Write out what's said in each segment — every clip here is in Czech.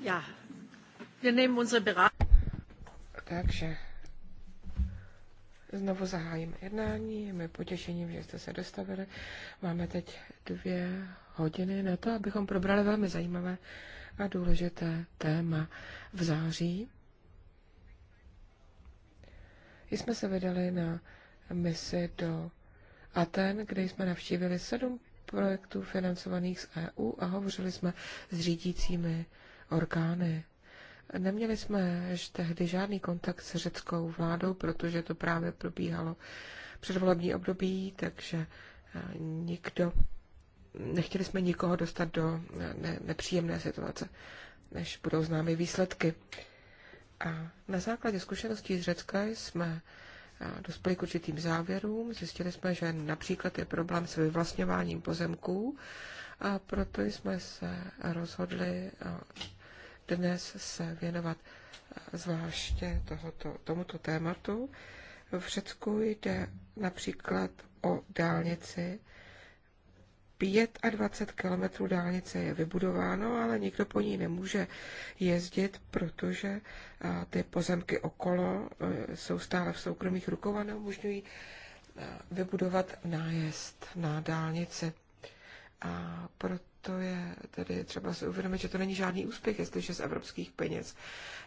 Ja, wir nehmen unsere Beratung. Takže znovu zahájím jednání. Je mi potěšením, že jste se dostavili. Máme teď dvě hodiny na to, abychom probrali velmi zajímavé a důležité téma v září. Jsme se vydali na misi do Aten, kde jsme navštívili sedm projektů financovaných z EU a hovořili jsme s řídícími orgány. Neměli jsme tehdy žádný kontakt s řeckou vládou, protože to právě probíhalo předvolební období, takže eh, nikdo, nechtěli jsme nikoho dostat do eh, ne, nepříjemné situace, než budou známy výsledky. A na základě zkušeností z Řecka jsme dospěli k určitým závěrům. Zjistili jsme, že například je problém s vyvlastňováním pozemků a proto jsme se rozhodli dnes se věnovat zvláště tohoto, tomuto tématu. V Řecku jde například o dálnici, 25 kilometrů dálnice je vybudováno, ale nikdo po ní nemůže jezdit, protože ty pozemky okolo e, jsou stále v soukromých rukou a neumožňují e, vybudovat nájezd na dálnici. A proto je tedy třeba si uvědomit, že to není žádný úspěch, jestliže z evropských peněz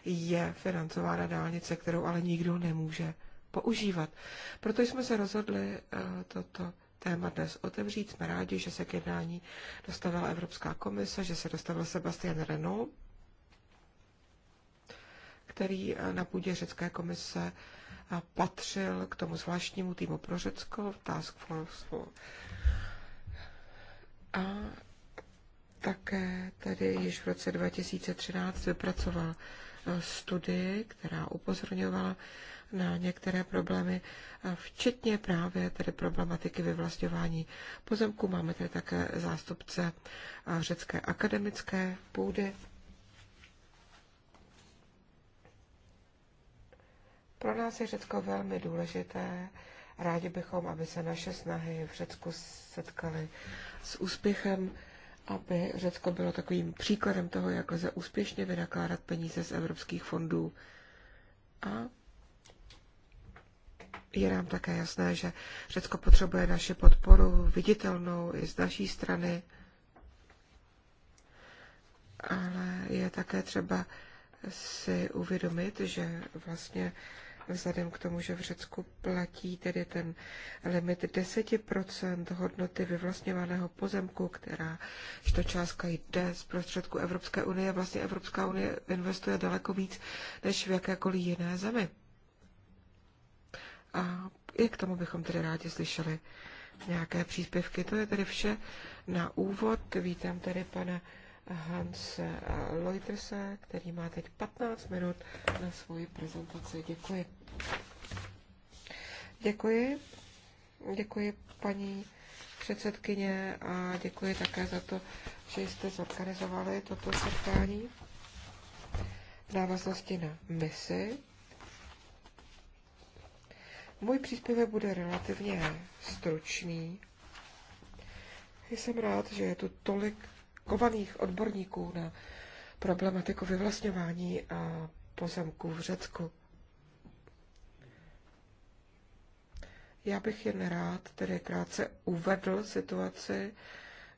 je financována dálnice, kterou ale nikdo nemůže používat. Proto jsme se rozhodli e, toto téma dnes otevřít. Jsme rádi, že se k jednání dostavila Evropská komise, že se dostavil Sebastian Renault, který eh, na půdě řecké komise eh, patřil k tomu zvláštnímu týmu pro Řecko, Task Force. A také tedy již v roce 2013 vypracoval eh, studii, která upozorňovala na některé problémy, včetně právě tedy problematiky vyvlastňování pozemku. Máme tady také zástupce řecké akademické půdy. Pro nás je Řecko velmi důležité. Rádi bychom, aby se naše snahy v Řecku setkaly s úspěchem, aby Řecko bylo takovým příkladem toho, jak lze úspěšně vynakládat peníze z evropských fondů a je nám také jasné, že Řecko potřebuje naši podporu viditelnou i z naší strany, ale je také třeba si uvědomit, že vlastně vzhledem k tomu, že v Řecku platí tedy ten limit 10% hodnoty vyvlastňovaného pozemku, která to částka jde z prostředku Evropské unie, vlastně Evropská unie investuje daleko víc než v jakékoliv jiné zemi. A i k tomu bychom tedy rádi slyšeli nějaké příspěvky. To je tedy vše na úvod. Vítám tady pana Hans Leutersa, který má teď 15 minut na svoji prezentaci. Děkuji. Děkuji. Děkuji paní předsedkyně a děkuji také za to, že jste zorganizovali toto setkání v návaznosti na misi, můj příspěvek bude relativně stručný. Jsem rád, že je tu tolik kovaných odborníků na problematiku vyvlastňování a pozemků v Řecku. Já bych jen rád tedy krátce uvedl situaci,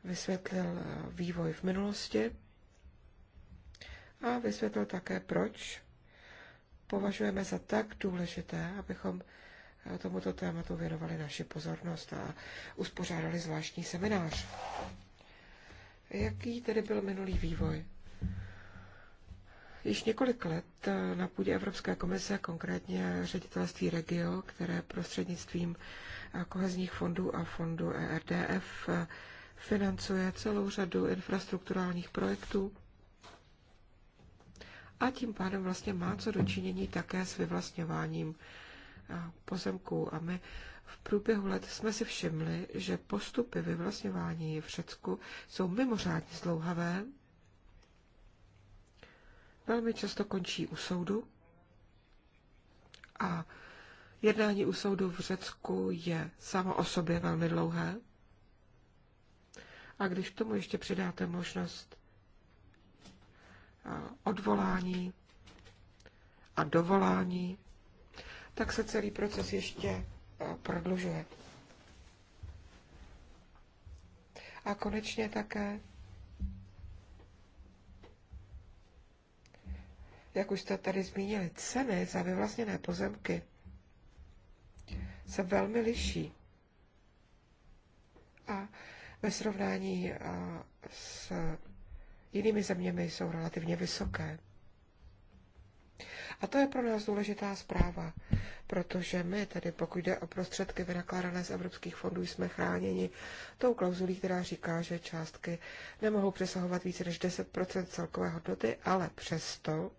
vysvětlil vývoj v minulosti a vysvětlil také, proč považujeme za tak důležité, abychom Eh, tomuto tématu věnovali naši pozornost a uspořádali zvláštní seminář. Jaký tedy byl minulý vývoj? Již několik let eh, na půdě Evropské komise, konkrétně ředitelství Regio, které prostřednictvím eh, kohezních fondů a fondu ERDF financuje celou řadu infrastrukturálních projektů a tím pádem vlastně má co dočinění také s vyvlastňováním pozemků. A my v průběhu let jsme si všimli, že postupy vyvlastňování v Řecku jsou mimořádně zlouhavé. velmi často končí u soudu a jednání u soudu v Řecku je samo o sobě velmi dlouhé. A když k tomu ještě přidáte možnost odvolání a dovolání, tak se celý proces ještě eh, prodlužuje. A konečně také, jak už jste tady zmínili, ceny za vyvlastněné pozemky se velmi liší. A ve srovnání eh, s jinými zeměmi jsou relativně vysoké. A to je pro nás důležitá zpráva, protože my tedy, pokud jde o prostředky vynakládané z evropských fondů, jsme chráněni tou klauzulí, která říká, že částky nemohou přesahovat více než 10 celkové hodnoty, ale přesto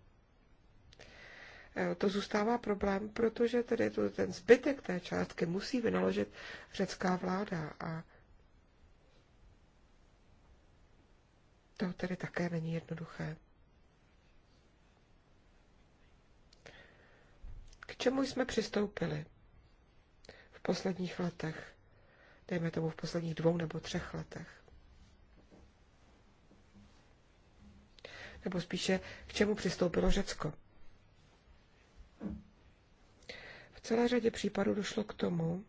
eh, to zůstává problém, protože tedy to, ten zbytek té částky musí vynaložit řecká vláda a to tedy také není jednoduché. k čemu jsme přistoupili v posledních letech, dejme tomu v posledních dvou nebo třech letech. Nebo spíše, k čemu přistoupilo Řecko. V celé řadě případů došlo k tomu,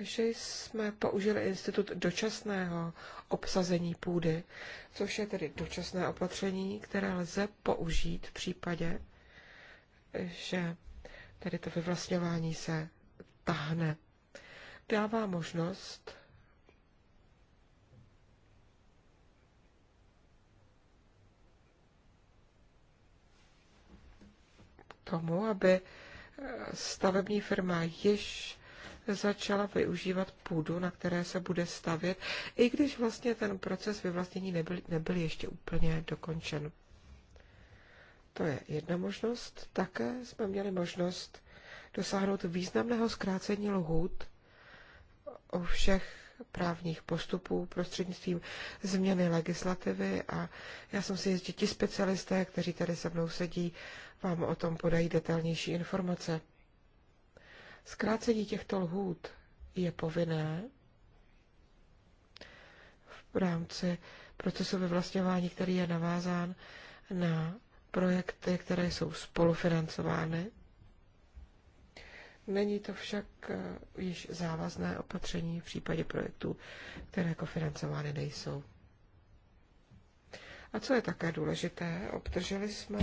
že jsme použili institut dočasného obsazení půdy, což je tedy dočasné opatření, které lze použít v případě, že tedy to vyvlastňování se tahne. Dává možnost tomu, aby stavební firma již začala využívat půdu, na které se bude stavět, i když vlastně ten proces vyvlastnění nebyl, nebyl ještě úplně dokončen. To je jedna možnost. Také jsme měli možnost dosáhnout významného zkrácení lhůt o všech právních postupů prostřednictvím změny legislativy a já jsem si jistě ti specialisté, kteří tady se mnou sedí, vám o tom podají detailnější informace. Zkrácení těchto lhůt je povinné v rámci procesu vyvlastňování, který je navázán na projekty, které jsou spolufinancovány. Není to však eh, již závazné opatření v případě projektů, které kofinancovány jako nejsou. A co je také důležité, obdrželi jsme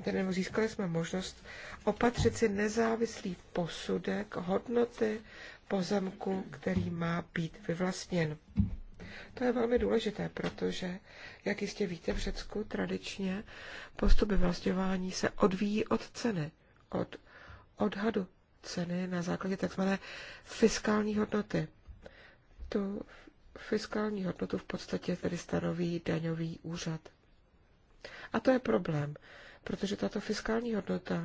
tedy nebo získali jsme možnost opatřit si nezávislý posudek hodnoty pozemku, který má být vyvlastněn. To je velmi důležité, protože, jak jistě víte, v Řecku tradičně postup vyvlastňování se odvíjí od ceny, od odhadu ceny na základě tzv. fiskální hodnoty. Tu fiskální hodnotu v podstatě tedy stanoví daňový úřad. A to je problém, protože tato fiskální hodnota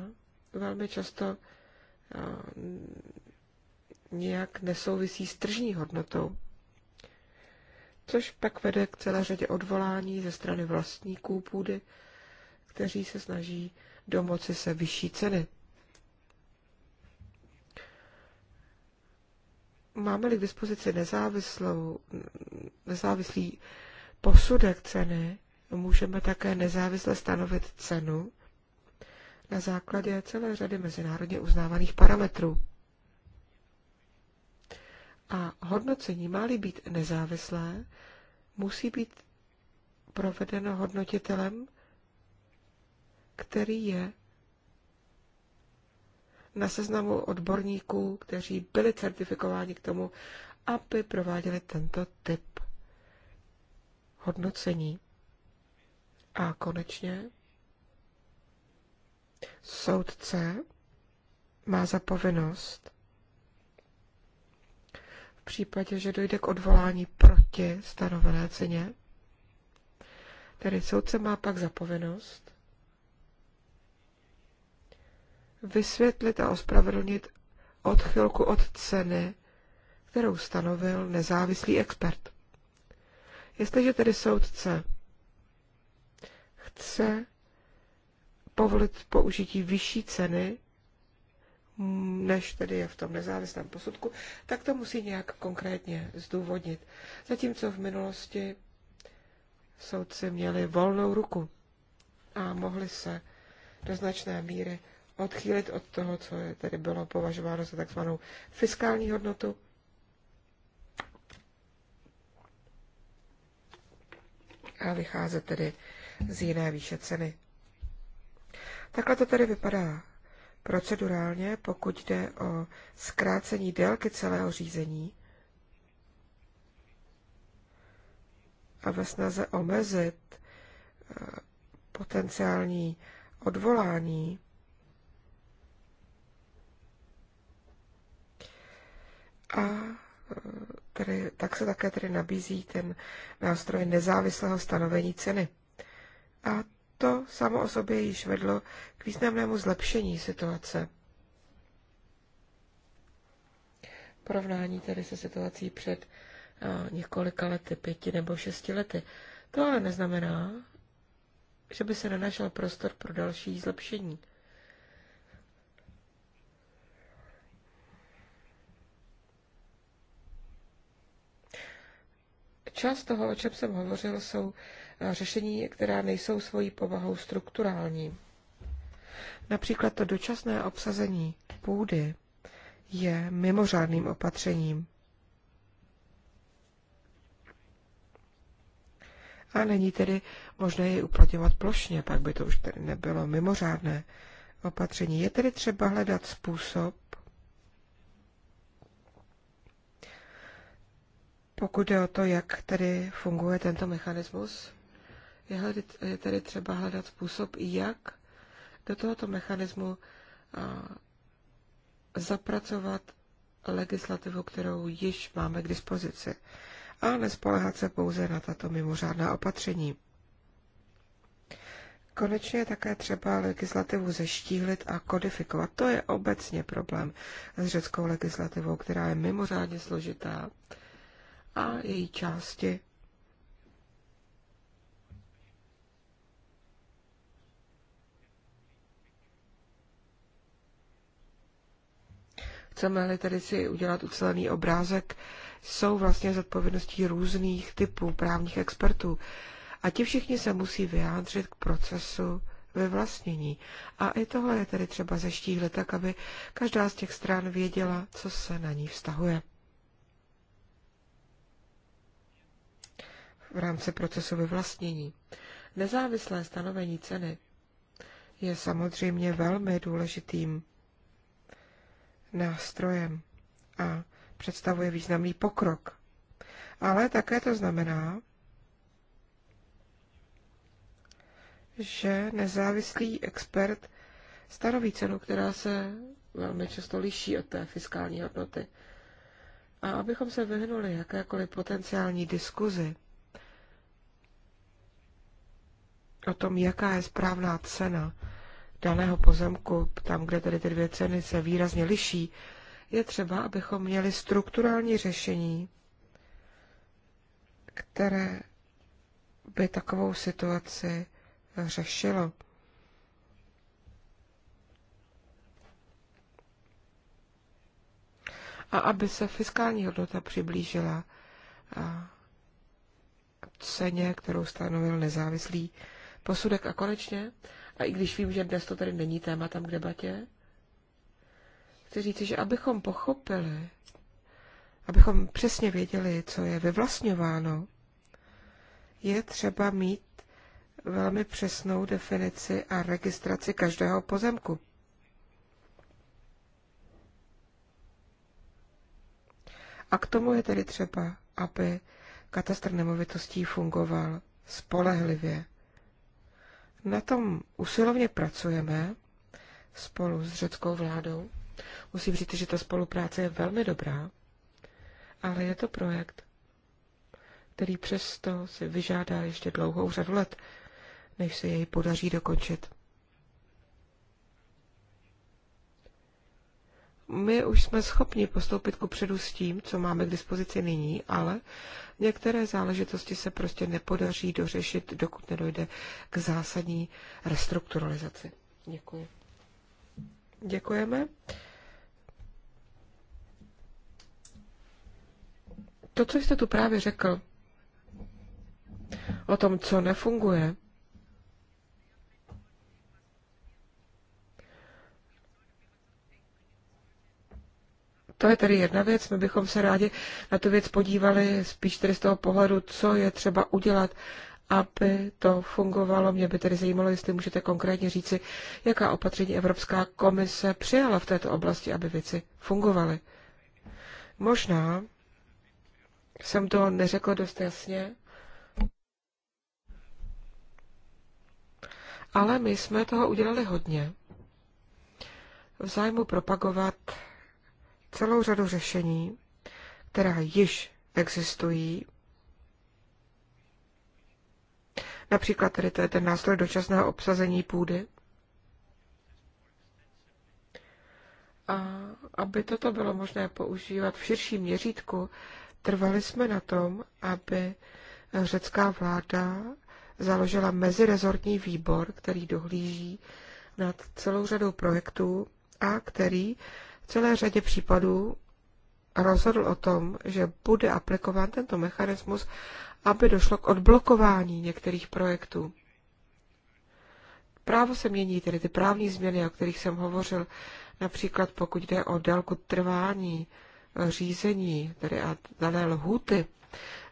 velmi často eh, nějak nesouvisí s tržní hodnotou, což pak vede k celé řadě odvolání ze strany vlastníků půdy, kteří se snaží domoci se vyšší ceny. Máme-li k dispozici nezávislou, nezávislý posudek ceny, můžeme také nezávisle stanovit cenu na základě celé řady mezinárodně uznávaných parametrů. A hodnocení má-li být nezávislé, musí být provedeno hodnotitelem, který je na seznamu odborníků, kteří byli certifikováni k tomu, aby prováděli tento typ hodnocení. A konečně soudce má za povinnost v případě, že dojde k odvolání proti stanovené ceně, tedy soudce má pak za povinnost vysvětlit a ospravedlnit odchylku od ceny, kterou stanovil nezávislý expert. Jestliže tedy soudce chce povolit použití vyšší ceny, než tedy je v tom nezávislém posudku, tak to musí nějak konkrétně zdůvodnit. Zatímco v minulosti soudci měli volnou ruku a mohli se do značné míry odchýlit od toho, co je tedy bylo považováno za takzvanou fiskální hodnotu. A vycházet tedy z jiné výše ceny. Takhle to tedy vypadá procedurálně, pokud jde o zkrácení délky celého řízení a ve snaze omezit eh, potenciální odvolání a eh, tedy, tak se také tedy nabízí ten nástroj nezávislého stanovení ceny a to samo o sobě již vedlo k významnému zlepšení situace. Porovnání tedy se situací před několika lety, pěti nebo šesti lety. To ale neznamená, že by se nenašel prostor pro další zlepšení. Část toho, o čem jsem hovořil, jsou Eh, řešení, která nejsou svojí povahou strukturální. Například to dočasné obsazení půdy je mimořádným opatřením. A není tedy možné jej uplatňovat plošně, pak by to už tedy nebylo mimořádné opatření. Je tedy třeba hledat způsob, pokud je o to, jak tedy funguje tento mechanismus, je tedy třeba hledat způsob, jak do tohoto mechanismu zapracovat legislativu, kterou již máme k dispozici a nespolehat se pouze na tato mimořádná opatření. Konečně je také třeba legislativu zeštíhlit a kodifikovat. To je obecně problém s řeckou legislativou, která je mimořádně složitá a její části Chceme-li tedy si udělat ucelený obrázek, jsou vlastně zodpovědností různých typů právních expertů. A ti všichni se musí vyjádřit k procesu ve vlastnění. A i tohle je tedy třeba zeštíhle tak, aby každá z těch stran věděla, co se na ní vztahuje. V rámci procesu vyvlastnění. Nezávislé stanovení ceny je samozřejmě velmi důležitým nástrojem a představuje významný pokrok. Ale také to znamená, že nezávislý expert stanoví cenu, která se velmi často liší od té fiskální hodnoty. A abychom se vyhnuli jakékoliv potenciální diskuzi o tom, jaká je správná cena daného pozemku, tam, kde tedy ty dvě ceny se výrazně liší, je třeba, abychom měli strukturální řešení, které by takovou situaci řešilo. A aby se fiskální hodnota přiblížila ceně, kterou stanovil nezávislý posudek. A konečně a i když vím, že dnes to tady není tématem k debatě, chci říct, že abychom pochopili, abychom přesně věděli, co je vyvlastňováno, je třeba mít velmi přesnou definici a registraci každého pozemku. A k tomu je tedy třeba, aby katastr nemovitostí fungoval spolehlivě. Na tom usilovně pracujeme spolu s řeckou vládou. Musím říct, že ta spolupráce je velmi dobrá, ale je to projekt, který přesto si vyžádá ještě dlouhou řadu let, než se jej podaří dokončit. My už jsme schopni postoupit ku předu s tím, co máme k dispozici nyní, ale Některé záležitosti se prostě nepodaří dořešit, dokud nedojde k zásadní restrukturalizaci. Děkuji. Děkujeme. To, co jste tu právě řekl, o tom, co nefunguje, to je tedy jedna věc, my bychom se rádi na tu věc podívali spíš tedy z toho pohledu, co je třeba udělat, aby to fungovalo. Mě by tedy zajímalo, jestli můžete konkrétně říci, jaká opatření Evropská komise přijala v této oblasti, aby věci fungovaly. Možná jsem to neřekl dost jasně, ale my jsme toho udělali hodně. V zájmu propagovat celou řadu řešení, která již existují. Například tedy to je ten nástroj dočasného obsazení půdy. A aby toto bylo možné používat v širším měřítku, trvali jsme na tom, aby řecká vláda založila mezirezortní výbor, který dohlíží nad celou řadou projektů a který v celé řadě případů rozhodl o tom, že bude aplikován tento mechanismus, aby došlo k odblokování některých projektů. Právo se mění, tedy ty právní změny, o kterých jsem hovořil, například pokud jde o délku trvání řízení, tedy a dané lhuty,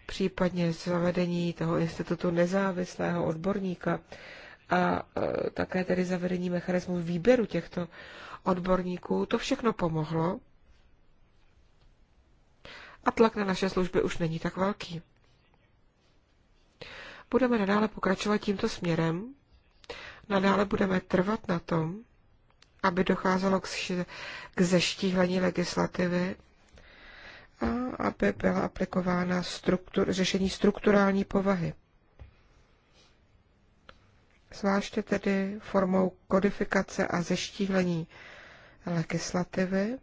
případně zavedení toho institutu nezávislého odborníka a e, také tedy zavedení mechanismu výběru těchto odborníků. To všechno pomohlo a tlak na naše služby už není tak velký. Budeme nadále pokračovat tímto směrem, nadále budeme trvat na tom, aby docházelo k, k zeštíhlení legislativy a aby byla aplikována struktur, řešení strukturální povahy. Zvláště tedy formou kodifikace a zeštíhlení legislativy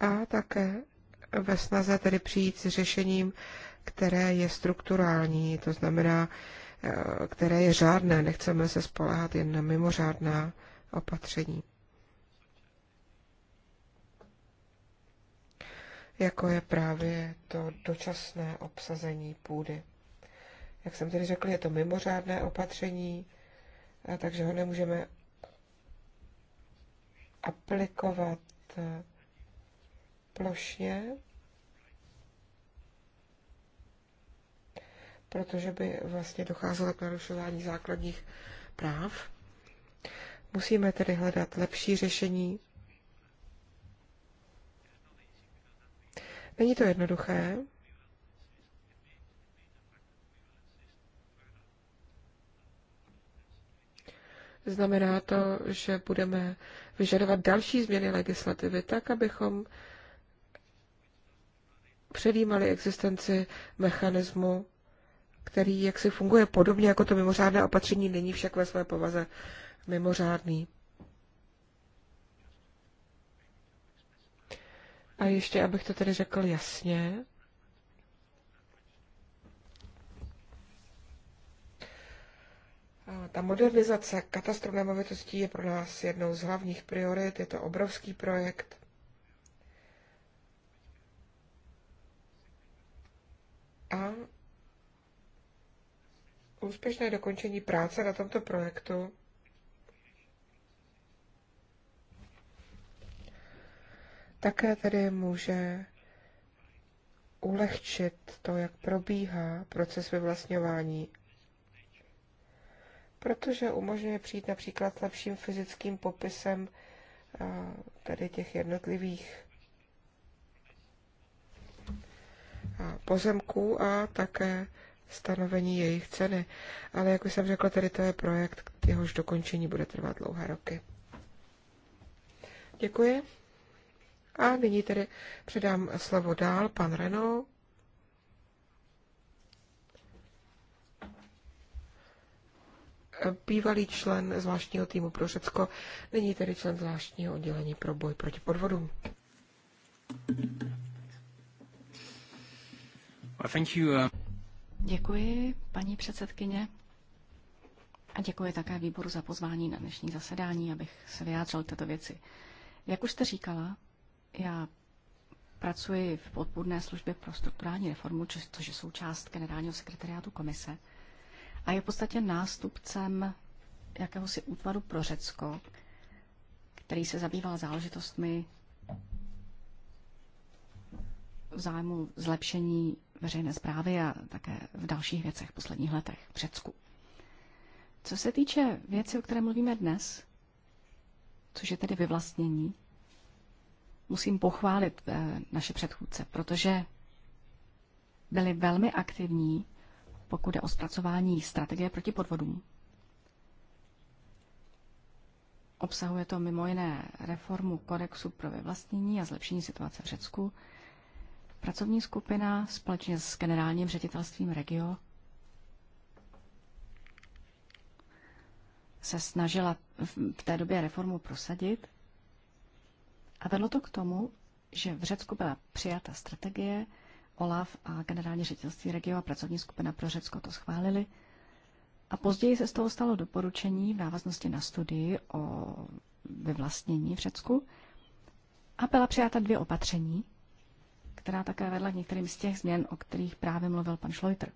a také ve snaze tedy přijít s řešením, které je strukturální, to znamená, eh, které je řádné, nechceme se spolehat jen na mimořádná opatření. Jako je právě to dočasné obsazení půdy. Jak jsem tedy řekl, je to mimořádné opatření, takže ho nemůžeme aplikovat eh, plošně, protože by vlastně docházelo k narušování základních práv. Musíme tedy hledat lepší řešení. Není to jednoduché, Znamená to, že budeme vyžadovat další změny legislativy tak, abychom předjímali existenci mechanismu, který jaksi funguje podobně jako to mimořádné opatření, není však ve své povaze mimořádný. A ještě, abych to tedy řekl jasně, Ta modernizace katastrof nemovitostí je pro nás jednou z hlavních priorit, je to obrovský projekt. A úspěšné dokončení práce na tomto projektu také tedy může ulehčit to, jak probíhá proces vyvlastňování protože umožňuje přijít například lepším fyzickým popisem eh, tady těch jednotlivých eh, pozemků a také stanovení jejich ceny. Ale jak už jsem řekla, tady to je projekt, jehož dokončení bude trvat dlouhé roky. Děkuji. A nyní tedy předám slovo dál pan Renault, bývalý člen zvláštního týmu pro Řecko, nyní tedy člen zvláštního oddělení pro boj proti podvodům. Uh, děkuji, paní předsedkyně. A děkuji také výboru za pozvání na dnešní zasedání, abych se vyjádřil této věci. Jak už jste říkala, já pracuji v podpůrné službě pro strukturální reformu, což je součást generálního sekretariátu komise – a je v podstatě nástupcem jakéhosi útvaru pro Řecko, který se zabýval záležitostmi v zájmu zlepšení veřejné zprávy a také v dalších věcech v posledních letech v Řecku. Co se týče věci, o které mluvíme dnes, což je tedy vyvlastnění, musím pochválit eh, naše předchůdce, protože byli velmi aktivní pokud je o zpracování strategie proti podvodům. Obsahuje to mimo jiné reformu kodexu pro vyvlastnění a zlepšení situace v Řecku. Pracovní skupina společně s generálním ředitelstvím Regio se snažila v té době reformu prosadit a vedlo to k tomu, že v Řecku byla přijata strategie, OLAF a generální ředitelství regio a pracovní skupina pro Řecko to schválili. A později se z toho stalo doporučení v návaznosti na studii o vyvlastnění v Řecku a byla přijata dvě opatření, která také vedla k některým z těch změn, o kterých právě mluvil pan Schleuter.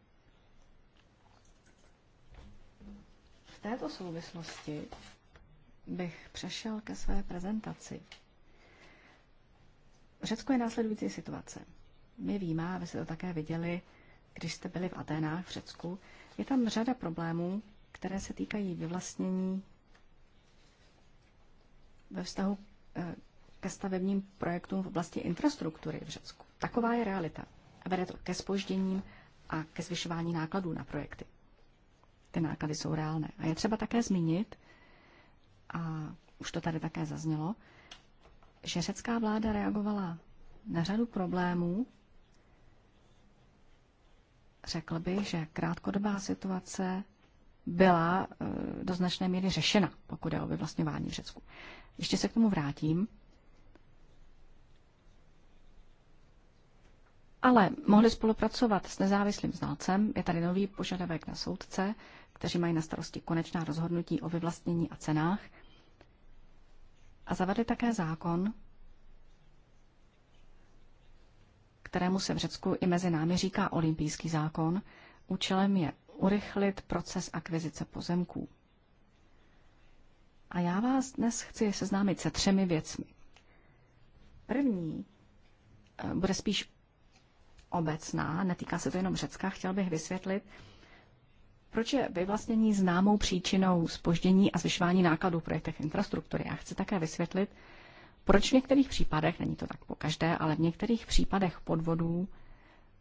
V této souvislosti bych přešel ke své prezentaci. Řecku je následující situace my víme, a vy jste to také viděli, když jste byli v Aténách v Řecku, je tam řada problémů, které se týkají vyvlastnění ve vztahu eh, ke stavebním projektům v oblasti infrastruktury v Řecku. Taková je realita. Vede to ke spožděním a ke zvyšování nákladů na projekty. Ty náklady jsou reálné. A je třeba také zmínit, a už to tady také zaznělo, že řecká vláda reagovala na řadu problémů, Řekl bych, že krátkodobá situace byla eh, do značné míry řešena, pokud je o vyvlastňování v Řecku. Ještě se k tomu vrátím. Ale mohli spolupracovat s nezávislým znalcem. Je tady nový požadavek na soudce, kteří mají na starosti konečná rozhodnutí o vyvlastnění a cenách. A zavedli také zákon, kterému se v Řecku i mezi námi říká olympijský zákon, účelem je urychlit proces akvizice pozemků. A já vás dnes chci seznámit se třemi věcmi. První eh, bude spíš obecná, netýká se to jenom Řecka, chtěl bych vysvětlit, proč je vyvlastnění známou příčinou spoždění a zvyšování nákladů v projektech infrastruktury. Já chci také vysvětlit, proč v některých případech, není to tak po každé, ale v některých případech podvodů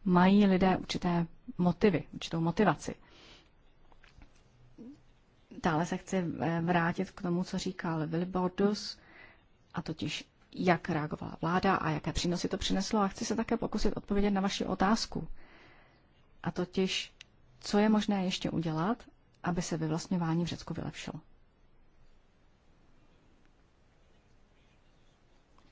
mají lidé určité motivy, určitou motivaci. Dále se chci eh, vrátit k tomu, co říkal Wilbordus, a totiž jak reagovala vláda a jaké přínosy to přineslo. A chci se také pokusit odpovědět na vaši otázku. A totiž, co je možné ještě udělat, aby se vyvlastňování v Řecku vylepšilo.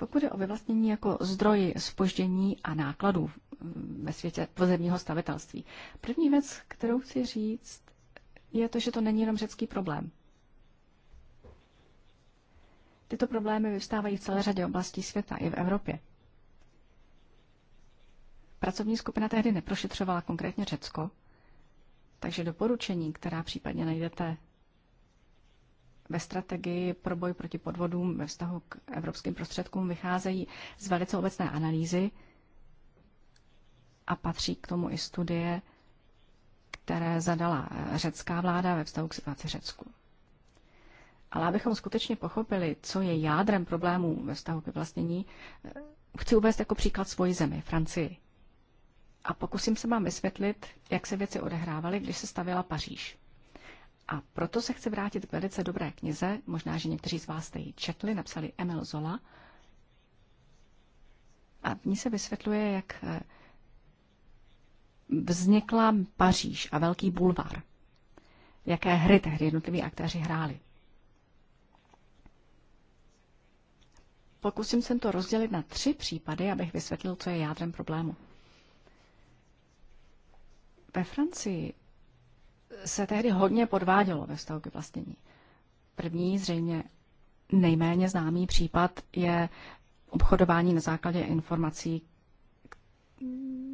Pokud je o vyvlastnění jako zdroj spoždění a nákladů mm, ve světě pozemního stavitelství, první věc, kterou chci říct, je to, že to není jenom řecký problém. Tyto problémy vyvstávají v celé řadě oblastí světa i v Evropě. Pracovní skupina tehdy neprošetřovala konkrétně Řecko, takže doporučení, která případně najdete ve strategii pro boj proti podvodům ve vztahu k evropským prostředkům vycházejí z velice obecné analýzy a patří k tomu i studie, které zadala eh, řecká vláda ve vztahu k situaci Řecku. Ale abychom skutečně pochopili, co je jádrem problémů ve vztahu k vlastnění, eh, chci uvést jako příklad svoji zemi, Francii. A pokusím se vám vysvětlit, jak se věci odehrávaly, když se stavěla Paříž. A proto se chci vrátit k velice dobré knize, možná, že někteří z vás jste ji četli, napsali Emil Zola. A v ní se vysvětluje, jak eh, vznikla Paříž a Velký bulvár. Jaké hry tehdy jednotliví aktéři hráli. Pokusím se to rozdělit na tři případy, abych vysvětlil, co je jádrem problému. Ve Francii se tehdy hodně podvádělo ve vztahu k vlastnění. První, zřejmě nejméně známý případ je obchodování na základě informací,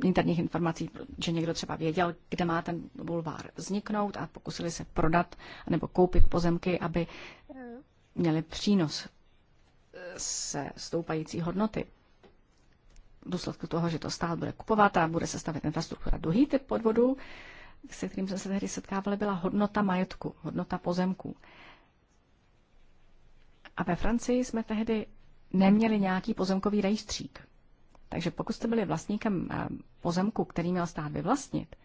interních informací, že někdo třeba věděl, kde má ten bulvár vzniknout a pokusili se prodat nebo koupit pozemky, aby eh, měli přínos eh, se stoupající hodnoty. V důsledku toho, že to stát bude kupovat a bude se stavit infrastruktura. Druhý typ podvodu se kterým jsme se tehdy setkávali, byla hodnota majetku, hodnota pozemků. A ve Francii jsme tehdy neměli nějaký pozemkový rejstřík. Takže pokud jste byli vlastníkem eh, pozemku, který měl stát vyvlastnit,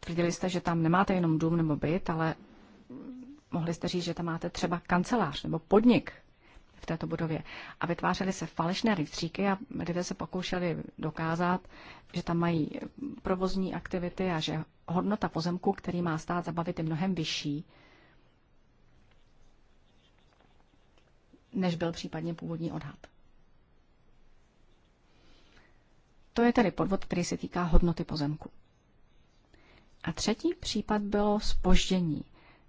tvrdili jste, že tam nemáte jenom dům nebo byt, ale mohli jste říct, že tam máte třeba kancelář nebo podnik, v této budově. A vytvářely se falešné rejstříky a lidé se pokoušeli dokázat, že tam mají provozní aktivity a že hodnota pozemku, který má stát zabavit, je mnohem vyšší, než byl případně původní odhad. To je tedy podvod, který se týká hodnoty pozemku. A třetí případ bylo spoždění.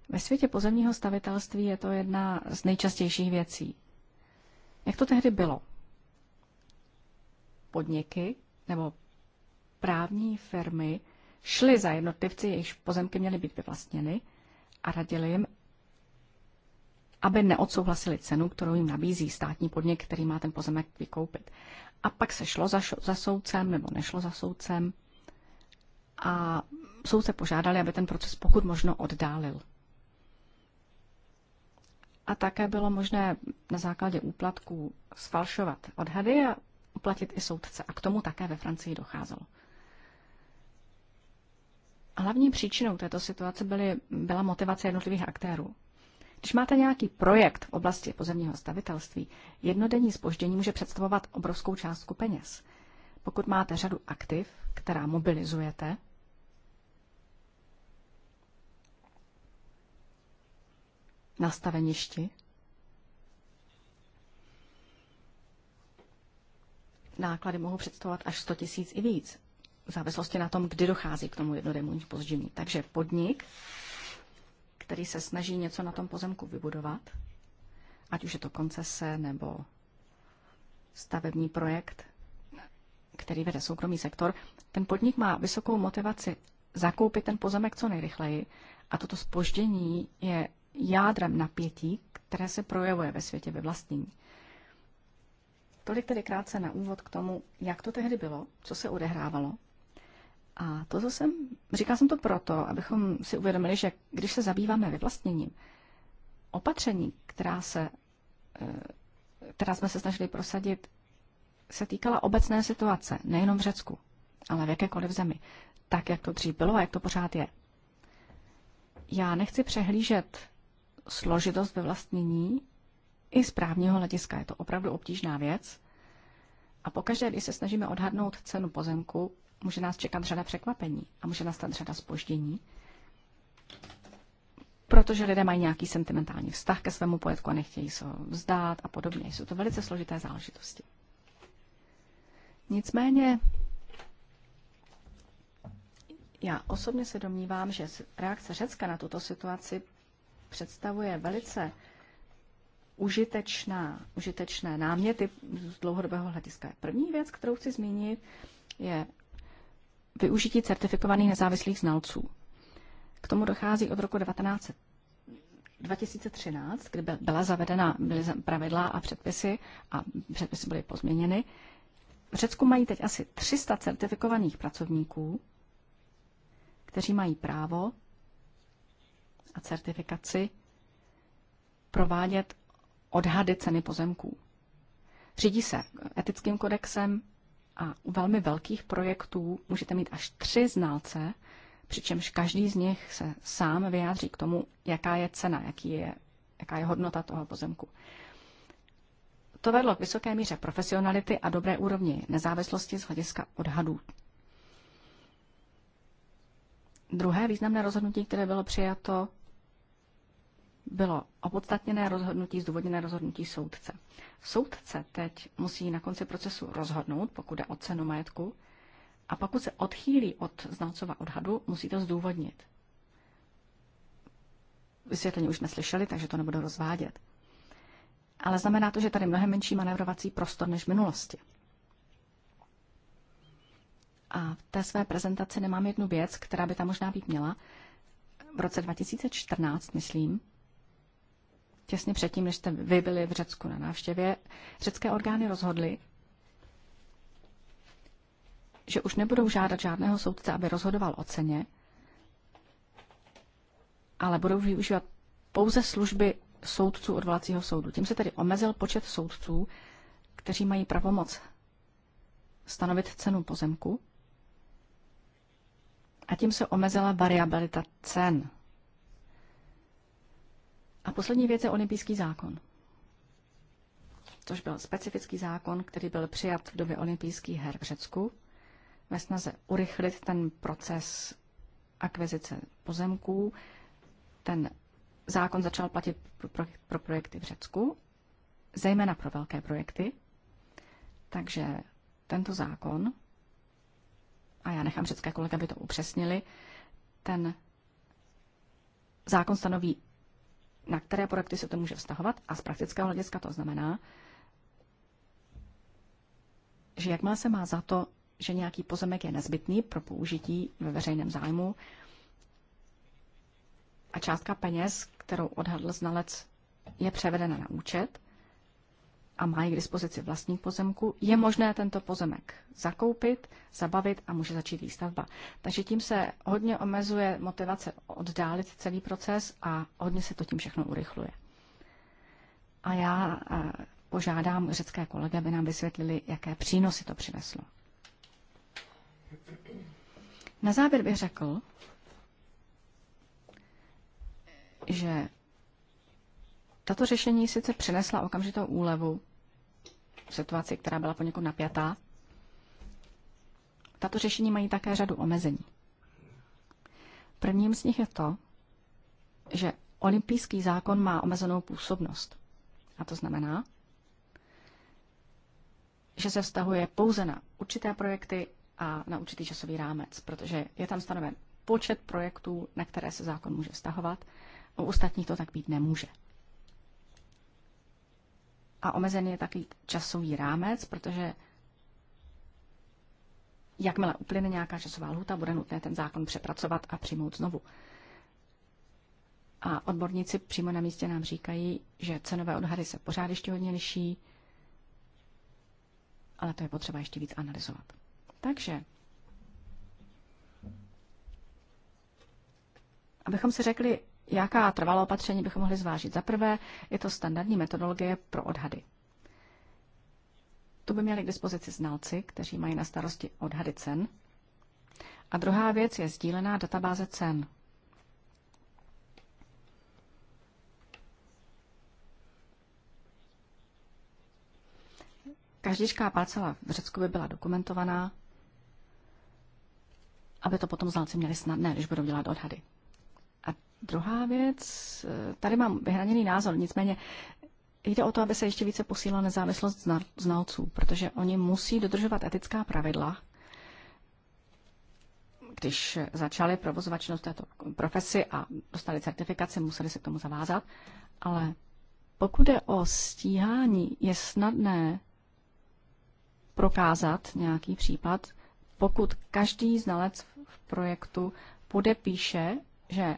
Ve světě pozemního stavitelství je to jedna z nejčastějších věcí. Jak to tehdy bylo? Podniky nebo právní firmy šly za jednotlivci, jejichž pozemky měly být vyvlastněny a radili jim, aby neodsouhlasili cenu, kterou jim nabízí státní podnik, který má ten pozemek vykoupit. A pak se šlo za, za soudcem nebo nešlo za soudcem a soudce požádali, aby ten proces pokud možno oddálil. A také bylo možné na základě úplatků sfalšovat odhady a uplatit i soudce. A k tomu také ve Francii docházelo. Hlavní příčinou této situace byly, byla motivace jednotlivých aktérů. Když máte nějaký projekt v oblasti pozemního stavitelství, jednodenní spoždění může představovat obrovskou částku peněz. Pokud máte řadu aktiv, která mobilizujete, na staveništi. Náklady mohou představovat až 100 tisíc i víc, v závislosti na tom, kdy dochází k tomu jednodennímu pozdění. Takže podnik, který se snaží něco na tom pozemku vybudovat, ať už je to koncese nebo stavební projekt, který vede soukromý sektor, ten podnik má vysokou motivaci zakoupit ten pozemek co nejrychleji a toto spoždění je jádrem napětí, které se projevuje ve světě ve vlastní. Tolik tedy krátce na úvod k tomu, jak to tehdy bylo, co se odehrávalo. A to, co jsem, říkal jsem to proto, abychom si uvědomili, že když se zabýváme vyvlastněním, opatření, která, se, eh, která jsme se snažili prosadit, se týkala obecné situace, nejenom v Řecku, ale v jakékoliv zemi, tak, jak to dřív bylo a jak to pořád je. Já nechci přehlížet složitost ve vlastnění i z právního hlediska. Je to opravdu obtížná věc. A pokaždé, když se snažíme odhadnout cenu pozemku, může nás čekat řada překvapení a může nastat řada spoždění, protože lidé mají nějaký sentimentální vztah ke svému pojetku a nechtějí se vzdát a podobně. Jsou to velice složité záležitosti. Nicméně já osobně se domnívám, že reakce Řecka na tuto situaci představuje velice užitečná, užitečné náměty z dlouhodobého hlediska. První věc, kterou chci zmínit, je využití certifikovaných nezávislých znalců. K tomu dochází od roku 19, 2013, kdy byla zavedena byly pravidla a předpisy a předpisy byly pozměněny. V Řecku mají teď asi 300 certifikovaných pracovníků, kteří mají právo a certifikaci provádět odhady ceny pozemků. Řídí se etickým kodexem a u velmi velkých projektů můžete mít až tři znalce, přičemž každý z nich se sám vyjádří k tomu, jaká je cena, jaký je, jaká je hodnota toho pozemku. To vedlo k vysoké míře profesionality a dobré úrovni nezávislosti z hlediska odhadů. Druhé významné rozhodnutí, které bylo přijato, bylo opodstatněné rozhodnutí, zdůvodněné rozhodnutí soudce. Soudce teď musí na konci procesu rozhodnout, pokud je o cenu majetku, a pokud se odchýlí od znalcova odhadu, musí to zdůvodnit. Vysvětlení už jsme slyšeli, takže to nebudu rozvádět. Ale znamená to, že tady mnohem menší manévrovací prostor než v minulosti. A v té své prezentaci nemám jednu věc, která by tam možná být měla. V roce 2014, myslím, těsně předtím, než jste vy byli v Řecku na návštěvě, řecké orgány rozhodly, že už nebudou žádat žádného soudce, aby rozhodoval o ceně, ale budou využívat pouze služby soudců odvolacího soudu. Tím se tedy omezil počet soudců, kteří mají pravomoc stanovit cenu pozemku a tím se omezila variabilita cen. A poslední věc je olympijský zákon. Což byl specifický zákon, který byl přijat v době olympijských her v Řecku ve snaze urychlit ten proces akvizice pozemků. Ten zákon začal platit pro, pro, pro projekty v Řecku, zejména pro velké projekty. Takže tento zákon, a já nechám řecké kolega, aby to upřesnili, ten zákon stanoví na které projekty se to může vztahovat a z praktického hlediska to znamená, že jakmile se má za to, že nějaký pozemek je nezbytný pro použití ve veřejném zájmu a částka peněz, kterou odhadl znalec, je převedena na účet, a mají k dispozici vlastní pozemku, je možné tento pozemek zakoupit, zabavit a může začít výstavba. Takže tím se hodně omezuje motivace oddálit celý proces a hodně se to tím všechno urychluje. A já eh, požádám řecké kolegy, aby nám vysvětlili, jaké přínosy to přineslo. Na závěr bych řekl, že tato řešení sice přinesla okamžitou úlevu, v situaci, která byla poněkud napjatá. Tato řešení mají také řadu omezení. Prvním z nich je to, že olympijský zákon má omezenou působnost. A to znamená, že se vztahuje pouze na určité projekty a na určitý časový rámec, protože je tam stanoven počet projektů, na které se zákon může vztahovat. U ostatních to tak být nemůže a omezený je taky časový rámec, protože jakmile uplyne nějaká časová lhuta, bude nutné ten zákon přepracovat a přijmout znovu. A odborníci přímo na místě nám říkají, že cenové odhady se pořád ještě hodně liší, ale to je potřeba ještě víc analyzovat. Takže, abychom si řekli, Jaká trvalá opatření bychom mohli zvážit? Za prvé, je to standardní metodologie pro odhady. Tu by měli k dispozici znalci, kteří mají na starosti odhady cen. A druhá věc je sdílená databáze cen. Každěžká parcela v Řecku by byla dokumentovaná, aby to potom znalci měli snadné, když budou dělat odhady. Druhá věc, eh, tady mám vyhraněný názor, nicméně jde o to, aby se ještě více posílila nezávislost znalců, protože oni musí dodržovat etická pravidla, když začali provozovat činnost této profesi a dostali certifikaci, museli se k tomu zavázat. Ale pokud je o stíhání, je snadné prokázat nějaký případ, pokud každý znalec v projektu podepíše že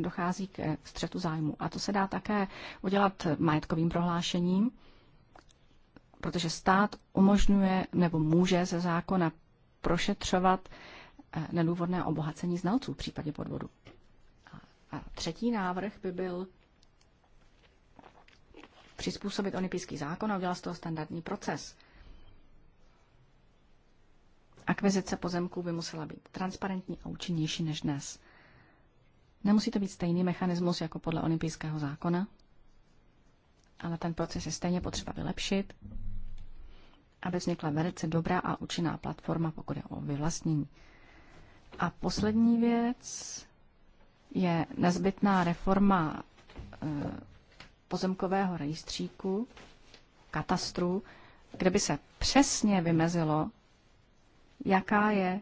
dochází k střetu zájmu. A to se dá také udělat majetkovým prohlášením, protože stát umožňuje nebo může ze zákona prošetřovat eh, nedůvodné obohacení znalců v případě podvodu. A třetí návrh by byl přizpůsobit olympijský zákon a udělat z toho standardní proces. Akvizice pozemků by musela být transparentní a účinnější než dnes. Nemusí to být stejný mechanismus jako podle olympijského zákona, ale ten proces je stejně potřeba vylepšit, aby vznikla velice dobrá a účinná platforma, pokud je o vyvlastnění. A poslední věc je nezbytná reforma eh, pozemkového rejstříku, katastru, kde by se přesně vymezilo, jaká je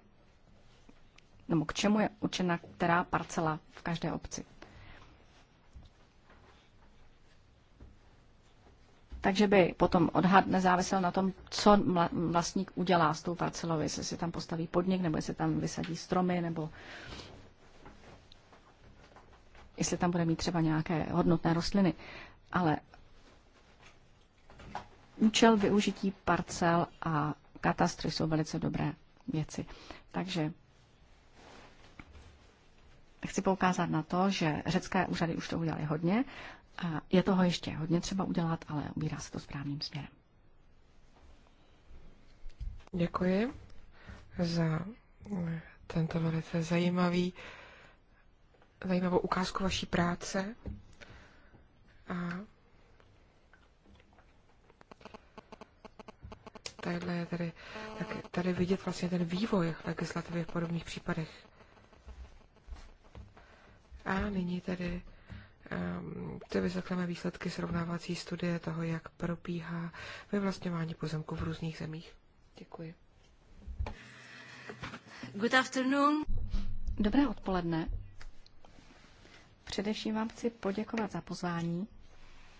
nebo k čemu je určena která parcela v každé obci. Takže by potom odhad nezávisel na tom, co vlastník udělá s tou parcelou, jestli si tam postaví podnik, nebo jestli tam vysadí stromy, nebo jestli tam bude mít třeba nějaké hodnotné rostliny. Ale účel využití parcel a katastry jsou velice dobré věci. Takže chci poukázat na to, že řecké úřady už to udělali hodně a je toho ještě hodně třeba udělat, ale ubírá se to správným směrem. Děkuji za tento velice zajímavý, zajímavou ukázku vaší práce. A tady je tady, tady vidět vlastně ten vývoj legislativy v podobných případech. A nyní tedy ehm, ty vyslechneme výsledky srovnávací studie toho, jak probíhá vyvlastňování pozemků v různých zemích. Děkuji. Good afternoon. Dobré odpoledne. Především vám chci poděkovat za pozvání.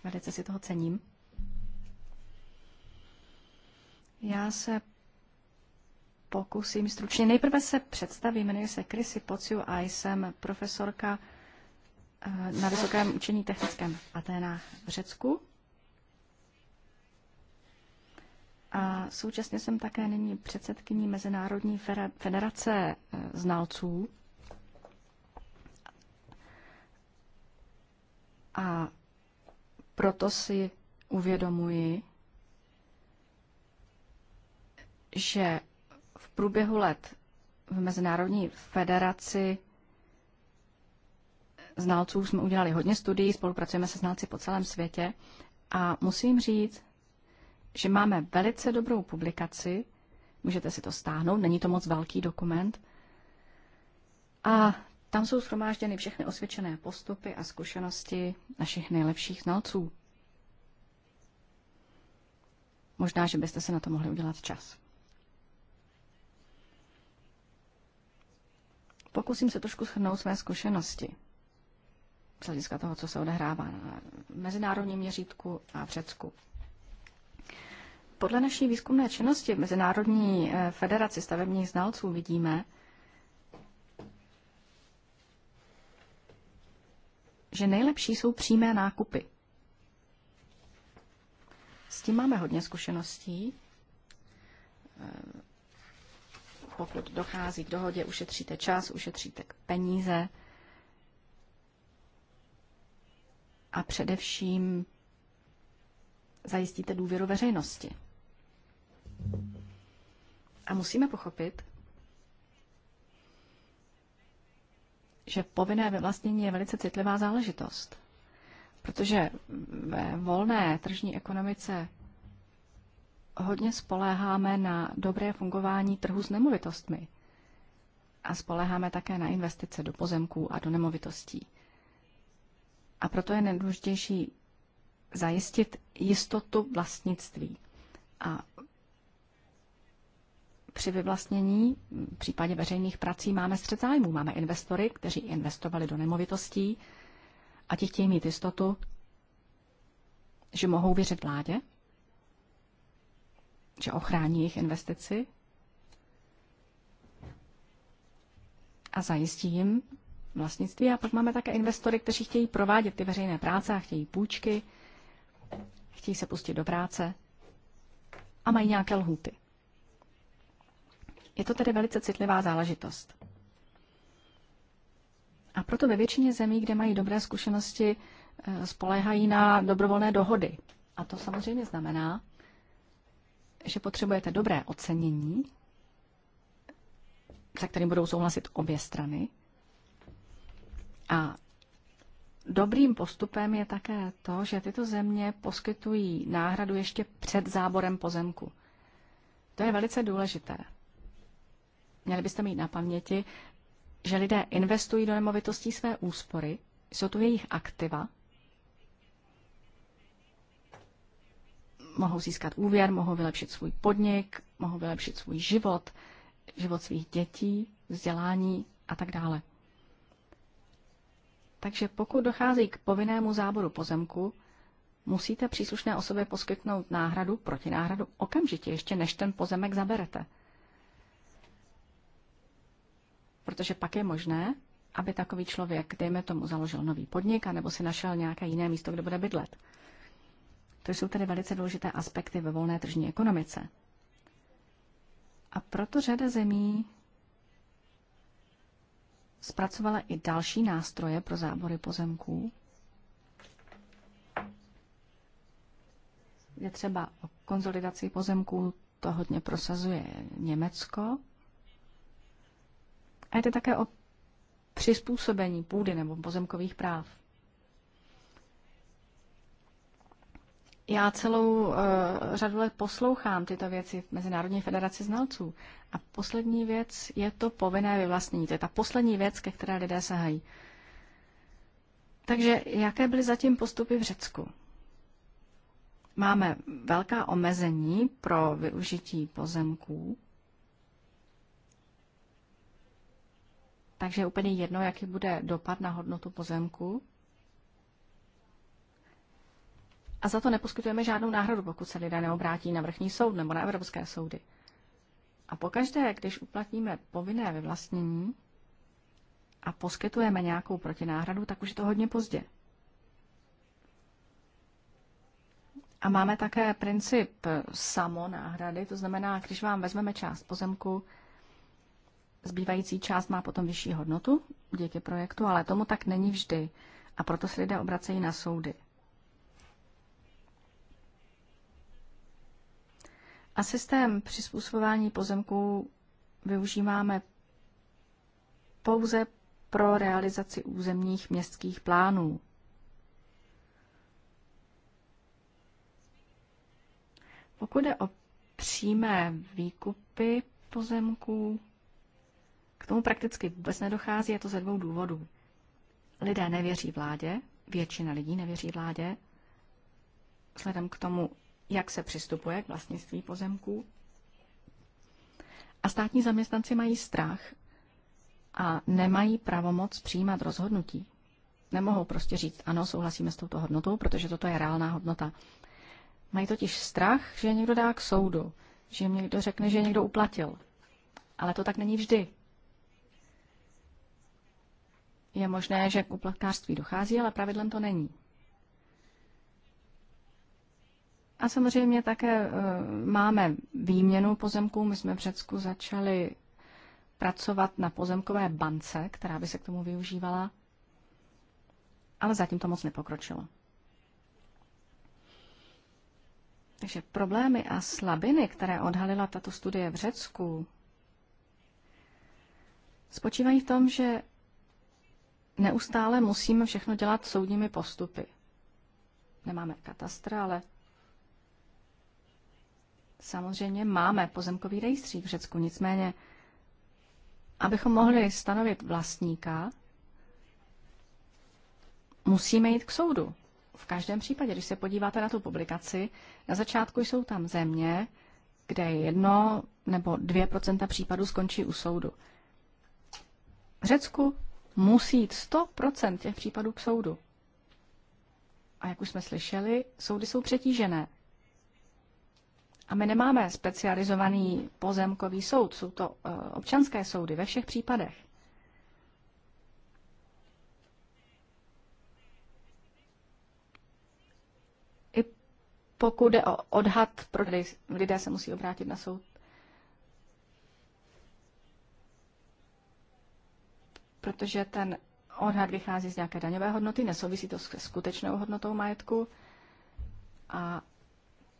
Velice si toho cením. Já se pokusím stručně. Nejprve se představím, jmenuji se Krisy Pociu a jsem profesorka eh, na Vysokém učení technickém Aténách v Řecku. A současně jsem také nyní předsedkyní Mezinárodní federace eh, znalců. A proto si uvědomuji, že průběhu let v Mezinárodní federaci znalců jsme udělali hodně studií, spolupracujeme se znalci po celém světě a musím říct, že máme velice dobrou publikaci, můžete si to stáhnout, není to moc velký dokument. A tam jsou shromážděny všechny osvědčené postupy a zkušenosti našich nejlepších znalců. Možná, že byste se na to mohli udělat čas. Pokusím se trošku shrnout své zkušenosti z hlediska toho, co se odehrává na mezinárodním měřítku a v Řecku. Podle naší výzkumné činnosti v Mezinárodní eh, federaci stavebních znalců vidíme, že nejlepší jsou přímé nákupy. S tím máme hodně zkušeností. Eh, pokud dochází k dohodě, ušetříte čas, ušetříte peníze a především zajistíte důvěru veřejnosti. A musíme pochopit, že povinné vyvlastnění je velice citlivá záležitost. Protože ve volné tržní ekonomice hodně spoléháme na dobré fungování trhu s nemovitostmi a spoléháme také na investice do pozemků a do nemovitostí. A proto je nejdůležitější zajistit jistotu vlastnictví. A při vyvlastnění, v případě veřejných prací, máme střed zájmů. Máme investory, kteří investovali do nemovitostí a ti chtějí mít jistotu, že mohou věřit vládě že ochrání jejich investici a zajistí jim vlastnictví. A pak máme také investory, kteří chtějí provádět ty veřejné práce a chtějí půjčky, chtějí se pustit do práce a mají nějaké lhuty. Je to tedy velice citlivá záležitost. A proto ve většině zemí, kde mají dobré zkušenosti, eh, spoléhají na dobrovolné dohody. A to samozřejmě znamená, že potřebujete dobré ocenění, se kterým budou souhlasit obě strany. A dobrým postupem je také to, že tyto země poskytují náhradu ještě před záborem pozemku. To je velice důležité. Měli byste mít na paměti, že lidé investují do nemovitostí své úspory, jsou to jejich aktiva, mohou získat úvěr, mohou vylepšit svůj podnik, mohou vylepšit svůj život, život svých dětí, vzdělání a tak dále. Takže pokud dochází k povinnému záboru pozemku, musíte příslušné osobě poskytnout náhradu, náhradu okamžitě, ještě než ten pozemek zaberete. Protože pak je možné, aby takový člověk, dejme tomu, založil nový podnik, anebo si našel nějaké jiné místo, kde bude bydlet. To jsou tedy velice důležité aspekty ve volné tržní ekonomice. A proto řada zemí zpracovala i další nástroje pro zábory pozemků. Je třeba o konzolidaci pozemků, to hodně prosazuje Německo. A to také o přizpůsobení půdy nebo pozemkových práv. Já celou uh, řadu let poslouchám tyto věci v Mezinárodní federaci znalců. A poslední věc je to povinné vyvlastnění. To je ta poslední věc, ke které lidé sahají. Takže jaké byly zatím postupy v Řecku? Máme velká omezení pro využití pozemků. Takže je úplně jedno, jaký bude dopad na hodnotu pozemku. a za to neposkytujeme žádnou náhradu, pokud se lidé neobrátí na vrchní soud nebo na evropské soudy. A pokaždé, když uplatníme povinné vyvlastnění a poskytujeme nějakou protináhradu, tak už je to hodně pozdě. A máme také princip samonáhrady, to znamená, když vám vezmeme část pozemku, zbývající část má potom vyšší hodnotu díky projektu, ale tomu tak není vždy. A proto se lidé obracejí na soudy. A systém přizpůsobování pozemků využíváme pouze pro realizaci územních městských plánů. Pokud jde o přímé výkupy pozemků, k tomu prakticky vůbec nedochází, je to ze dvou důvodů. Lidé nevěří vládě, většina lidí nevěří vládě, vzhledem k tomu, jak se přistupuje k vlastnictví pozemků. A státní zaměstnanci mají strach a nemají pravomoc přijímat rozhodnutí. Nemohou prostě říct, ano, souhlasíme s touto hodnotou, protože toto je reálná hodnota. Mají totiž strach, že je někdo dá k soudu, že jim někdo řekne, že je někdo uplatil. Ale to tak není vždy. Je možné, že k uplatkářství dochází, ale pravidlem to není. A samozřejmě také e, máme výměnu pozemků. My jsme v Řecku začali pracovat na pozemkové bance, která by se k tomu využívala, ale zatím to moc nepokročilo. Takže problémy a slabiny, které odhalila tato studie v Řecku, spočívají v tom, že neustále musíme všechno dělat soudními postupy. Nemáme katastra, ale Samozřejmě máme pozemkový rejstřík v Řecku, nicméně, abychom mohli stanovit vlastníka, musíme jít k soudu. V každém případě, když se podíváte na tu publikaci, na začátku jsou tam země, kde jedno nebo dvě procenta případů skončí u soudu. V Řecku musí jít 100% těch případů k soudu. A jak už jsme slyšeli, soudy jsou přetížené. A my nemáme specializovaný pozemkový soud, jsou to eh, občanské soudy ve všech případech. I pokud jde o odhad, pro lidé se musí obrátit na soud. Protože ten odhad vychází z nějaké daňové hodnoty, nesouvisí to s skutečnou hodnotou majetku. A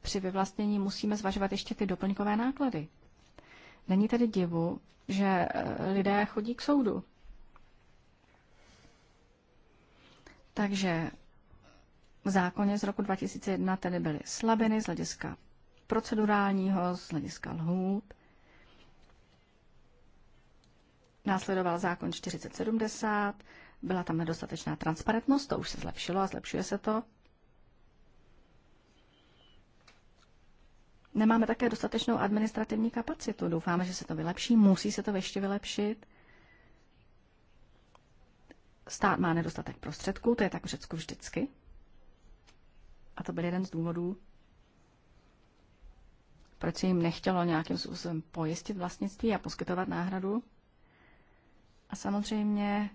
při vyvlastnění musíme zvažovat ještě ty doplňkové náklady. Není tedy divu, že eh, lidé chodí k soudu. Takže v zákoně z roku 2001 tedy byly slabiny z hlediska procedurálního, z hlediska lhůt. Následoval zákon 4070, byla tam nedostatečná transparentnost, to už se zlepšilo a zlepšuje se to. Nemáme také dostatečnou administrativní kapacitu. Doufáme, že se to vylepší, musí se to ještě vylepšit. Stát má nedostatek prostředků, to je tak v Řecku vždycky. A to byl jeden z důvodů, proč se jim nechtělo nějakým způsobem pojistit vlastnictví a poskytovat náhradu. A samozřejmě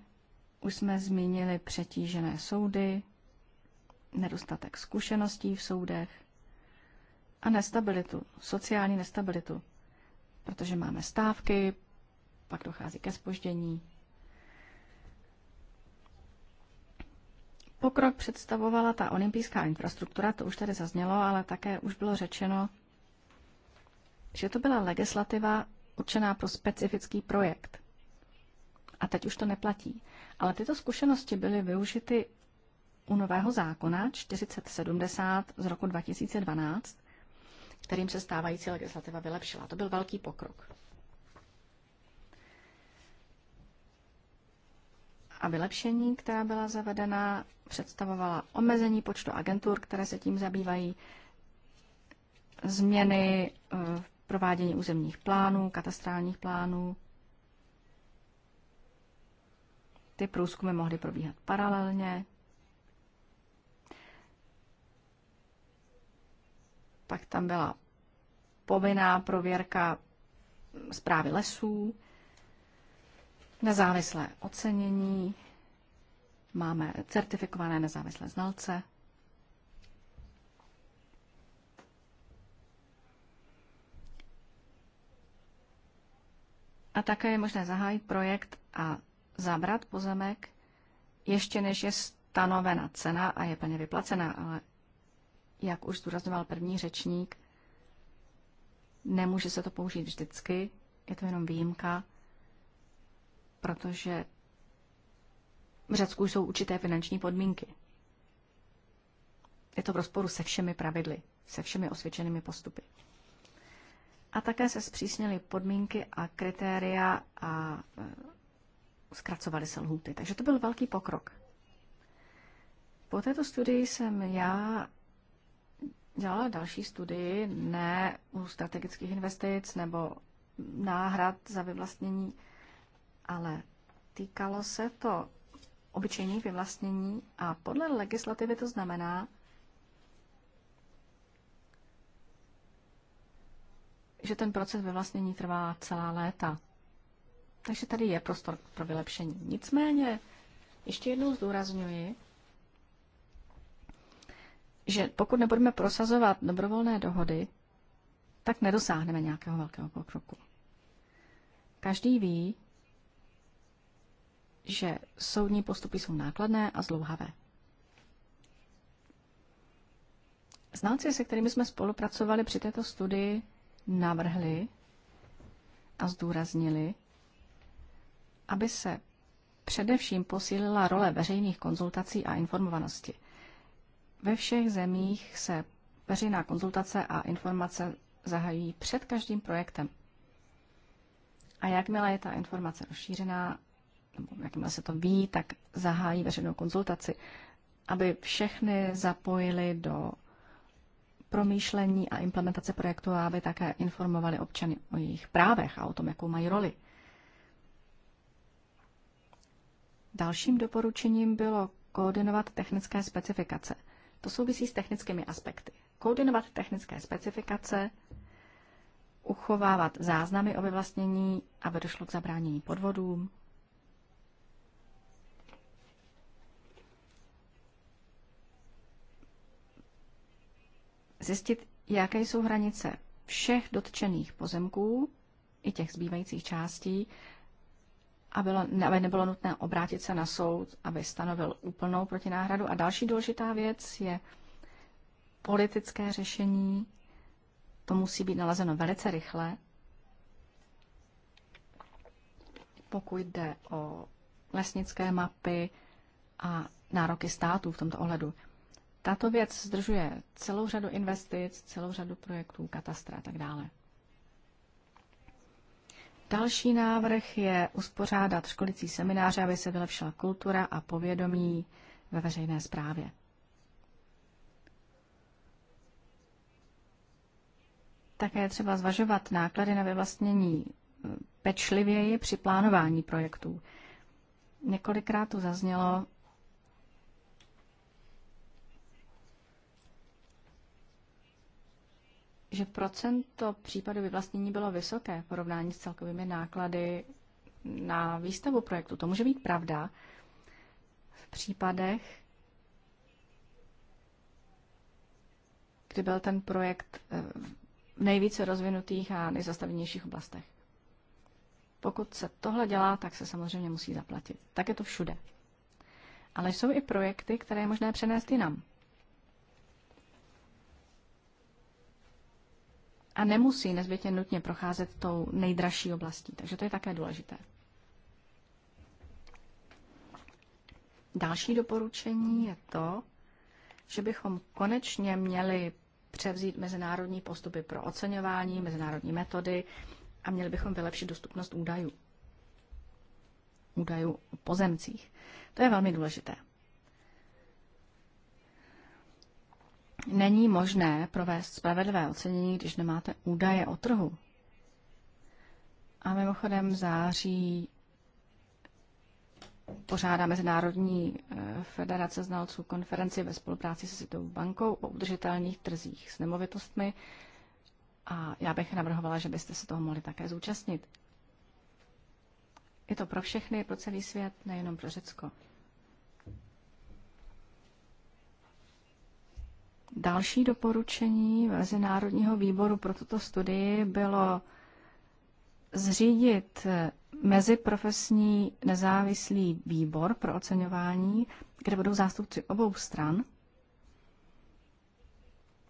už jsme zmínili přetížené soudy, nedostatek zkušeností v soudech, a nestabilitu, sociální nestabilitu, protože máme stávky, pak dochází ke spoždění. Pokrok představovala ta olympijská infrastruktura, to už tady zaznělo, ale také už bylo řečeno, že to byla legislativa určená pro specifický projekt. A teď už to neplatí. Ale tyto zkušenosti byly využity u nového zákona 4070 z roku 2012, kterým se stávající legislativa vylepšila. To byl velký pokrok. A vylepšení, která byla zavedena, představovala omezení počtu agentur, které se tím zabývají, změny eh, v provádění územních plánů, katastrálních plánů. Ty průzkumy mohly probíhat paralelně, Pak tam byla povinná prověrka zprávy lesů, nezávislé ocenění, máme certifikované nezávislé znalce. A také je možné zahájit projekt a zabrat pozemek, ještě než je stanovena cena a je plně vyplacená, ale jak už zdůrazňoval první řečník, nemůže se to použít vždycky, je to jenom výjimka, protože v Řecku jsou určité finanční podmínky. Je to v rozporu se všemi pravidly, se všemi osvědčenými postupy. A také se zpřísnily podmínky a kritéria a e, zkracovaly se lhuty, Takže to byl velký pokrok. Po této studii jsem já dělala další studii, ne u strategických investic nebo náhrad za vyvlastnění, ale týkalo se to obyčejných vyvlastnění a podle legislativy to znamená, že ten proces vyvlastnění trvá celá léta. Takže tady je prostor pro vylepšení. Nicméně, ještě jednou zdůrazňuji, že pokud nebudeme prosazovat dobrovolné dohody, tak nedosáhneme nějakého velkého pokroku. Každý ví, že soudní postupy jsou nákladné a zlouhavé. Znalci, se kterými jsme spolupracovali při této studii, navrhli a zdůraznili, aby se především posílila role veřejných konzultací a informovanosti – ve všech zemích se veřejná konzultace a informace zahajují před každým projektem. A jakmile je ta informace rozšířená, nebo jakmile se to ví, tak zahájí veřejnou konzultaci, aby všechny zapojili do promýšlení a implementace projektu a aby také informovali občany o jejich právech a o tom, jakou mají roli. Dalším doporučením bylo koordinovat technické specifikace. To souvisí s technickými aspekty. Koordinovat technické specifikace, uchovávat záznamy o vyvlastnění, aby došlo k zabránění podvodům, zjistit, jaké jsou hranice všech dotčených pozemků i těch zbývajících částí aby, aby nebylo nutné obrátit se na soud, aby stanovil úplnou protináhradu. A další důležitá věc je politické řešení. To musí být nalezeno velice rychle. Pokud jde o lesnické mapy a nároky států v tomto ohledu. Tato věc zdržuje celou řadu investic, celou řadu projektů, katastra a tak dále. Další návrh je uspořádat školicí semináře, aby se vylepšila kultura a povědomí ve veřejné správě. Také je třeba zvažovat náklady na vyvlastnění eh, pečlivěji při plánování projektů. Několikrát tu zaznělo, že procento případů vyvlastnění bylo vysoké v porovnání s celkovými náklady na výstavu projektu. To může být pravda v případech, kdy byl ten projekt eh, v nejvíce rozvinutých a nejzastavnějších oblastech. Pokud se tohle dělá, tak se samozřejmě musí zaplatit. Tak je to všude. Ale jsou i projekty, které je možné přenést jinam. a nemusí nezbytně nutně procházet tou nejdražší oblastí. Takže to je také důležité. Další doporučení je to, že bychom konečně měli převzít mezinárodní postupy pro oceňování, mezinárodní metody a měli bychom vylepšit dostupnost údajů. Údajů o pozemcích. To je velmi důležité. Není možné provést spravedlivé ocenění, když nemáte údaje o trhu. A mimochodem v září pořádá Mezinárodní eh, federace znalců konferenci ve spolupráci se Světovou bankou o udržitelných trzích s nemovitostmi. A já bych navrhovala, že byste se toho mohli také zúčastnit. Je to pro všechny, pro celý svět, nejenom pro Řecko. Další doporučení Mezinárodního výboru pro tuto studii bylo zřídit meziprofesní nezávislý výbor pro oceňování, kde budou zástupci obou stran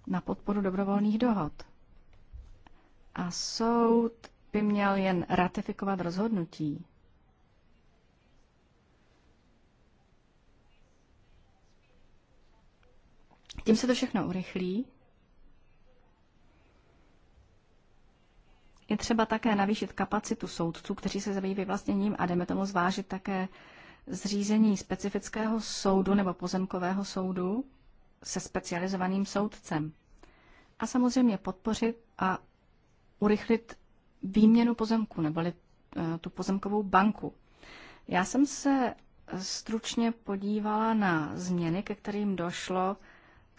na podporu dobrovolných dohod. A soud by měl jen ratifikovat rozhodnutí Tím se to všechno urychlí. Je třeba také navýšit kapacitu soudců, kteří se zabývají vyvlastněním a jdeme tomu zvážit také zřízení specifického soudu nebo pozemkového soudu se specializovaným soudcem. A samozřejmě podpořit a urychlit výměnu pozemku neboli eh, tu pozemkovou banku. Já jsem se stručně podívala na změny, ke kterým došlo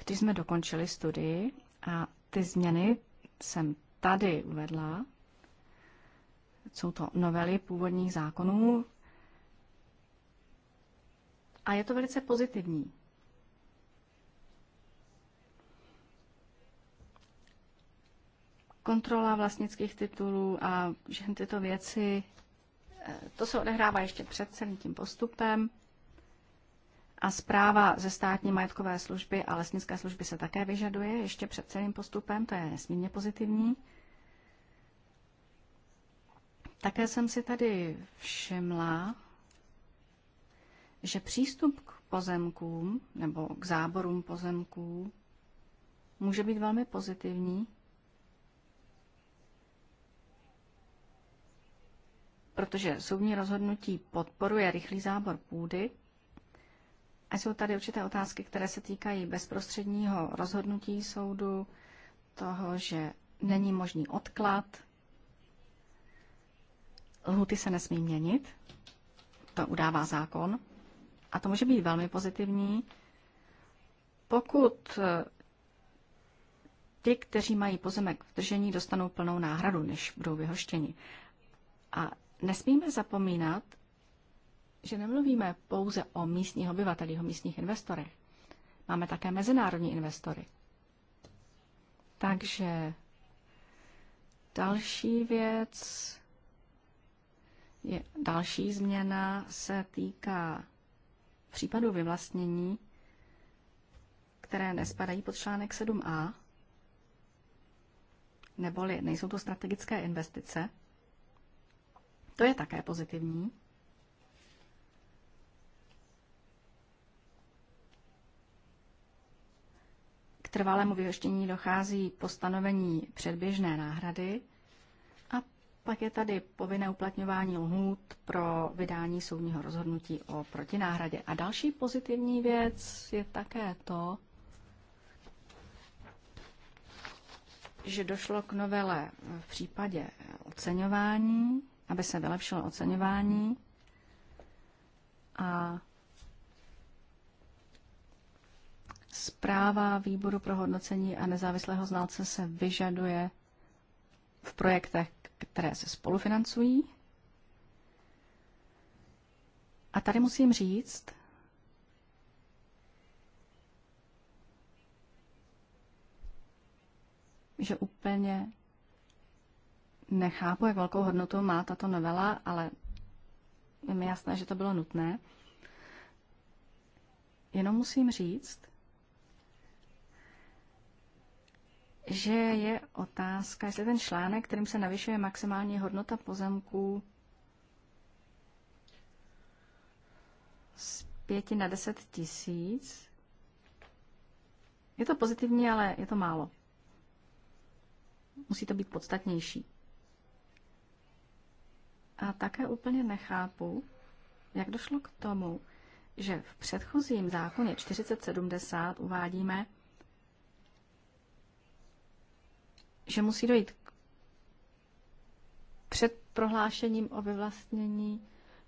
když jsme dokončili studii a ty změny jsem tady uvedla, jsou to novely původních zákonů a je to velice pozitivní. Kontrola vlastnických titulů a všechny tyto věci, eh, to se odehrává ještě před celým tím postupem. A zpráva ze státní majetkové služby a lesnické služby se také vyžaduje ještě před celým postupem, to je nesmírně pozitivní. Také jsem si tady všimla, že přístup k pozemkům nebo k záborům pozemků může být velmi pozitivní, protože soudní rozhodnutí podporuje rychlý zábor půdy a jsou tady určité otázky, které se týkají bezprostředního rozhodnutí soudu, toho, že není možný odklad, lhuty se nesmí měnit, to udává zákon. A to může být velmi pozitivní, pokud eh, ty, kteří mají pozemek v držení, dostanou plnou náhradu, než budou vyhoštěni. A nesmíme zapomínat, že nemluvíme pouze o místních obyvatelích, o místních investorech. Máme také mezinárodní investory. Takže další věc, je, další změna se týká případů vyvlastnění, které nespadají pod článek 7a, neboli nejsou to strategické investice. To je také pozitivní. trvalému vyhoštění dochází po stanovení předběžné náhrady a pak je tady povinné uplatňování lhůt pro vydání soudního rozhodnutí o protináhradě. A další pozitivní věc je také to, že došlo k novele v případě oceňování, aby se vylepšilo oceňování a Zpráva výboru pro hodnocení a nezávislého znalce se vyžaduje v projektech, které se spolufinancují. A tady musím říct, že úplně nechápu, jak velkou hodnotu má tato novela, ale je mi jasné, že to bylo nutné. Jenom musím říct, že je otázka, jestli ten článek, kterým se navyšuje maximální hodnota pozemků z pěti na deset tisíc, je to pozitivní, ale je to málo. Musí to být podstatnější. A také úplně nechápu, jak došlo k tomu, že v předchozím zákoně 4070 uvádíme, že musí dojít před prohlášením o vyvlastnění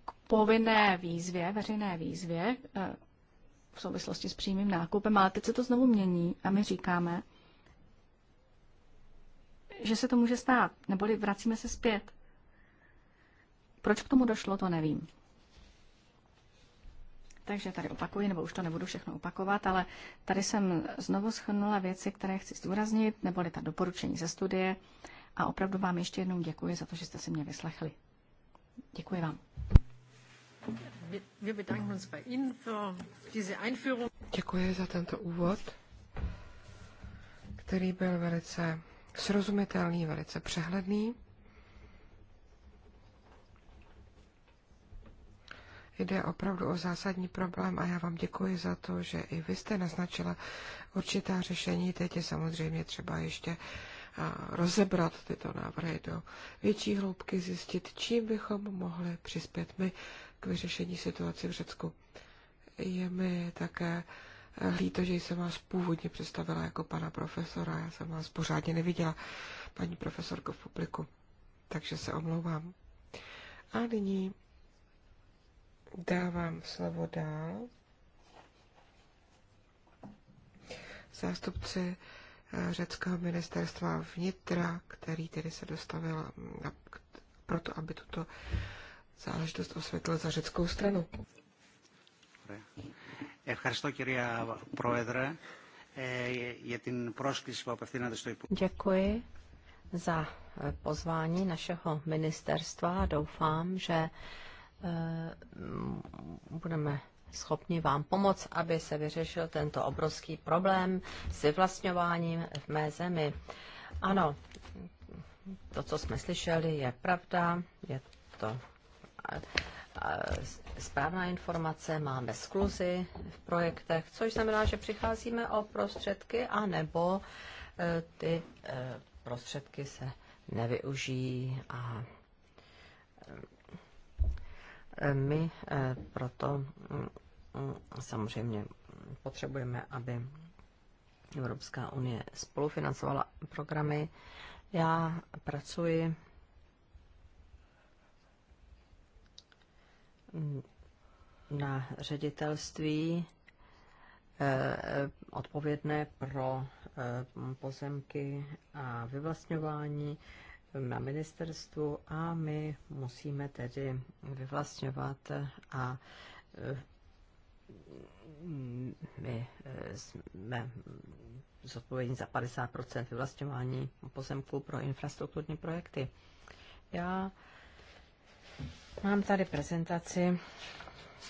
k povinné výzvě, veřejné výzvě eh, v souvislosti s přímým nákupem, ale teď se to znovu mění a my říkáme, že se to může stát, neboli vracíme se zpět. Proč k tomu došlo, to nevím. Takže tady opakuji, nebo už to nebudu všechno opakovat, ale tady jsem znovu schrnula věci, které chci zdůraznit, neboli ta doporučení ze studie. A opravdu vám ještě jednou děkuji za to, že jste si mě vyslechli. Děkuji vám. Děkuji za tento úvod, který byl velice srozumitelný, velice přehledný. Jde opravdu o zásadní problém a já vám děkuji za to, že i vy jste naznačila určitá řešení. Teď je samozřejmě třeba ještě rozebrat tyto návrhy do větší hloubky, zjistit, čím bychom mohli přispět my k vyřešení situace v Řecku. Je mi také eh, líto, že jsem vás původně představila jako pana profesora. Já jsem vás pořádně neviděla, paní profesorko v publiku, takže se omlouvám. A nyní Dávám slovo dál. Zástupce eh, řeckého ministerstva vnitra, který tedy se dostavil pro proto, aby tuto záležitost osvětlil za řeckou stranu. Eh, Děkuji za eh, pozvání našeho ministerstva. Doufám, že Eh, budeme schopni vám pomoct, aby se vyřešil tento obrovský problém s vyvlastňováním v mé zemi. Ano, to, co jsme slyšeli, je pravda, je to eh, správná informace, máme skluzy v projektech, což znamená, že přicházíme o prostředky, anebo eh, ty prostředky se nevyužijí a my eh, proto mm, mm, samozřejmě potřebujeme, aby Evropská unie spolufinancovala programy. Já pracuji mm, na ředitelství eh, odpovědné pro eh, pozemky a vyvlastňování na ministerstvu a my musíme tedy vyvlastňovat a eh, my eh, jsme zodpovědní za 50 vyvlastňování pozemků pro infrastrukturní projekty. Já mám tady prezentaci,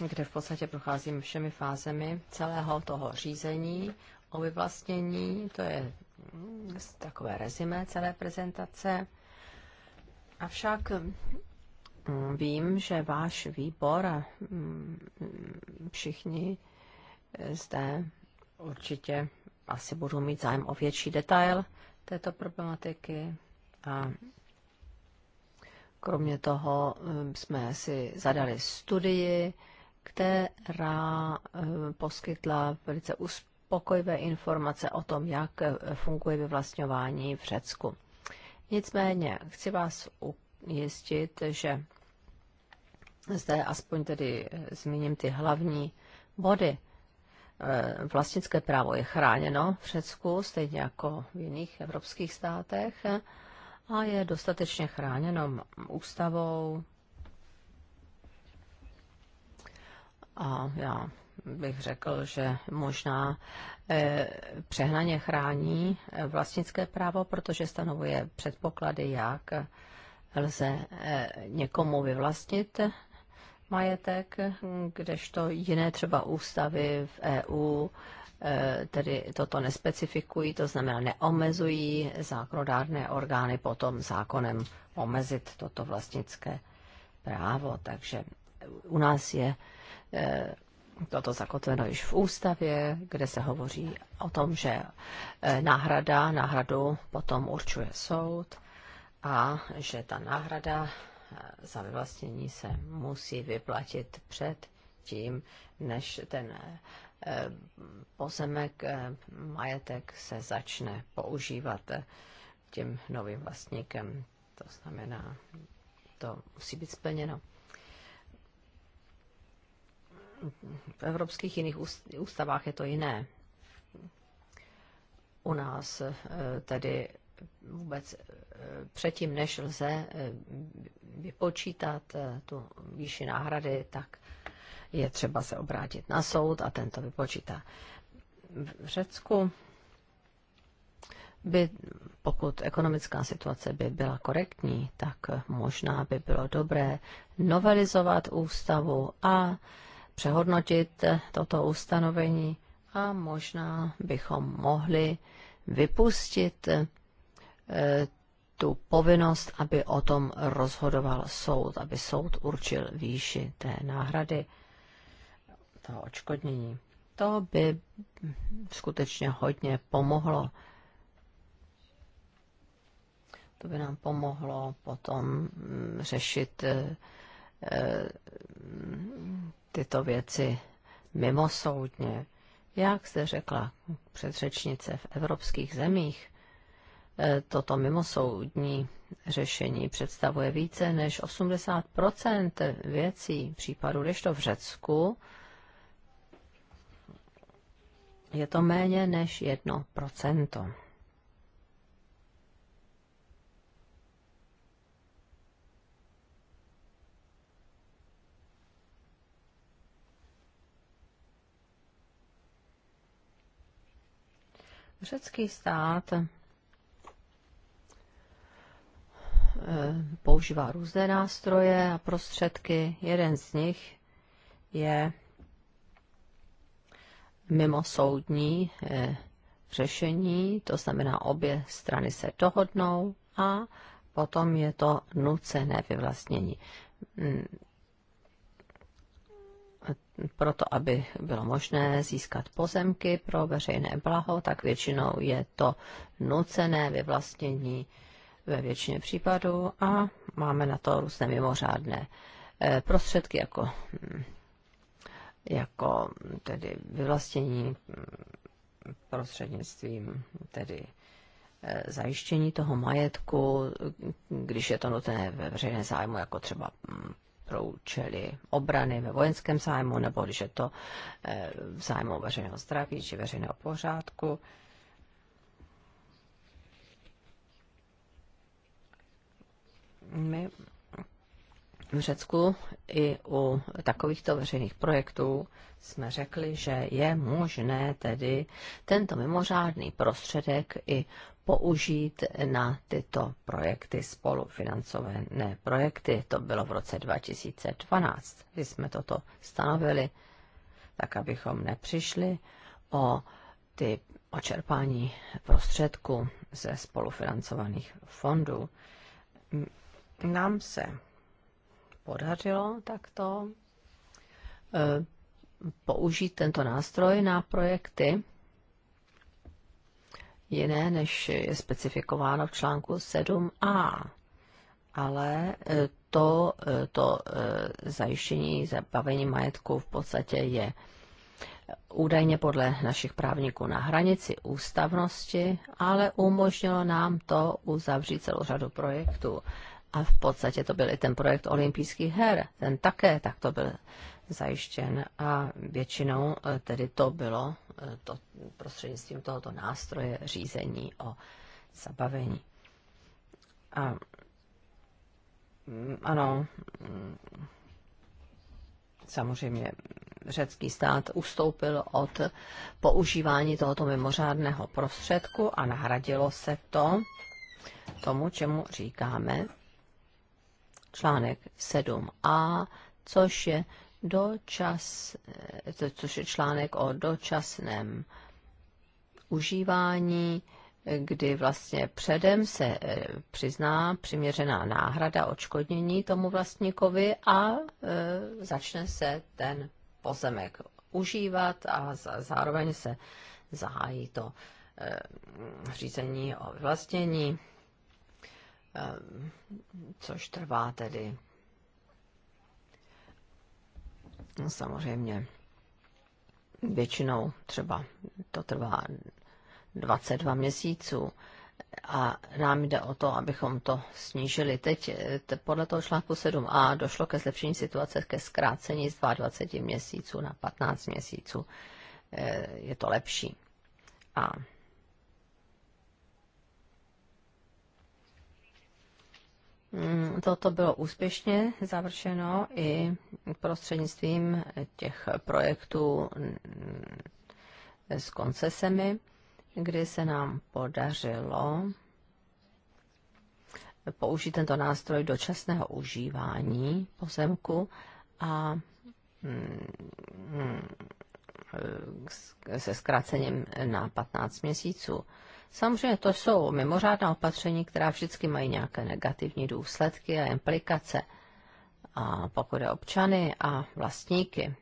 kde v podstatě procházím všemi fázemi celého toho řízení o vyvlastnění. To je mm, takové rezime celé prezentace. Avšak mm, vím, že váš výbor a mm, všichni eh, zde určitě asi budou mít zájem o větší detail této problematiky a kromě toho mm, jsme si zadali studii, která poskytla velice uspokojivé informace o tom, jak eh, funguje vyvlastňování v Řecku. Nicméně chci vás ujistit, že zde aspoň tedy eh, zmíním ty hlavní body. Eh, vlastnické právo je chráněno v Řecku, stejně jako v jiných evropských státech, eh, a je dostatečně chráněno ústavou. A já bych řekl, že možná eh, přehnaně chrání eh, vlastnické právo, protože stanovuje předpoklady, jak lze eh, někomu vyvlastnit majetek, kdežto jiné třeba ústavy v EU tedy toto nespecifikují, to znamená neomezují zákonodárné orgány potom zákonem omezit toto vlastnické právo. Takže u nás je toto zakotveno již v ústavě, kde se hovoří o tom, že eh, náhrada, náhradu potom určuje soud a že ta náhrada eh, za vyvlastnění se musí vyplatit před tím, než ten eh, pozemek, majetek se začne používat tím novým vlastníkem. To znamená, to musí být splněno v evropských jiných ústavách je to jiné. U nás eh, tedy vůbec eh, předtím, než lze eh, vypočítat tu výši náhrady, tak je třeba se obrátit na soud a ten to vypočítá. V Řecku by, pokud ekonomická situace by byla korektní, tak možná by bylo dobré novelizovat ústavu a přehodnotit eh, toto ustanovení a možná bychom mohli vypustit eh, tu povinnost, aby o tom rozhodoval soud, aby soud určil výši té náhrady, toho očkodnění. To by skutečně hodně pomohlo. To by nám pomohlo potom řešit eh, tyto věci mimosoudně. Jak jste řekla předřečnice v evropských zemích, eh, toto mimosoudní řešení představuje více než 80 věcí případů, když to v Řecku je to méně než 1 procento. Řecký stát eh, používá různé nástroje a prostředky. Jeden z nich je mimosoudní eh, řešení, to znamená, obě strany se dohodnou a potom je to nucené vyvlastnění. Mm, proto, aby bylo možné získat pozemky pro veřejné blaho, tak většinou je to nucené vyvlastnění ve většině případů a máme na to různé mimořádné eh, prostředky, jako, hm, jako tedy vyvlastnění hm, prostřednictvím tedy eh, zajištění toho majetku, když je to nutné ve veřejné zájmu, jako třeba hm, pro účely obrany ve vojenském zájmu, nebo když je to eh, v zájmu veřejného zdraví či veřejného pořádku. My v Řecku i u takovýchto veřejných projektů jsme řekli, že je možné tedy tento mimořádný prostředek i použít na tyto projekty spolufinancované projekty. To bylo v roce 2012, kdy jsme toto stanovili, tak abychom nepřišli o ty očerpání prostředků ze spolufinancovaných fondů. Nám se podařilo takto eh, použít tento nástroj na projekty, jiné, než je specifikováno v článku 7a. Ale e, to, e, to e, zajištění zabavení majetku v podstatě je údajně podle našich právníků na hranici ústavnosti, ale umožnilo nám to uzavřít celou řadu projektů. A v podstatě to byl i ten projekt olympijských her, ten také takto byl zajištěn a většinou e, tedy to bylo e, to, prostřednictvím tohoto nástroje řízení o zabavení. A, mm, ano, mm, samozřejmě řecký stát ustoupil od používání tohoto mimořádného prostředku a nahradilo se to tomu, čemu říkáme článek 7a, což je, dočas, eh, což je článek o dočasném užívání, kdy vlastně předem se eh, přizná přiměřená náhrada odškodnění tomu vlastníkovi a eh, začne se ten pozemek užívat a zároveň se zahájí to řízení o vlastnění Ehm, což trvá tedy no, samozřejmě většinou třeba to trvá 22 měsíců a nám jde o to, abychom to snížili. Teď eh, podle toho článku 7a došlo ke zlepšení situace, ke zkrácení z 22 měsíců na 15 měsíců. Eh, je to lepší. A Mm, toto bylo úspěšně završeno i prostřednictvím těch projektů mm, s koncesemi, kdy se nám podařilo použít tento nástroj dočasného užívání pozemku a mm, se zkrácením na 15 měsíců. Samozřejmě to jsou mimořádná opatření, která vždycky mají nějaké negativní důsledky a implikace. A pokud je občany a vlastníky.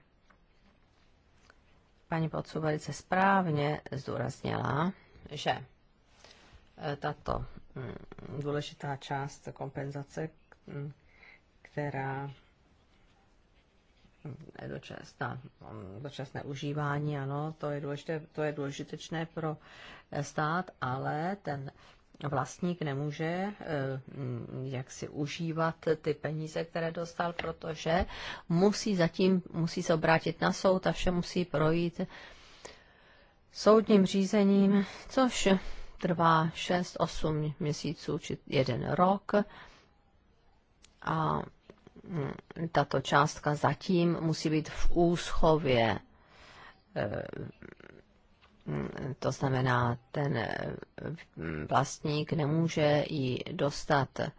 Paní Pocu velice správně zdůraznila, že e, tato mm, důležitá část kompenzace, mm, která dočasná, dočasné užívání, ano, to je, důležité, to je důležitečné pro eh, stát, ale ten vlastník nemůže eh, jak si užívat ty peníze, které dostal, protože musí zatím, musí se obrátit na soud a vše musí projít soudním řízením, což trvá 6-8 měsíců či jeden rok. A tato částka zatím musí být v úschově. Eh, to znamená, ten eh, vlastník nemůže ji dostat, eh,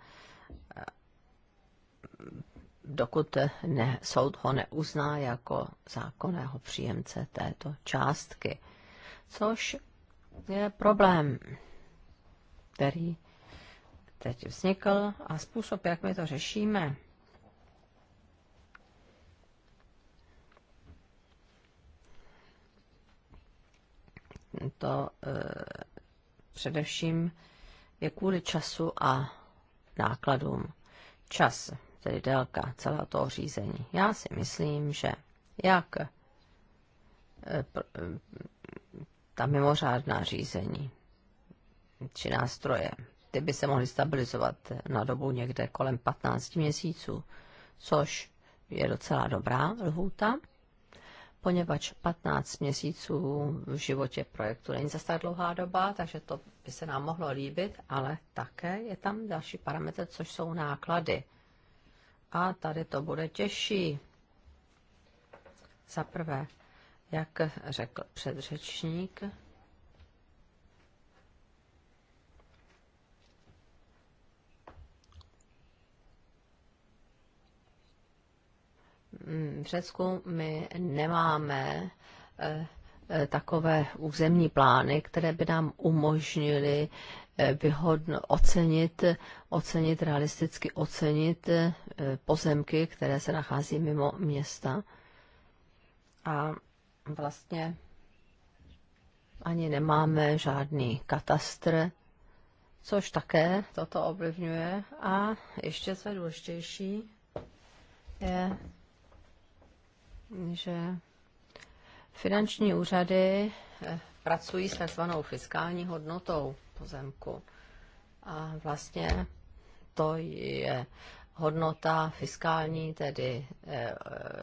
dokud ne, soud ho neuzná jako zákonného příjemce této částky. Což je problém, který teď vznikl a způsob, jak my to řešíme to e, především je kvůli času a nákladům. Čas, tedy délka celého toho řízení. Já si myslím, že jak e, e, ta mimořádná řízení či nástroje, ty by se mohly stabilizovat na dobu někde kolem 15 měsíců, což je docela dobrá lhůta poněvadž 15 měsíců v životě projektu není zase tak dlouhá doba, takže to by se nám mohlo líbit, ale také je tam další parametr, což jsou náklady. A tady to bude těžší. Za prvé, jak řekl předřečník, v Řecku my nemáme eh, eh, takové územní plány, které by nám umožnily eh, vyhodno, ocenit, ocenit, realisticky ocenit pozemky, které se nachází mimo města. A vlastně ani nemáme žádný katastr, což také toto ovlivňuje. A ještě co je důležitější, je že finanční úřady eh, pracují s takzvanou fiskální hodnotou pozemku. A vlastně to je hodnota fiskální, tedy eh,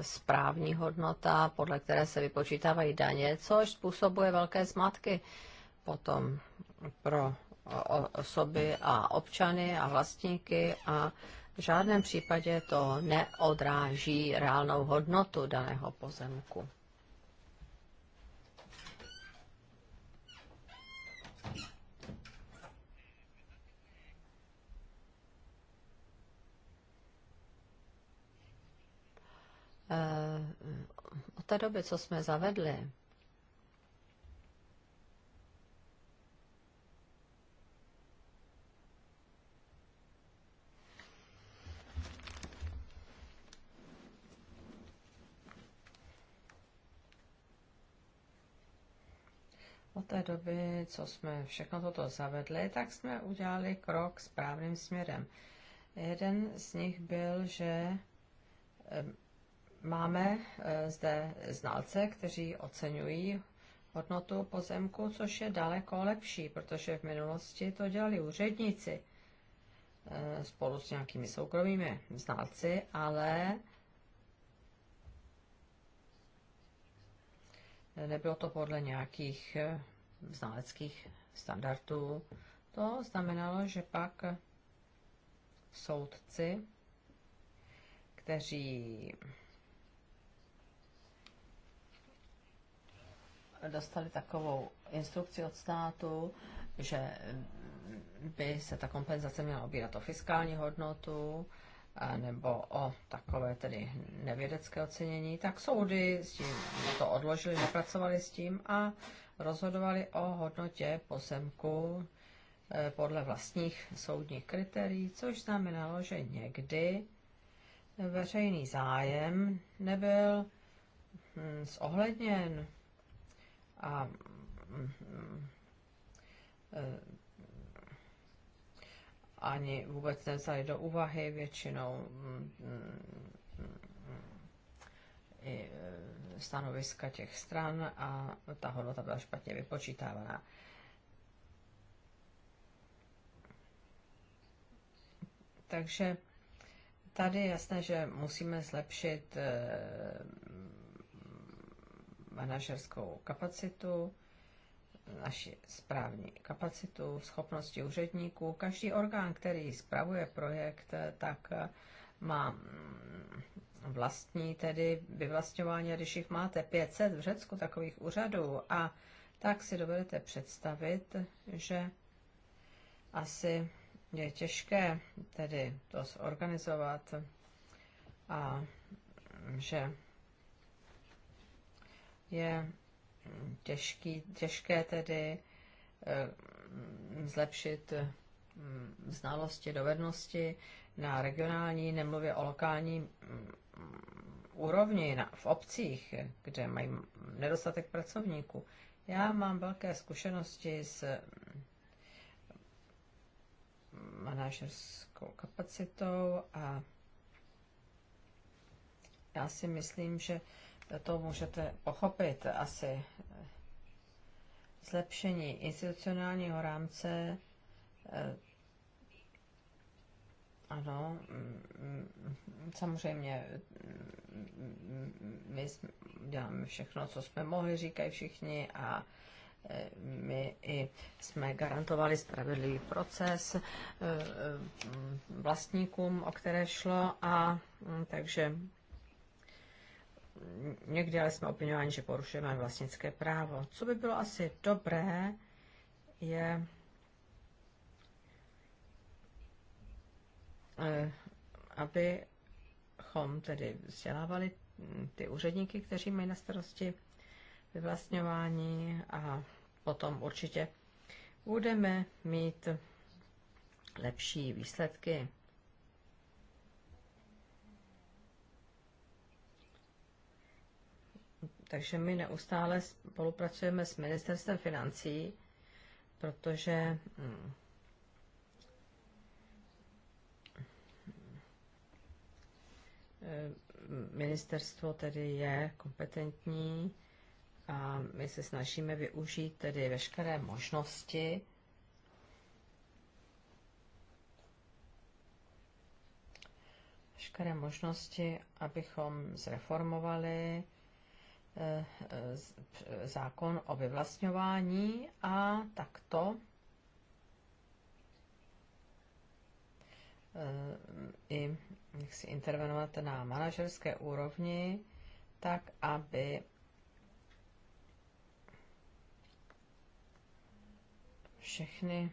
správní hodnota, podle které se vypočítávají daně, což způsobuje velké zmatky potom pro osoby a občany a vlastníky a v žádném případě to neodráží reálnou hodnotu daného pozemku. Eh, od té doby, co jsme zavedli Od té doby, co jsme všechno toto zavedli, tak jsme udělali krok správným směrem. Jeden z nich byl, že máme e, zde znalce, kteří oceňují hodnotu pozemku, což je daleko lepší, protože v minulosti to dělali úředníci e, spolu s nějakými soukromými znalci, ale nebylo to podle nějakých eh, znaleckých standardů. To znamenalo, že pak soudci, kteří dostali takovou instrukci od státu, že by se ta kompenzace měla obírat o fiskální hodnotu nebo o takové tedy nevědecké ocenění, tak soudy s tím to odložili, nepracovali s tím a rozhodovali o hodnotě pozemku eh, podle vlastních soudních kritérií, což znamenalo, že někdy veřejný zájem nebyl hm, zohledněn a hm, hm, eh, ani vůbec nevzali do úvahy většinou mm, mm, mm, i e, stanoviska těch stran a ta hodnota byla špatně vypočítávaná. Takže tady je jasné, že musíme zlepšit e, manažerskou kapacitu naši správní kapacitu, schopnosti úředníků. Každý orgán, který spravuje projekt, tak má mm, vlastní tedy vyvlastňování, když jich máte 500 v Řecku takových úřadů, a tak si dovedete představit, že asi je těžké tedy to zorganizovat a že je těžký, těžké tedy eh, zlepšit mm, znalosti, dovednosti na regionální, nemluvě o lokální mm, úrovni na, v obcích, kde mají nedostatek pracovníků. Já mám velké zkušenosti s mm, manažerskou kapacitou a já si myslím, že to můžete pochopit asi. Zlepšení institucionálního rámce, eh, ano, mm, mm, samozřejmě mm, my děláme všechno, co jsme mohli, říkají všichni a eh, my i jsme garantovali spravedlivý proces eh, vlastníkům, o které šlo a takže někdy ale jsme obvinováni, že porušujeme vlastnické právo. Co by bylo asi dobré, je eh, abychom tedy vzdělávali hm, ty úředníky, kteří mají na starosti vyvlastňování a potom určitě budeme mít lepší výsledky Takže my neustále spolupracujeme s ministerstvem financí, protože mm, eh, ministerstvo tedy je kompetentní a my se snažíme využít tedy veškeré možnosti, veškeré možnosti, abychom zreformovali Eh, zákon o vyvlastňování a takto eh, i jak si intervenovat na manažerské úrovni, tak aby všechny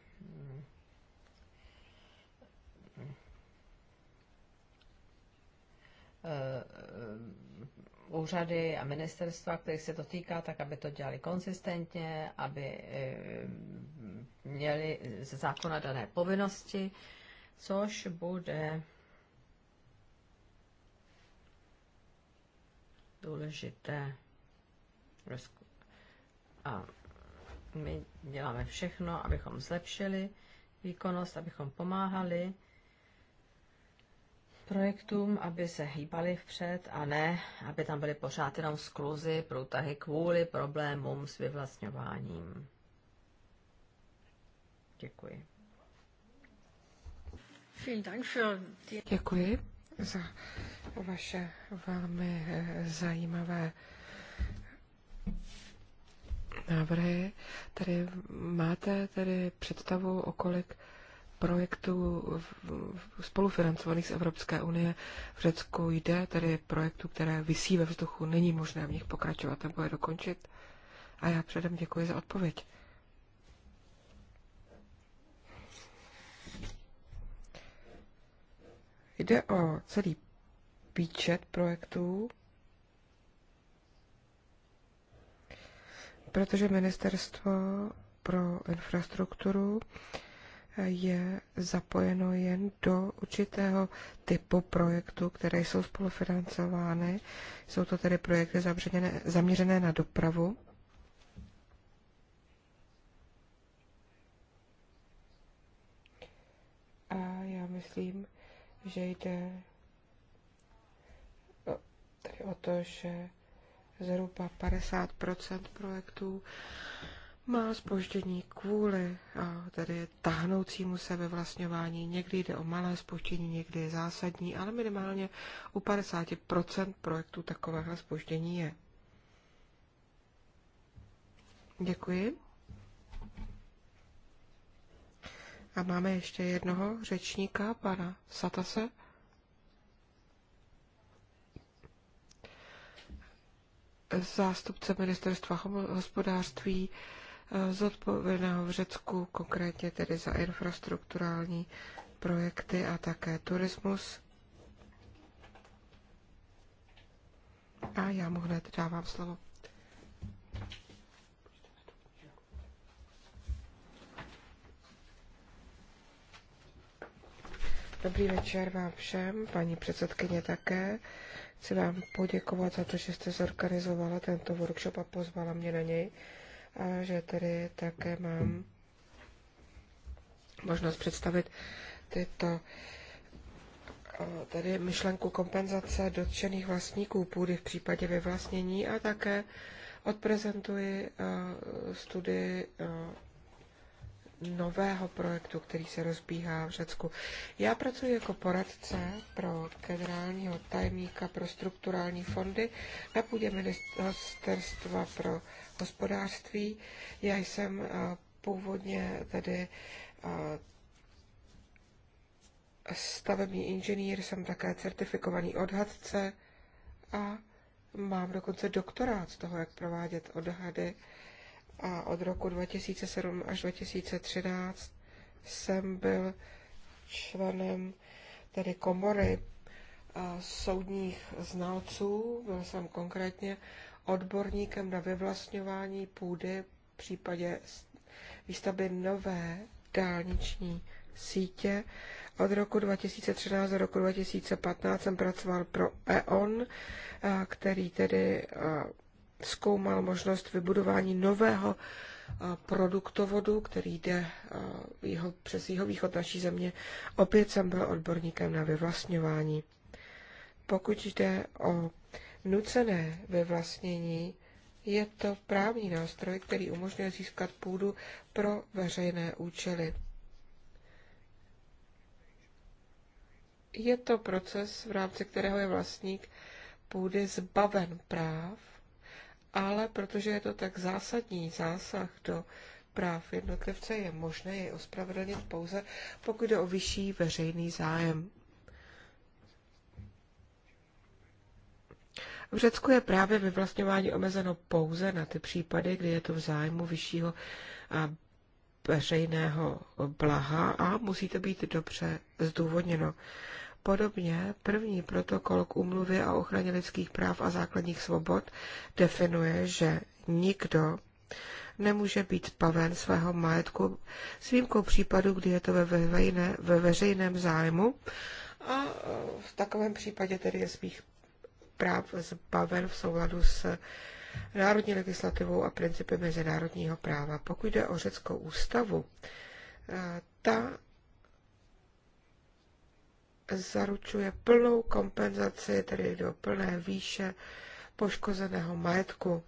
eh, úřady a ministerstva, kterých se to týká, tak aby to dělali konzistentně, aby eh, měli ze zákona dané povinnosti, což bude důležité. A my děláme všechno, abychom zlepšili výkonnost, abychom pomáhali projektům, aby se hýbali vpřed a ne, aby tam byly pořád jenom skluzy, průtahy kvůli problémům s vyvlastňováním. Děkuji. Děkuji za vaše velmi eh, zajímavé návrhy. Tady máte tady představu, o kolik projektů spolufinancovaných z Evropské unie v Řecku jde, tedy projektů, které vysí ve vzduchu, není možné v nich pokračovat nebo je dokončit. A já předem děkuji za odpověď. Jde o celý výčet projektů, protože ministerstvo pro infrastrukturu je zapojeno jen do určitého typu projektů, které jsou spolufinancovány. Jsou to tedy projekty zaměřené na dopravu. A já myslím, že jde tedy o to, že zhruba 50 projektů má spoždění kvůli a tedy tahnoucímu se ve vlastňování. Někdy jde o malé spoždění, někdy je zásadní, ale minimálně u 50% projektů takového spoždění je. Děkuji. A máme ještě jednoho řečníka, pana Satase. Zástupce ministerstva hospodářství zodpovědného v Řecku, konkrétně tedy za infrastrukturální projekty a také turismus. A já mu hned dávám slovo. Dobrý večer vám všem, paní předsedkyně také. Chci vám poděkovat za to, že jste zorganizovala tento workshop a pozvala mě na něj a že tady také mám možnost představit tyto tedy myšlenku kompenzace dotčených vlastníků půdy v případě vyvlastnění a také odprezentuji studii nového projektu, který se rozbíhá v Řecku. Já pracuji jako poradce pro generálního tajemníka pro strukturální fondy na půdě ministerstva pro hospodářství. Já jsem eh, původně tedy eh, stavební inženýr, jsem také certifikovaný odhadce a mám dokonce doktorát z toho, jak provádět odhady. A od roku 2007 až 2013 jsem byl členem tedy komory eh, soudních znalců, byl jsem konkrétně odborníkem na vyvlastňování půdy v případě výstavby nové dálniční sítě. Od roku 2013 do roku 2015 jsem pracoval pro E.ON, eh, který tedy eh, zkoumal možnost vybudování nového eh, produktovodu, který jde jeho, přes jeho východ naší země. Opět jsem byl odborníkem na vyvlastňování. Pokud jde o nucené ve vlastnění je to právní nástroj, který umožňuje získat půdu pro veřejné účely. Je to proces, v rámci kterého je vlastník půdy zbaven práv, ale protože je to tak zásadní zásah do práv jednotlivce, je možné jej ospravedlnit pouze, pokud jde o vyšší veřejný zájem. V Řecku je právě vyvlastňování omezeno pouze na ty případy, kdy je to v zájmu vyššího a veřejného blaha a musí to být dobře zdůvodněno. Podobně první protokol k úmluvě o ochraně lidských práv a základních svobod definuje, že nikdo nemůže být paven svého majetku s výjimkou případu, kdy je to ve, veřejné, ve veřejném zájmu a v takovém případě tedy je spíš práv zbaven v souladu s národní legislativou a principy mezinárodního práva. Pokud jde o řeckou ústavu, eh, ta zaručuje plnou kompenzaci, tedy do plné výše poškozeného majetku.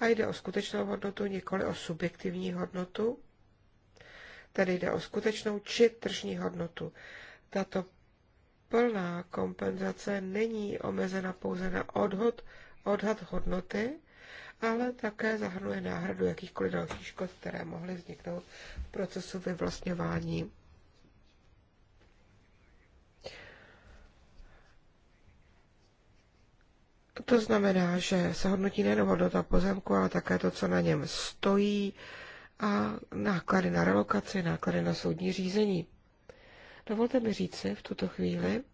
A jde o skutečnou hodnotu, nikoli o subjektivní hodnotu, tedy jde o skutečnou či tržní hodnotu. Tato plná kompenzace není omezena pouze na odhod, odhad hodnoty, ale také zahrnuje náhradu jakýchkoliv dalších škod, které mohly vzniknout v procesu vyvlastňování. To znamená, že se hodnotí nejen hodnota pozemku, ale také to, co na něm stojí a náklady na relokaci, náklady na soudní řízení. Dovolte mi říci v tuto chvíli,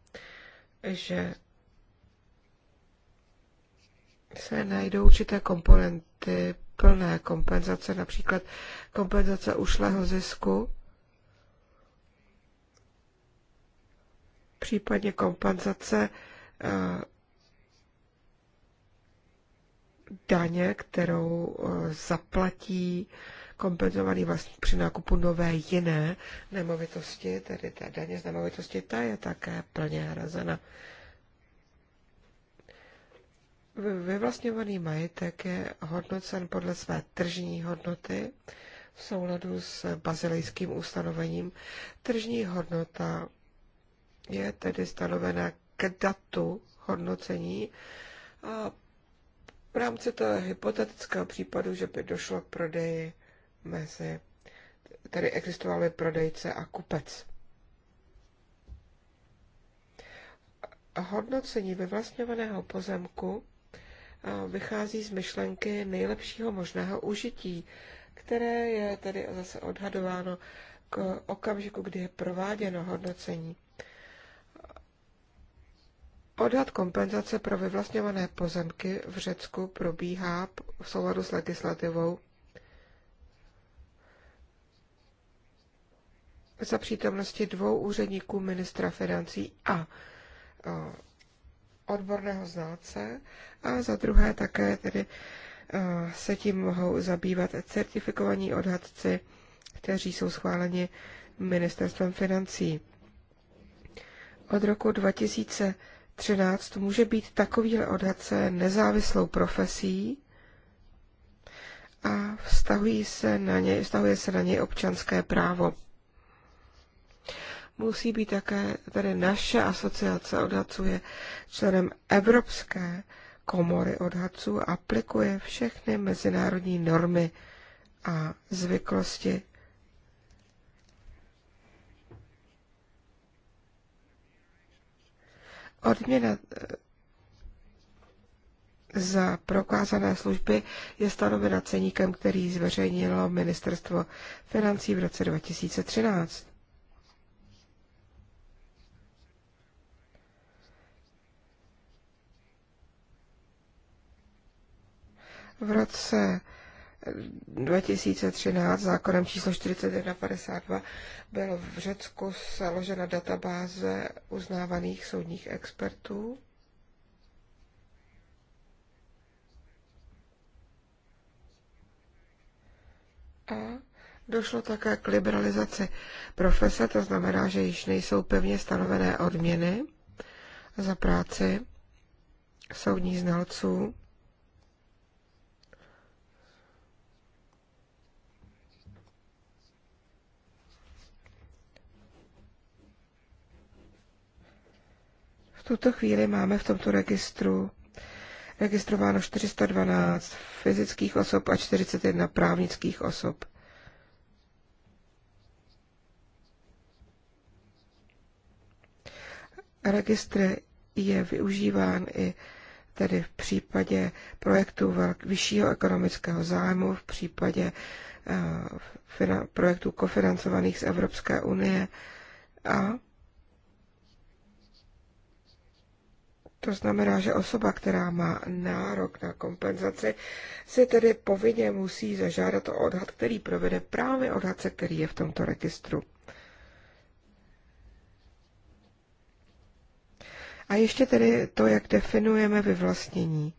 že se najdou určité komponenty plné kompenzace, například kompenzace ušlého zisku, případně kompenzace eh, daně, kterou eh, zaplatí kompenzovaný vlastně při nákupu nové jiné nemovitosti, tedy té daně z nemovitosti, ta je také plně hrazena. Vyvlastňovaný majetek je hodnocen podle své tržní hodnoty v souladu s bazilejským ustanovením. Tržní hodnota je tedy stanovena k datu hodnocení a v rámci toho hypotetického případu, že by došlo k prodeji mezi, tedy existovali prodejce a kupec. Hodnocení vyvlastňovaného pozemku eh, vychází z myšlenky nejlepšího možného užití, které je tedy zase odhadováno k okamžiku, kdy je prováděno hodnocení. Odhad kompenzace pro vyvlastňované pozemky v Řecku probíhá v souladu s legislativou za přítomnosti dvou úředníků ministra financí a e, odborného znáce a za druhé také tedy e, se tím mohou zabývat certifikovaní odhadci, kteří jsou schváleni ministerstvem financí. Od roku 2013 může být takovýhle odhadce nezávislou profesí a vztahují se na něj, vztahuje se na něj občanské právo musí být také, tedy naše asociace odhadců je členem Evropské komory odhadců a aplikuje všechny mezinárodní normy a zvyklosti. Odměna eh, za prokázané služby je stanovena ceníkem, který zveřejnilo ministerstvo financí v roce 2013. v roce 2013 eh, zákonem číslo 4152 byl v Řecku založena databáze uznávaných soudních expertů. A došlo také k liberalizaci profese, to znamená, že již nejsou pevně stanovené odměny za práci soudních znalců. tuto chvíli máme v tomto registru registrováno 412 fyzických osob a 41 právnických osob. Registr je využíván i tedy v případě projektů vyššího ekonomického zájmu, v případě uh, eh, projektů kofinancovaných z Evropské unie a To znamená, že osoba, která má nárok na kompenzaci, si tedy povinně musí zažádat o odhad, který provede právě odhadce, který je v tomto registru. A ještě tedy to, jak definujeme vyvlastnění.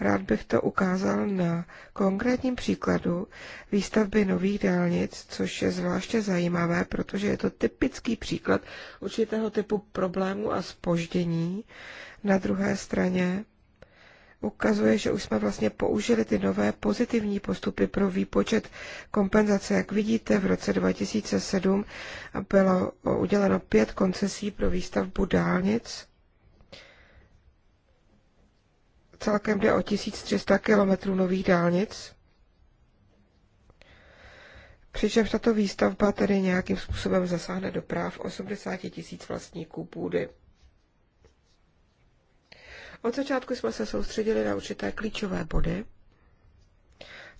Rád bych to ukázal na konkrétním příkladu výstavby nových dálnic, což je zvláště zajímavé, protože je to typický příklad určitého typu problému a spoždění. Na druhé straně ukazuje, že už jsme vlastně použili ty nové pozitivní postupy pro výpočet kompenzace. Jak vidíte, v roce 2007 bylo uděleno pět koncesí pro výstavbu dálnic celkem jde o 1300 kilometrů nových dálnic. Přičemž tato výstavba tedy nějakým způsobem zasáhne do práv 80 tisíc vlastníků půdy. Od začátku jsme se soustředili na určité klíčové body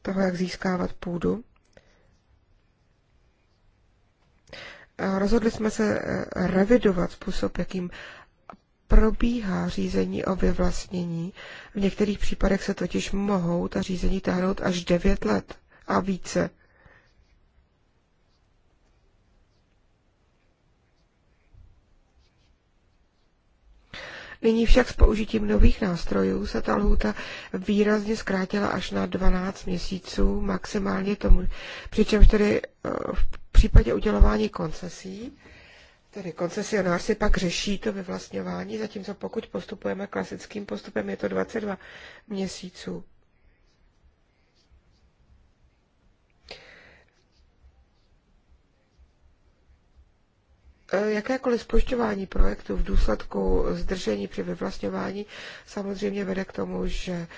toho, jak získávat půdu. Rozhodli jsme se eh, revidovat způsob, jakým probíhá řízení o vyvlastnění. V některých případech se totiž mohou ta řízení táhnout až 9 let a více. Nyní však s použitím nových nástrojů se ta lhůta výrazně zkrátila až na 12 měsíců, maximálně tomu. Přičemž tedy eh, v případě udělování koncesí Tedy koncesionář si pak řeší to vyvlastňování, zatímco pokud postupujeme klasickým postupem, je to 22 měsíců. E, jakékoliv spošťování projektu v důsledku zdržení při vyvlastňování samozřejmě vede k tomu, že e,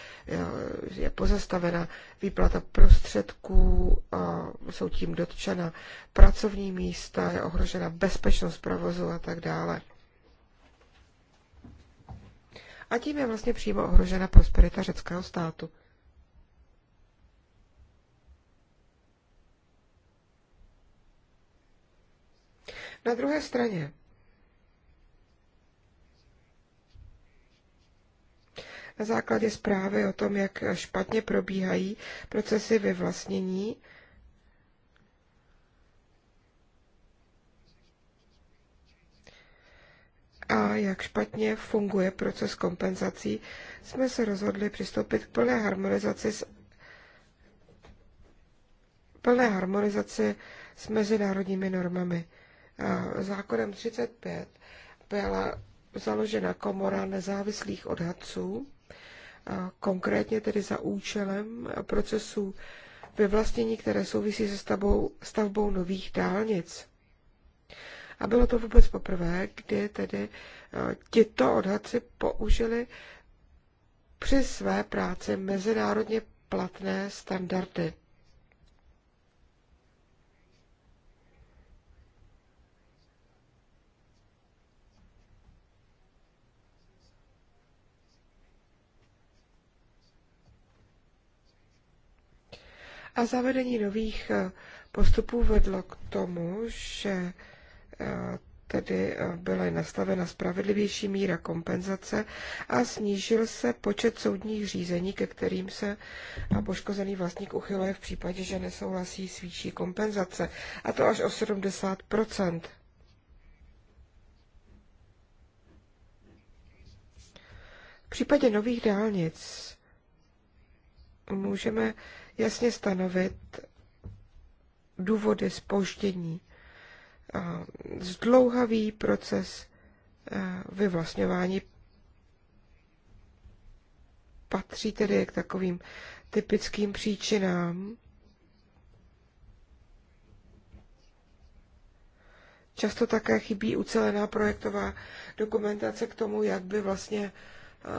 je pozastavena výplata prostředků, jsou tím dotčena pracovní místa, je ohrožena bezpečnost provozu a tak dále. A tím je vlastně přímo ohrožena prosperita řeckého státu. Na druhé straně, na základě zprávy o tom, jak špatně probíhají procesy vyvlastnění, a jak špatně funguje proces kompenzací, jsme se rozhodli přistoupit k plné harmonizaci s plné harmonizaci s mezinárodními normami zákonem 35 byla založena komora nezávislých odhadců, konkrétně tedy za účelem procesů vyvlastnění, které souvisí se stavbou, stavbou nových dálnic. A bylo to vůbec poprvé, kdy tedy tito odhadci použili při své práci mezinárodně platné standardy. A zavedení nových eh, postupů vedlo k tomu, že eh, tedy eh, byla nastavena spravedlivější míra kompenzace a snížil se počet soudních řízení, ke kterým se poškozený vlastník uchyluje v případě, že nesouhlasí s výší kompenzace, a to až o 70 V případě nových dálnic můžeme jasně stanovit důvody spoždění. Zdlouhavý proces vyvlastňování patří tedy k takovým typickým příčinám. Často také chybí ucelená projektová dokumentace k tomu, jak by vlastně uh,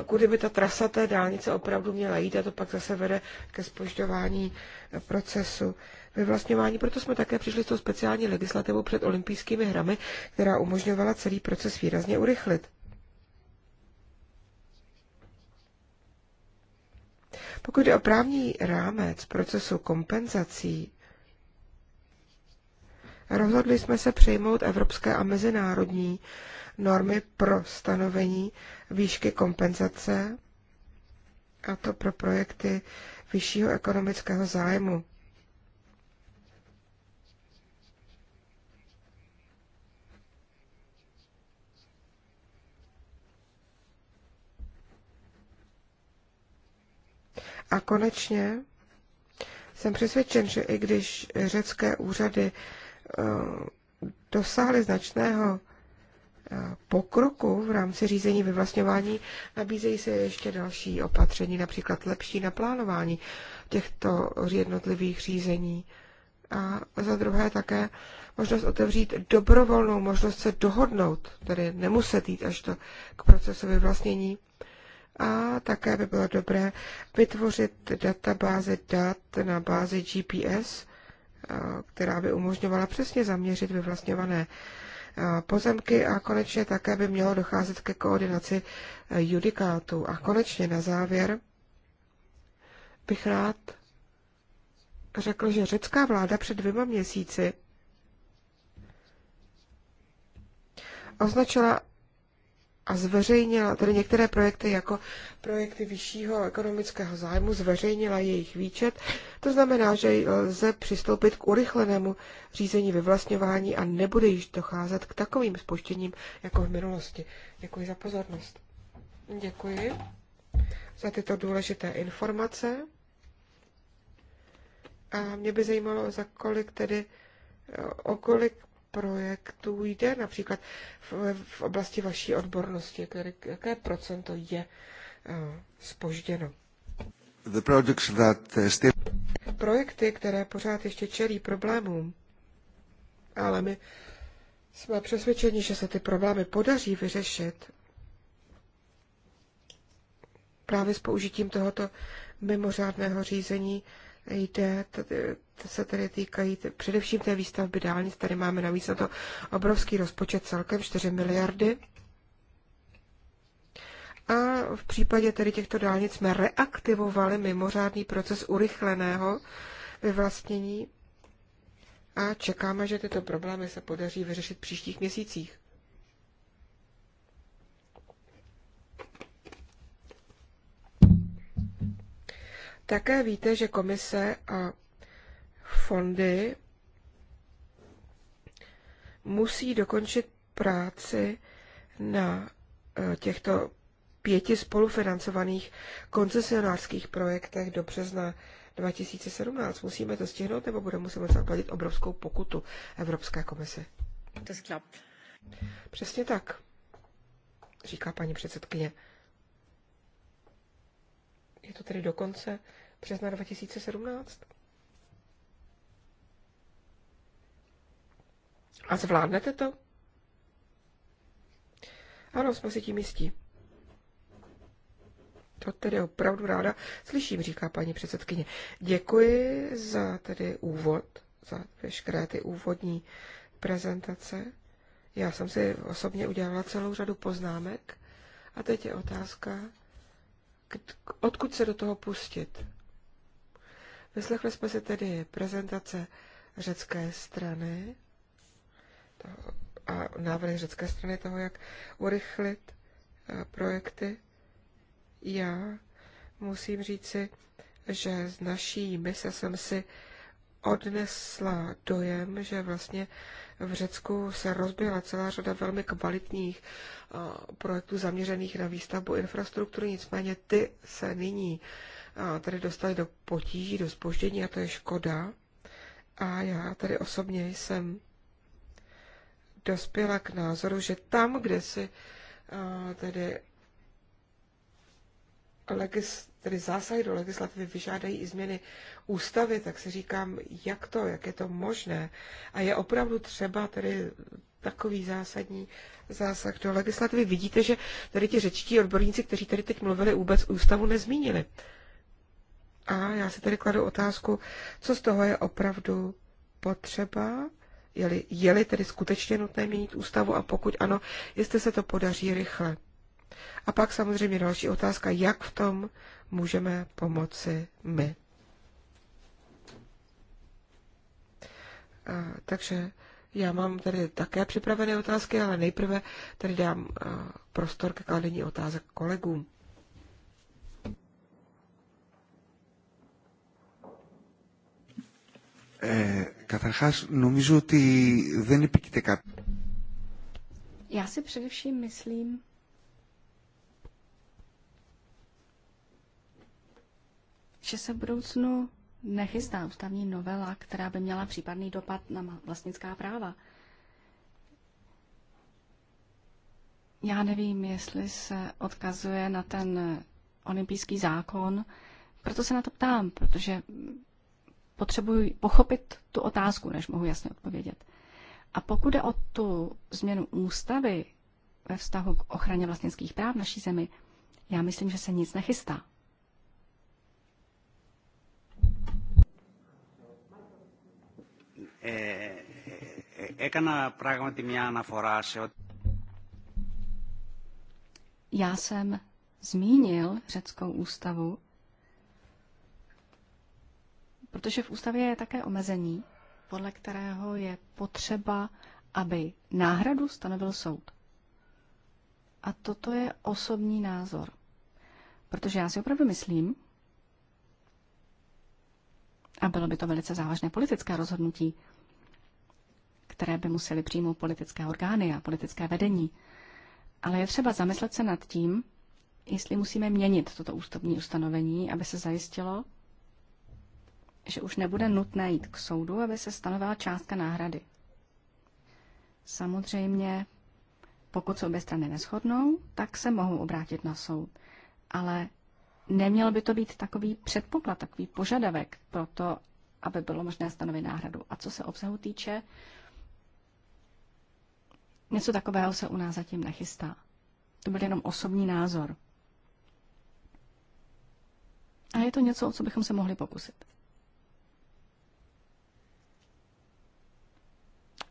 kudy by ta trasa té dálnice opravdu měla jít a to pak zase vede ke spožďování eh, procesu vyvlastňování. Proto jsme také přišli s tou speciální legislativou před olympijskými hrami, která umožňovala celý proces výrazně urychlit. Pokud jde o právní rámec procesu kompenzací, rozhodli jsme se přejmout evropské a mezinárodní normy pro stanovení výšky kompenzace, a to pro projekty vyššího ekonomického zájmu. A konečně jsem přesvědčen, že i když řecké úřady eh, dosáhly značného pokroku v rámci řízení vyvlastňování nabízejí se ještě další opatření, například lepší naplánování těchto jednotlivých řízení. A za druhé také možnost otevřít dobrovolnou možnost se dohodnout, tedy nemuset jít až to k procesu vyvlastnění. A také by bylo dobré vytvořit databáze dat na bázi GPS, která by umožňovala přesně zaměřit vyvlastňované pozemky a konečně také by mělo docházet ke koordinaci e, judikátů. A konečně na závěr bych rád řekl, že řecká vláda před dvěma měsíci označila a zveřejnila, tedy některé projekty jako projekty vyššího ekonomického zájmu, zveřejnila jejich výčet. To znamená, že lze přistoupit k urychlenému řízení vyvlastňování a nebude již docházet k takovým spoštěním jako v minulosti. Děkuji za pozornost. Děkuji za tyto důležité informace. A mě by zajímalo, za kolik tedy, o kolik projektů jde, například v, v oblasti vaší odbornosti, které, jaké procento je uh, eh, spožděno. The projects that eh, still... Projekty, které pořád ještě čelí problémům, ale my jsme přesvědčeni, že se ty problémy podaří vyřešit právě s použitím tohoto mimořádného řízení jde, tady, se tedy týkají především té výstavby dálnic. Tady máme navíc na to obrovský rozpočet celkem 4 miliardy. A v případě tedy těchto dálnic jsme reaktivovali mimořádný proces urychleného vyvlastnění a čekáme, že tyto problémy se podaří vyřešit v příštích měsících. Také víte, že komise a fondy musí dokončit práci na e, těchto pěti spolufinancovaných koncesionářských projektech do března 2017. Musíme to stihnout, nebo budeme muset zaplatit obrovskou pokutu Evropské komise? To sklap. Přesně tak, říká paní předsedkyně. Je to tedy dokonce března 2017? A zvládnete to? Ano, jsme si tím jistí. To tedy opravdu ráda slyším, říká paní předsedkyně. Děkuji za tedy úvod, za veškeré ty úvodní prezentace. Já jsem si osobně udělala celou řadu poznámek a teď je otázka, odkud se do toho pustit. Vyslechli jsme si tedy prezentace řecké strany a návrhy řecké strany toho, jak urychlit eh, projekty. Já musím říci, že z naší mise jsem si odnesla dojem, že vlastně v Řecku se rozběhla celá řada velmi kvalitních eh, projektů zaměřených na výstavbu infrastruktury, nicméně ty se nyní tady dostali do potíží, do spoždění a to je škoda. A já tady osobně jsem dospěla k názoru, že tam, kde si tedy, legis, tedy zásahy do legislativy vyžádají i změny ústavy, tak si říkám, jak to, jak je to možné. A je opravdu třeba tedy takový zásadní zásah do legislativy. Vidíte, že tady ti řečtí odborníci, kteří tady teď mluvili, vůbec ústavu nezmínili. A já si tedy kladu otázku, co z toho je opravdu potřeba, je-li, je-li tedy skutečně nutné měnit ústavu a pokud ano, jestli se to podaří rychle. A pak samozřejmě další otázka, jak v tom můžeme pomoci my. A, takže já mám tady také připravené otázky, ale nejprve tady dám prostor ke kladení otázek kolegům. Ε, καταρχάς, νομίζω ότι δεν επικείται κάτι. Já si především myslím, že se v budoucnu nechystá ústavní novela, která by měla případný dopad na vlastnická práva. Já nevím, jestli se odkazuje na ten olympijský zákon, proto se na to ptám, protože potřebuji pochopit tu otázku, než mohu jasně odpovědět. A pokud jde o tu změnu ústavy ve vztahu k ochraně vlastnických práv naší zemi, já myslím, že se nic nechystá. Eh, eh, já jsem zmínil řeckou ústavu Protože v ústavě je také omezení, podle kterého je potřeba, aby náhradu stanovil soud. A toto je osobní názor. Protože já si opravdu myslím, a bylo by to velice závažné politické rozhodnutí, které by museli přijmout politické orgány a politické vedení. Ale je třeba zamyslet se nad tím, jestli musíme měnit toto ústavní ustanovení, aby se zajistilo, že už nebude nutné jít k soudu, aby se stanovila částka náhrady. Samozřejmě, pokud se obě strany neschodnou, tak se mohou obrátit na soud. Ale neměl by to být takový předpoklad, takový požadavek pro to, aby bylo možné stanovit náhradu. A co se obsahu týče, něco takového se u nás zatím nechystá. To byl jenom osobní názor. A je to něco, o co bychom se mohli pokusit.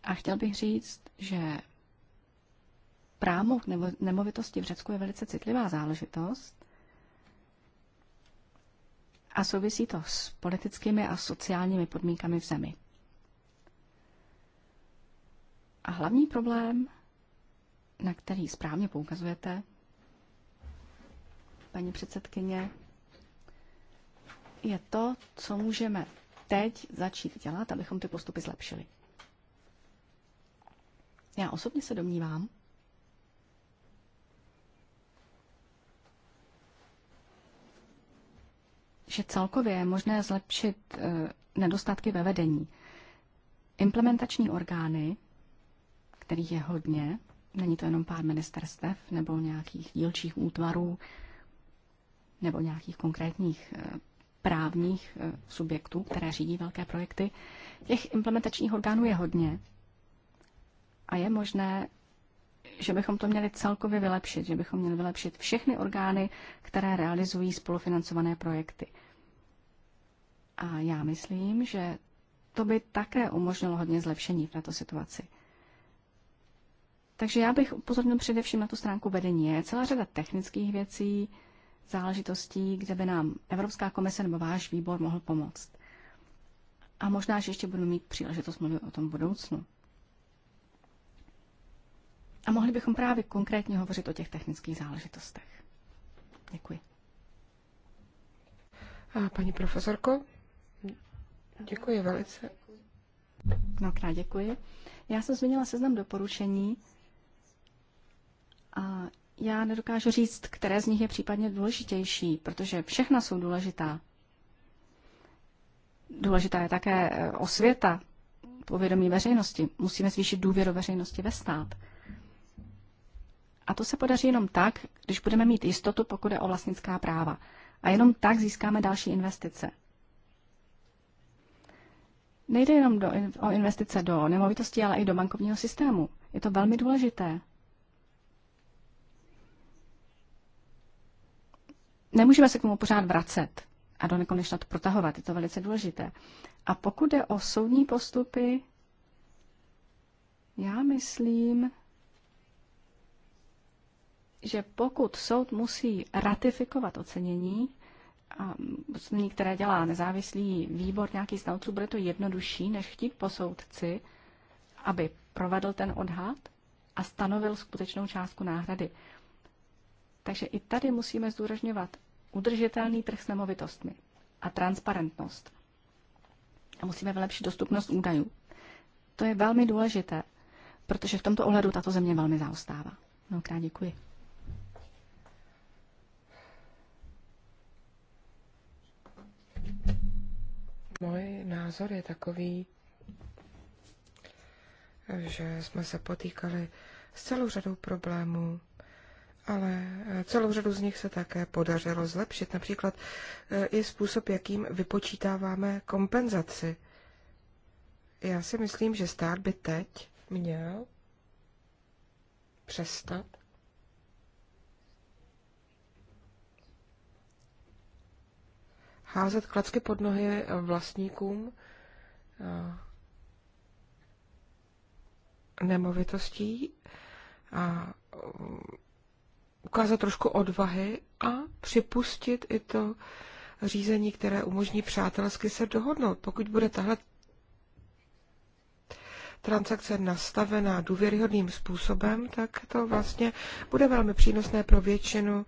A chtěl bych říct, že právo nebo nemovitosti v Řecku je velice citlivá záležitost a souvisí to s politickými a sociálními podmínkami v zemi. A hlavní problém, na který správně poukazujete, paní předsedkyně, je to, co můžeme teď začít dělat, abychom ty postupy zlepšili. Já osobně se domnívám, že celkově je možné zlepšit eh, nedostatky ve vedení. Implementační orgány, kterých je hodně, není to jenom pár ministerstev nebo nějakých dílčích útvarů nebo nějakých konkrétních eh, právních eh, subjektů, které řídí velké projekty, těch implementačních orgánů je hodně a je možné, že bychom to měli celkově vylepšit, že bychom měli vylepšit všechny orgány, které realizují spolufinancované projekty. A já myslím, že to by také umožnilo hodně zlepšení v této situaci. Takže já bych upozornil především na tu stránku vedení. Je celá řada technických věcí, záležitostí, kde by nám Evropská komise nebo váš výbor mohl pomoct. A možná, že ještě budu mít příležitost mluvit o tom budoucnu. A mohli bychom právě konkrétně hovořit o těch technických záležitostech. Děkuji. A paní profesorko, děkuji velice. krát děkuji. Já jsem změnila seznam doporučení a já nedokážu říct, které z nich je případně důležitější, protože všechna jsou důležitá. Důležitá je také e, osvěta, povědomí veřejnosti. Musíme zvýšit důvěru veřejnosti ve stát. A to se podaří jenom tak, když budeme mít jistotu, pokud je o vlastnická práva. A jenom tak získáme další investice. Nejde jenom do, o investice do nemovitostí, ale i do bankovního systému. Je to velmi důležité. Nemůžeme se k tomu pořád vracet a do nekonečna to protahovat. Je to velice důležité. A pokud jde o soudní postupy, já myslím, že pokud soud musí ratifikovat ocenění, a ocenění, které dělá nezávislý výbor nějaký znalců, bude to jednodušší, než chtít po soudci, aby provedl ten odhad a stanovil skutečnou částku náhrady. Takže i tady musíme zdůrazňovat udržitelný trh s nemovitostmi a transparentnost. A musíme vylepšit dostupnost údajů. To je velmi důležité, protože v tomto ohledu tato země velmi zaostává. Mnohokrát děkuji. Můj názor je takový, že jsme se potýkali s celou řadou problémů, ale celou řadu z nich se také podařilo zlepšit. Například eh, i způsob, jakým vypočítáváme kompenzaci. Já si myslím, že stát by teď měl přestat házet klacky pod nohy vlastníkům eh, nemovitostí a eh, ukázat trošku odvahy a připustit i to řízení, které umožní přátelsky se dohodnout. Pokud bude tahle transakce nastavená důvěryhodným způsobem, tak to vlastně bude velmi přínosné pro většinu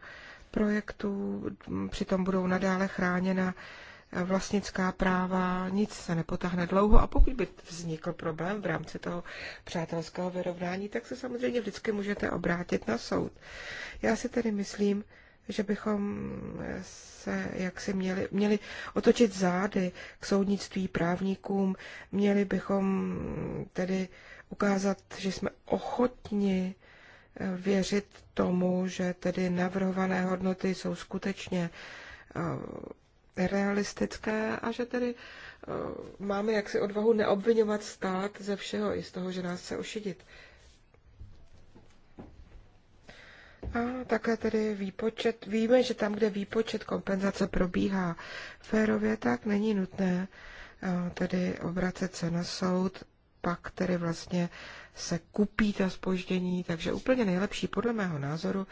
projektů, přitom budou nadále chráněna vlastnická práva, nic se nepotáhne dlouho a pokud by vznikl problém v rámci toho přátelského vyrovnání, tak se samozřejmě vždycky můžete obrátit na soud. Já si tedy myslím, že bychom se jaksi měli, měli otočit zády k soudnictví právníkům, měli bychom tedy ukázat, že jsme ochotni věřit tomu, že tedy navrhované hodnoty jsou skutečně eh, realistické a že tedy eh, máme jaksi odvahu neobvinovat stát ze všeho i z toho, že nás chce ošidit. A také tedy výpočet, víme, že tam, kde výpočet kompenzace probíhá férově, tak není nutné eh, tedy obracet se na soud pak tedy vlastně se kupí ta spoždění, takže úplně nejlepší podle mého názoru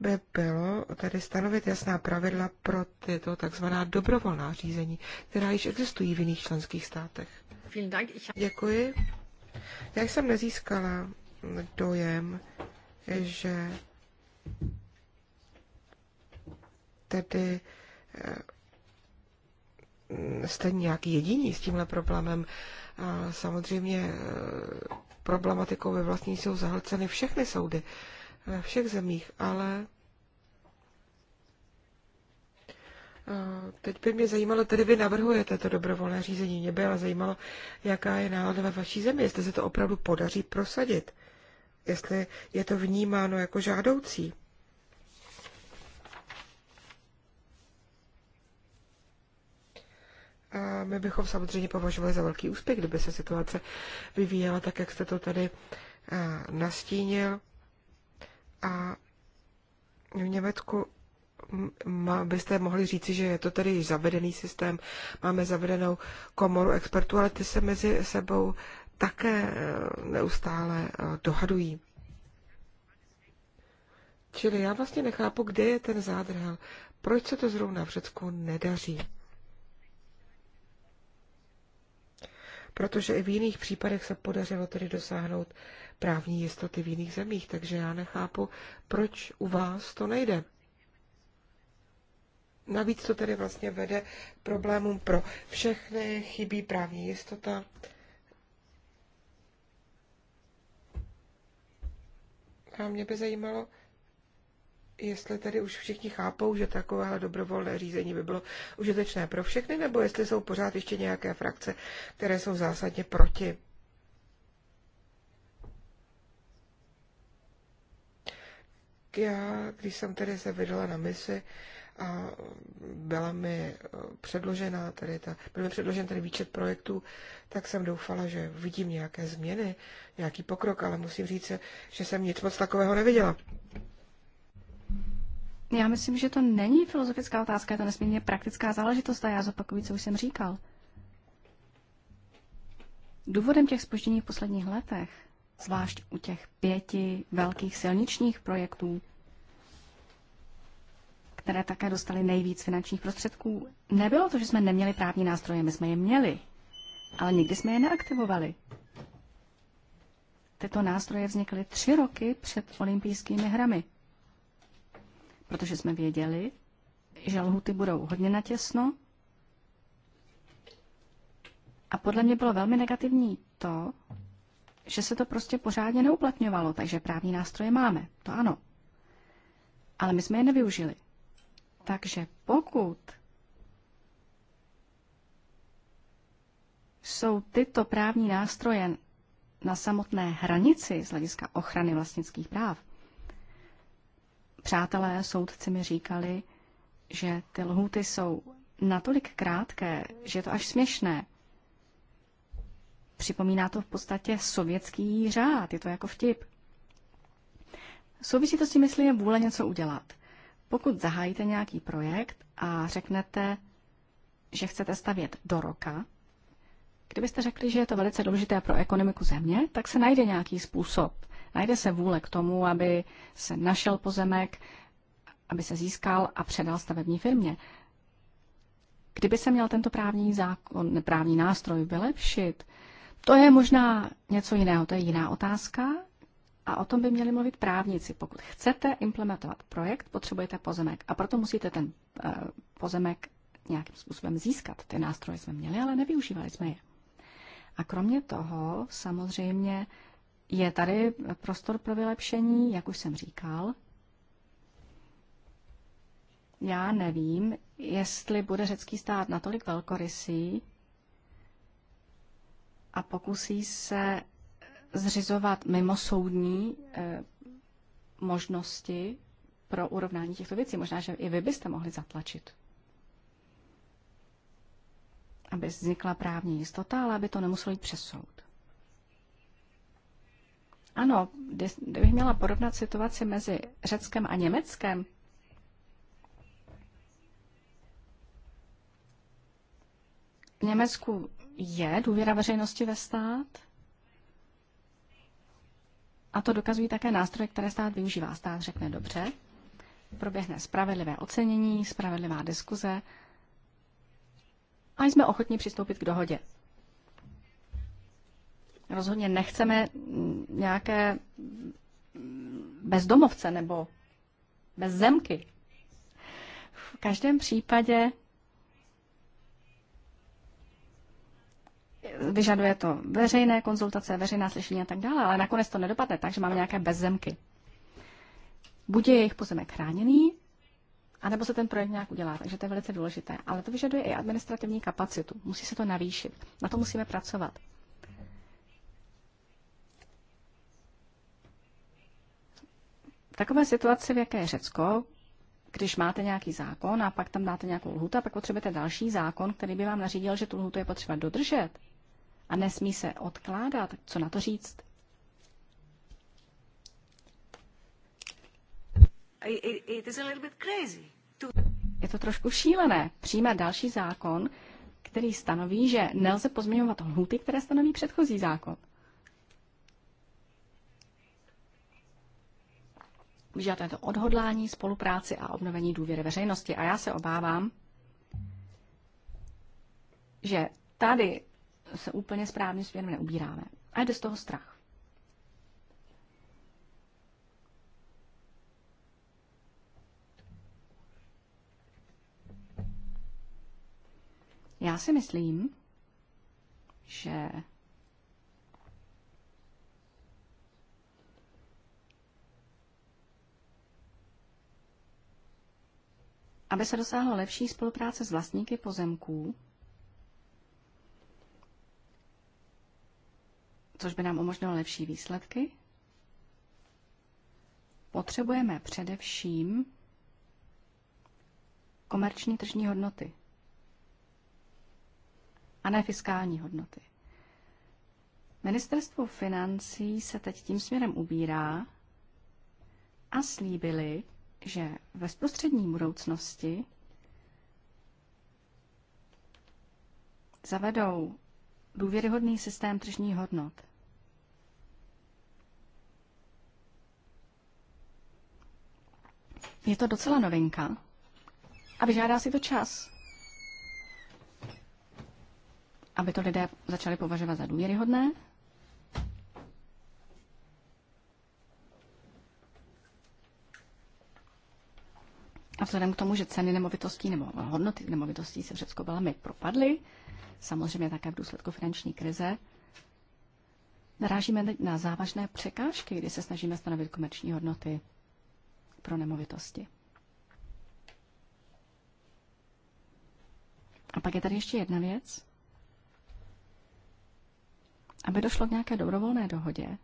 by bylo tedy stanovit jasná pravidla pro tyto takzvaná dobrovolná řízení, která již existují v jiných členských státech. Děkuji. Já jsem nezískala dojem, že tedy eh, jste nějaký jediní s tímhle problémem. A samozřejmě e, problematikou ve vlastní jsou zahlceny všechny soudy ve všech zemích, ale e, Teď by mě zajímalo, tedy vy navrhujete to dobrovolné řízení. Mě by ale zajímalo, jaká je nálada ve vaší zemi, jestli se to opravdu podaří prosadit, jestli je to vnímáno jako žádoucí. my bychom samozřejmě považovali za velký úspěch, kdyby se situace vyvíjela tak, jak jste to tady eh, nastínil. A v Německu byste mohli říci, že je to tedy již zavedený systém, máme zavedenou komoru expertů, ale ty se mezi sebou také eh, neustále eh, dohadují. Čili já vlastně nechápu, kde je ten zádrhel. Proč se to zrovna v Řecku nedaří? protože i v jiných případech se podařilo tedy dosáhnout právní jistoty v jiných zemích, takže já nechápu, proč u vás to nejde. Navíc to tedy vlastně vede k problémům pro všechny, chybí právní jistota. A mě by zajímalo, jestli tedy už všichni chápou, že takovéhle dobrovolné řízení by bylo užitečné pro všechny, nebo jestli jsou pořád ještě nějaké frakce, které jsou zásadně proti. Já, když jsem tedy se vydala na misi, a byla mi eh, předložena tady ta, byl mi předložen tady výčet projektů, tak jsem doufala, že vidím nějaké změny, nějaký pokrok, ale musím říct, že jsem nic moc takového neviděla. Já myslím, že to není filozofická otázka, je to nesmírně praktická záležitost a já zopakuju, co už jsem říkal. Důvodem těch spoždění v posledních letech, zvlášť u těch pěti velkých silničních projektů, které také dostaly nejvíc finančních prostředků, nebylo to, že jsme neměli právní nástroje, my jsme je měli, ale nikdy jsme je neaktivovali. Tyto nástroje vznikly tři roky před olympijskými hrami protože jsme věděli, že lhuty budou hodně natěsno. A podle mě bylo velmi negativní to, že se to prostě pořádně neuplatňovalo, takže právní nástroje máme, to ano. Ale my jsme je nevyužili. Takže pokud jsou tyto právní nástroje na samotné hranici z hlediska ochrany vlastnických práv, přátelé soudci mi říkali, že ty lhuty jsou natolik krátké, že je to až směšné. Připomíná to v podstatě sovětský řád, je to jako vtip. Souvisí to s tím, jestli je vůle něco udělat. Pokud zahájíte nějaký projekt a řeknete, že chcete stavět do roka, kdybyste řekli, že je to velice důležité pro ekonomiku země, tak se najde nějaký způsob. Najde se vůle k tomu, aby se našel pozemek, aby se získal a předal stavební firmě. Kdyby se měl tento právní zákon, právní nástroj vylepšit, to je možná něco jiného, to je jiná otázka a o tom by měli mluvit právníci. Pokud chcete implementovat projekt, potřebujete pozemek a proto musíte ten eh, pozemek nějakým způsobem získat. Ty nástroje jsme měli, ale nevyužívali jsme je. A kromě toho samozřejmě je tady prostor pro vylepšení, jak už jsem říkal. Já nevím, jestli bude řecký stát natolik velkorysý a pokusí se zřizovat mimosoudní e, možnosti pro urovnání těchto věcí. Možná, že i vy byste mohli zatlačit, aby vznikla právní jistota, ale aby to nemuselo jít přes soud. Ano, kdybych měla porovnat situaci mezi Řeckem a Německem, v Německu je důvěra veřejnosti ve stát a to dokazují také nástroje, které stát využívá. Stát řekne dobře, proběhne spravedlivé ocenění, spravedlivá diskuze a jsme ochotni přistoupit k dohodě. Rozhodně nechceme nějaké bezdomovce nebo bez zemky. V každém případě vyžaduje to veřejné konzultace, veřejná slyšení a tak dále, ale nakonec to nedopadne tak, že máme nějaké bezzemky. Buď je jejich pozemek chráněný, anebo se ten projekt nějak udělá, takže to je velice důležité. Ale to vyžaduje i administrativní kapacitu, musí se to navýšit, na to musíme pracovat. V takové situaci, v jaké je Řecko, když máte nějaký zákon a pak tam dáte nějakou lhutu a pak potřebujete další zákon, který by vám nařídil, že tu lhutu je potřeba dodržet a nesmí se odkládat, co na to říct? Je to trošku šílené přijímat další zákon, který stanoví, že nelze pozměňovat lhuty, které stanoví předchozí zákon. Žádáte to odhodlání, spolupráci a obnovení důvěry veřejnosti. A já se obávám, že tady se úplně správně směrem neubíráme. A jde z toho strach. Já si myslím, že aby se dosáhlo lepší spolupráce s vlastníky pozemků, což by nám umožnilo lepší výsledky, potřebujeme především komerční tržní hodnoty a ne fiskální hodnoty. Ministerstvo financí se teď tím směrem ubírá a slíbili, že v bezprostřední budoucnosti zavedou důvěryhodný systém tržní hodnot. Je to docela novinka a vyžádá si to čas, aby to lidé začali považovat za důvěryhodné vzhledem k tomu, že ceny nemovitostí nebo hodnoty nemovitostí se v Řecku velmi propadly, samozřejmě také v důsledku finanční krize, narážíme na závažné překážky, kdy se snažíme stanovit komerční hodnoty pro nemovitosti. A pak je tady ještě jedna věc. Aby došlo k nějaké dobrovolné dohodě,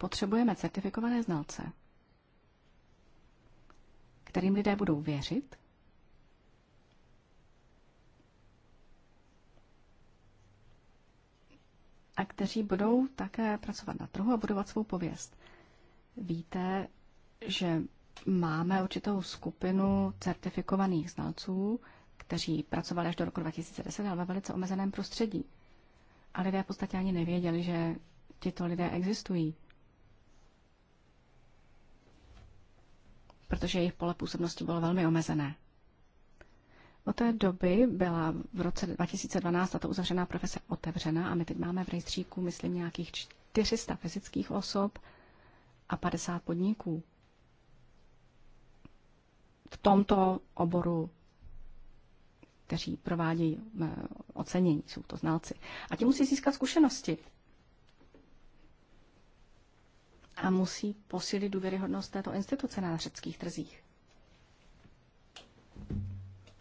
Potřebujeme certifikované znalce, kterým lidé budou věřit, a kteří budou také pracovat na trhu a budovat svou pověst. Víte, že máme určitou skupinu certifikovaných znalců, kteří pracovali až do roku 2010, ale ve velice omezeném prostředí. A lidé v podstatě ani nevěděli, že tito lidé existují. protože jejich pole působnosti bylo velmi omezené. Od té doby byla v roce 2012 tato uzavřená profese otevřena a my teď máme v rejstříku, myslím, nějakých 400 fyzických osob a 50 podniků. V tomto oboru, kteří provádějí eh, ocenění, jsou to znalci. A ti musí získat zkušenosti a musí posílit důvěryhodnost této instituce na řeckých trzích.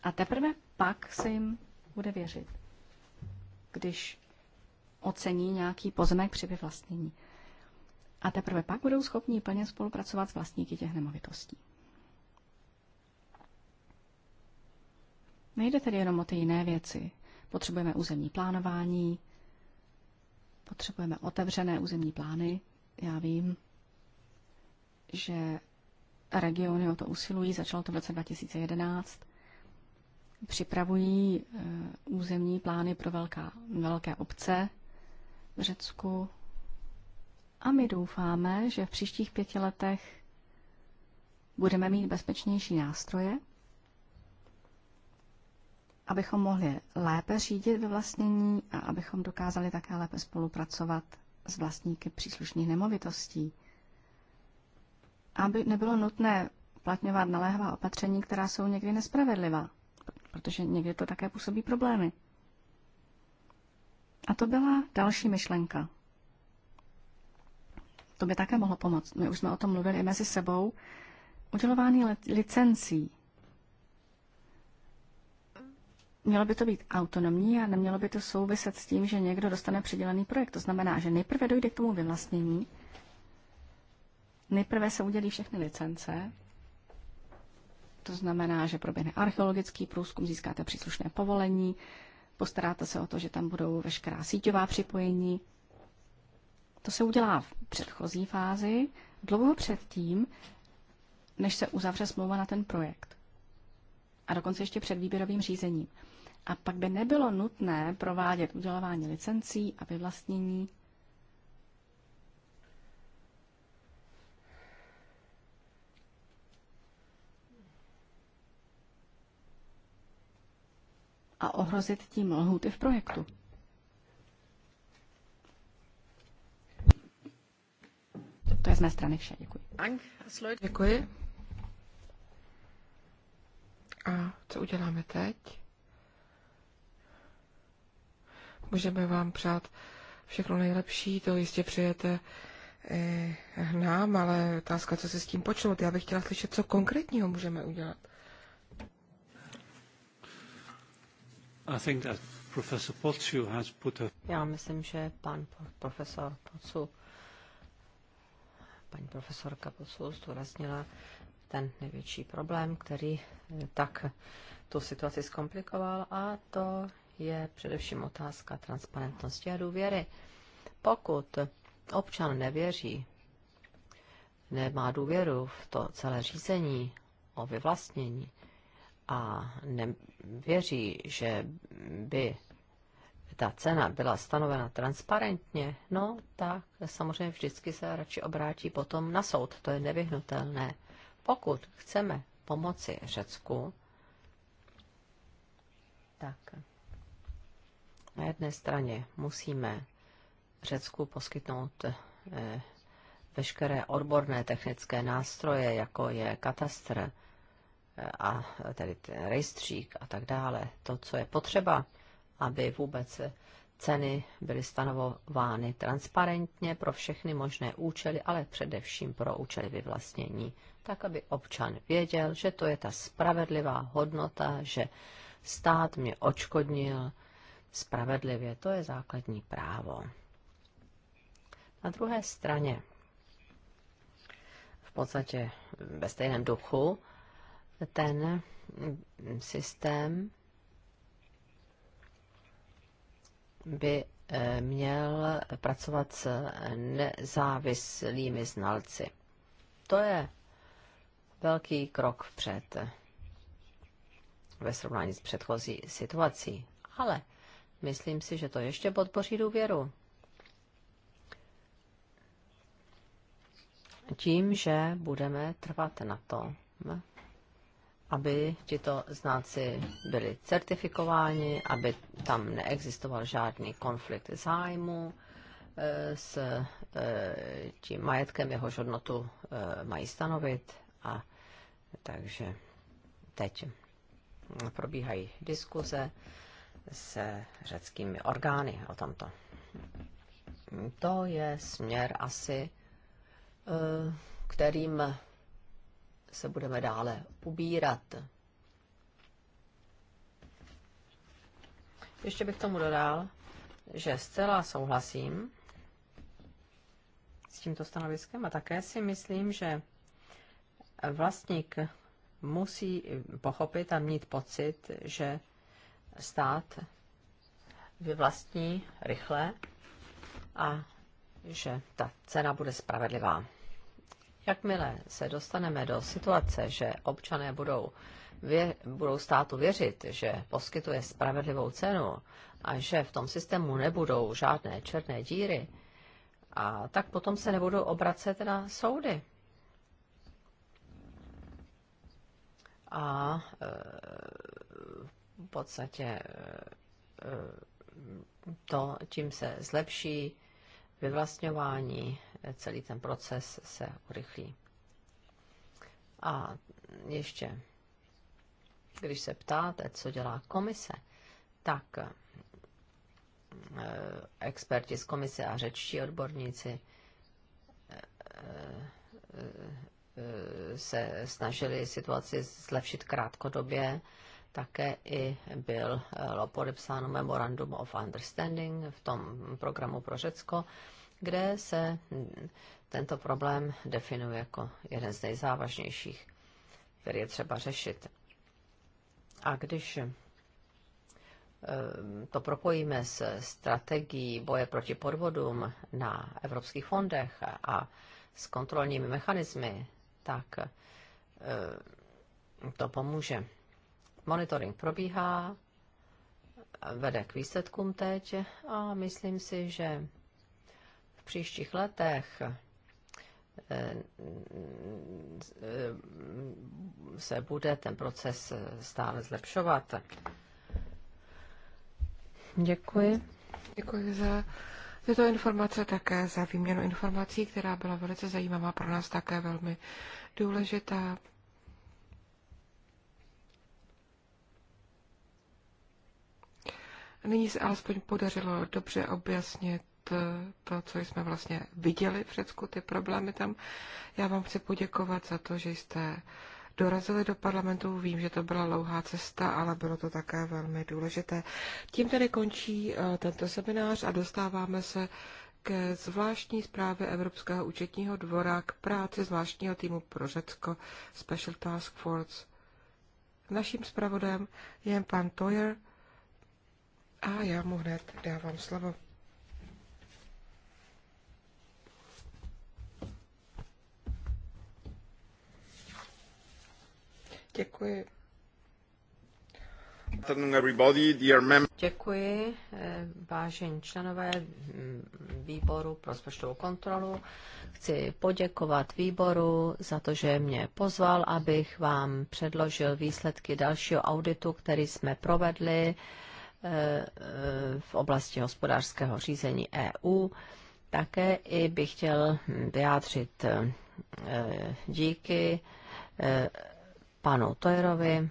A teprve pak se jim bude věřit, když ocení nějaký pozemek při vyvlastnění. A teprve pak budou schopni plně spolupracovat s vlastníky těch nemovitostí. Nejde tedy jenom o ty jiné věci. Potřebujeme územní plánování, potřebujeme otevřené územní plány, já vím, že regiony o to usilují, začalo to v roce 2011, připravují eh, územní plány pro velká, velké obce v Řecku a my doufáme, že v příštích pěti letech budeme mít bezpečnější nástroje, abychom mohli lépe řídit vyvlastnění a abychom dokázali také lépe spolupracovat s vlastníky příslušných nemovitostí aby nebylo nutné platňovat naléhavá opatření, která jsou někdy nespravedlivá, protože někdy to také působí problémy. A to byla další myšlenka. To by také mohlo pomoct. My už jsme o tom mluvili i mezi sebou. Udělování licencí. Mělo by to být autonomní a nemělo by to souviset s tím, že někdo dostane přidělený projekt. To znamená, že nejprve dojde k tomu vyvlastnění Nejprve se udělí všechny licence, to znamená, že proběhne archeologický průzkum, získáte příslušné povolení, postaráte se o to, že tam budou veškerá síťová připojení. To se udělá v předchozí fázi, dlouho předtím, než se uzavře smlouva na ten projekt. A dokonce ještě před výběrovým řízením. A pak by nebylo nutné provádět udělování licencí a vyvlastnění a ohrozit tím lhůty v projektu. To je z mé strany vše. Děkuji. Děkuji. A co uděláme teď? Můžeme vám přát všechno nejlepší, to jistě přejete eh, nám, ale otázka, co se s tím počnout. Já bych chtěla slyšet, co konkrétního můžeme udělat. Já myslím, že pan profesor Pocu, paní profesorka Pocu zdůraznila ten největší problém, který eh, tak tu situaci zkomplikoval a to je především otázka transparentnosti a důvěry. Pokud občan nevěří, nemá důvěru v to celé řízení o vyvlastnění, a nevěří, že by ta cena byla stanovena transparentně, no tak samozřejmě vždycky se radši obrátí potom na soud. To je nevyhnutelné. Pokud chceme pomoci Řecku, tak na jedné straně musíme Řecku poskytnout eh, veškeré odborné technické nástroje, jako je katastr, a tedy ten rejstřík a tak dále, to, co je potřeba, aby vůbec ceny byly stanovovány transparentně pro všechny možné účely, ale především pro účely vyvlastnění, tak aby občan věděl, že to je ta spravedlivá hodnota, že stát mě očkodnil spravedlivě, to je základní právo. Na druhé straně, v podstatě ve stejném duchu, ten systém by eh, měl pracovat s nezávislými znalci. To je velký krok vpřed eh, ve srovnání s předchozí situací, ale myslím si, že to ještě podpoří důvěru. Tím, že budeme trvat na tom, aby tito znáci byli certifikováni, aby tam neexistoval žádný konflikt zájmu eh, s eh, tím majetkem, jeho hodnotu eh, mají stanovit. A takže teď probíhají diskuze se řeckými orgány o tomto. To je směr asi, kterým se budeme dále ubírat. Ještě bych tomu dodal, že zcela souhlasím s tímto stanoviskem a také si myslím, že vlastník musí pochopit a mít pocit, že stát vyvlastní rychle a že ta cena bude spravedlivá. Jakmile se dostaneme do situace, že občané budou, vě, budou státu věřit, že poskytuje spravedlivou cenu a že v tom systému nebudou žádné černé díry, a tak potom se nebudou obracet na soudy. A e, v podstatě e, to, tím se zlepší vyvlastňování celý ten proces se urychlí. A ještě, když se ptáte, co dělá komise, tak eh, experti z komise a řečtí odborníci eh, eh, se snažili situaci zlepšit krátkodobě. Také i bylo podepsáno Memorandum of Understanding v tom programu pro Řecko, kde se tento problém definuje jako jeden z nejzávažnějších, který je třeba řešit. A když eh, to propojíme s strategií boje proti podvodům na evropských fondech a s kontrolními mechanismy, tak eh, to pomůže. Monitoring probíhá, vede k výsledkům teď a myslím si, že příštích letech eh, eh, se bude ten proces eh, stále zlepšovat. Děkuji. Děkuji za tyto informace, také za výměnu informací, která byla velice zajímavá, pro nás také velmi důležitá. Nyní se alespoň podařilo dobře objasnit to, co jsme vlastně viděli v Řecku, ty problémy tam. Já vám chci poděkovat za to, že jste dorazili do parlamentu. Vím, že to byla dlouhá cesta, ale bylo to také velmi důležité. Tím tedy končí eh, tento seminář a dostáváme se ke zvláštní zprávě Evropského účetního dvora k práci zvláštního týmu pro Řecko Special Task Force. Naším zpravodem je pan Toyer a já mu hned dávám slovo. Děkuji. Děkuji, eh, vážení členové mm, výboru pro rozpočtovou kontrolu. Chci poděkovat výboru za to, že mě pozval, abych vám předložil výsledky dalšího auditu, který jsme provedli eh, eh, v oblasti hospodářského řízení EU. Také i bych chtěl hm, vyjádřit díky panu Tojerovi,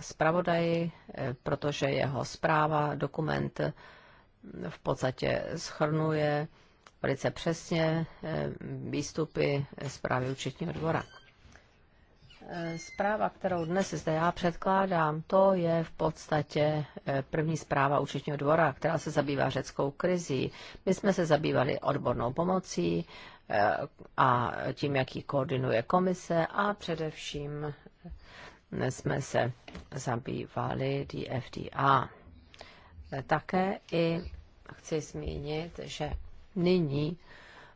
zpravodaji, eh, protože jeho zpráva, dokument eh, v podstatě schrnuje velice přesně eh, výstupy zprávy účetního dvora. Zpráva, kterou dnes zde já předkládám, to je v podstatě první zpráva účetního dvora, která se zabývá řeckou krizí. My jsme se zabývali odbornou pomocí, Eh, a tím, jak ji koordinuje komise a především eh, jsme se zabývali DFDA. Eh, také i chci zmínit, že nyní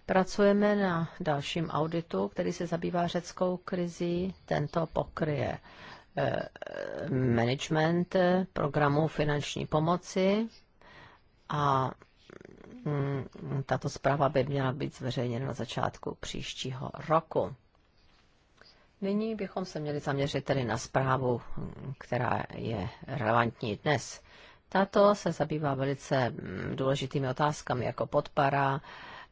pracujeme na dalším auditu, který se zabývá řeckou krizí. Tento pokryje management programu finanční pomoci a Mm, tato zpráva by měla být zveřejněna na začátku příštího roku. Nyní bychom se měli zaměřit tedy na zprávu, která je relevantní dnes. Tato se zabývá velice mm, důležitými otázkami jako podpora,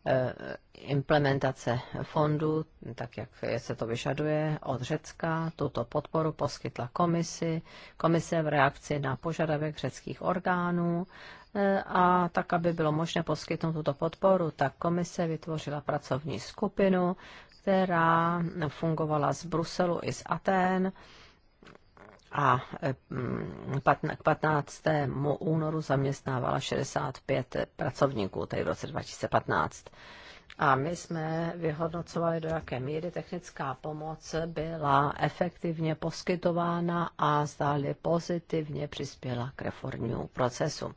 e, implementace fondu, tak jak se to vyžaduje od Řecka. Tuto podporu poskytla komisi, komise v reakci na požadavek řeckých orgánů E, a tak, aby bylo možné poskytnout tuto podporu, tak komise vytvořila pracovní skupinu, která fungovala z Bruselu i z Aten a e, k 15. únoru zaměstnávala 65 pracovníků, tedy v roce 2015. A my jsme vyhodnocovali, do jaké míry technická pomoc byla efektivně poskytována a zdáli pozitivně přispěla k reformnímu procesu.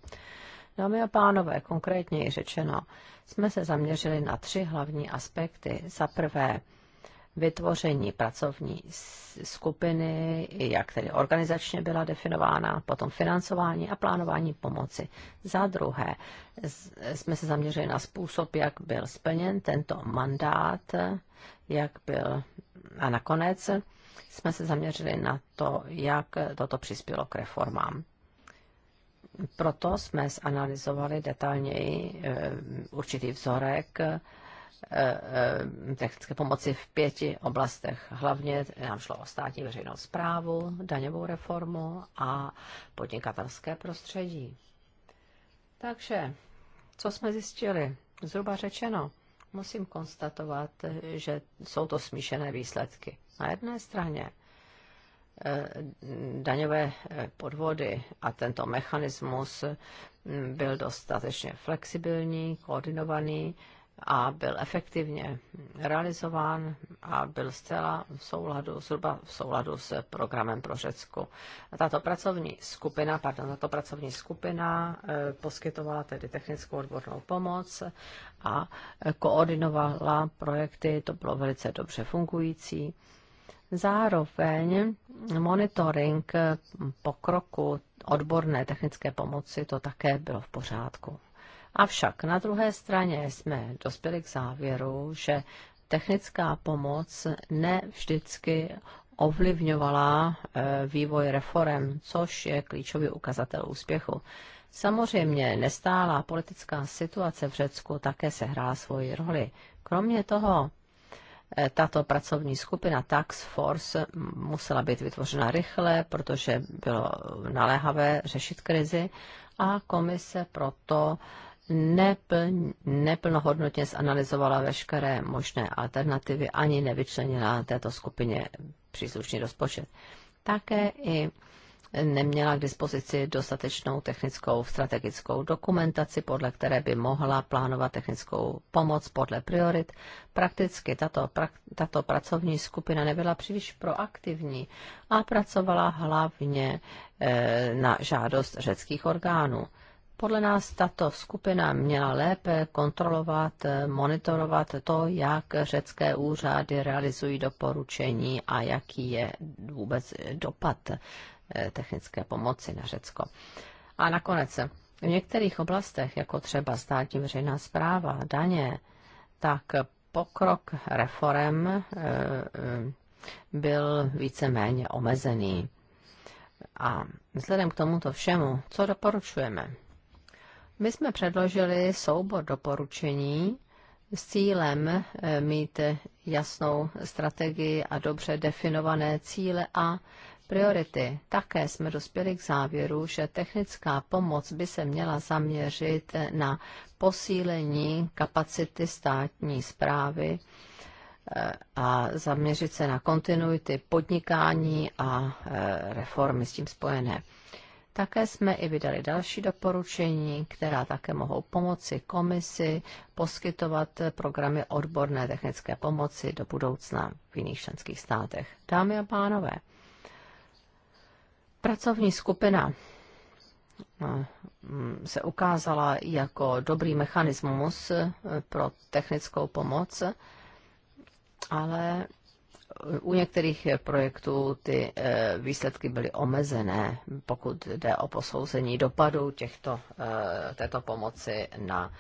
Dámy a pánové, konkrétněji řečeno, jsme se zaměřili na tři hlavní aspekty. Za prvé, vytvoření pracovní skupiny, jak tedy organizačně byla definována, potom financování a plánování pomoci. Za druhé, jsme se zaměřili na způsob, jak byl splněn tento mandát, jak byl a nakonec jsme se zaměřili na to, jak toto přispělo k reformám. Proto jsme zanalizovali detailněji eh, určitý vzorek Eh, eh, technické pomoci v pěti oblastech. Hlavně nám šlo o státní veřejnou zprávu, daňovou reformu a podnikatelské prostředí. Takže, co jsme zjistili? Zhruba řečeno, musím konstatovat, že jsou to smíšené výsledky. Na jedné straně eh, daňové podvody a tento mechanismus mm, byl dostatečně flexibilní, koordinovaný, a byl efektivně realizován a byl zcela v souladu, zhruba v souladu s programem pro Řecko. Tato pracovní skupina, pardon, tato pracovní skupina eh, poskytovala tedy technickou odbornou pomoc a koordinovala projekty, to bylo velice dobře fungující. Zároveň monitoring pokroku odborné technické pomoci, to také bylo v pořádku. Avšak na druhé straně jsme dospěli k závěru, že technická pomoc ne vždycky ovlivňovala e, vývoj reform, což je klíčový ukazatel úspěchu. Samozřejmě nestálá politická situace v Řecku také sehrála svoji roli. Kromě toho, e, tato pracovní skupina Tax Force musela být vytvořena rychle, protože bylo naléhavé řešit krizi a komise proto nepl, neplnohodnotně zanalizovala veškeré možné alternativy, ani nevyčlenila této skupině příslušný rozpočet. Také i neměla k dispozici dostatečnou technickou strategickou dokumentaci, podle které by mohla plánovat technickou pomoc podle priorit. Prakticky tato, pra, tato pracovní skupina nebyla příliš proaktivní a pracovala hlavně e, na žádost řeckých orgánů. Podle nás tato skupina měla lépe kontrolovat, monitorovat to, jak řecké úřady realizují doporučení a jaký je vůbec dopad eh, technické pomoci na Řecko. A nakonec, v některých oblastech, jako třeba státní veřejná zpráva, daně, tak pokrok reform eh, eh, byl víceméně omezený. A vzhledem k tomuto všemu, co doporučujeme? My jsme předložili soubor doporučení s cílem eh, mít jasnou strategii a dobře definované cíle a priority. Také jsme dospěli k závěru, že technická pomoc by se měla zaměřit na posílení kapacity státní zprávy eh, a zaměřit se na kontinuity podnikání a eh, reformy s tím spojené. Také jsme i vydali další doporučení, která také mohou pomoci komisi poskytovat programy odborné technické pomoci do budoucna v jiných členských státech. Dámy a pánové, pracovní skupina no, mm, se ukázala jako dobrý mechanismus eh, pro technickou pomoc, ale u některých projektů ty eh, výsledky byly omezené, pokud jde o posouzení dopadu těchto, eh, této pomoci na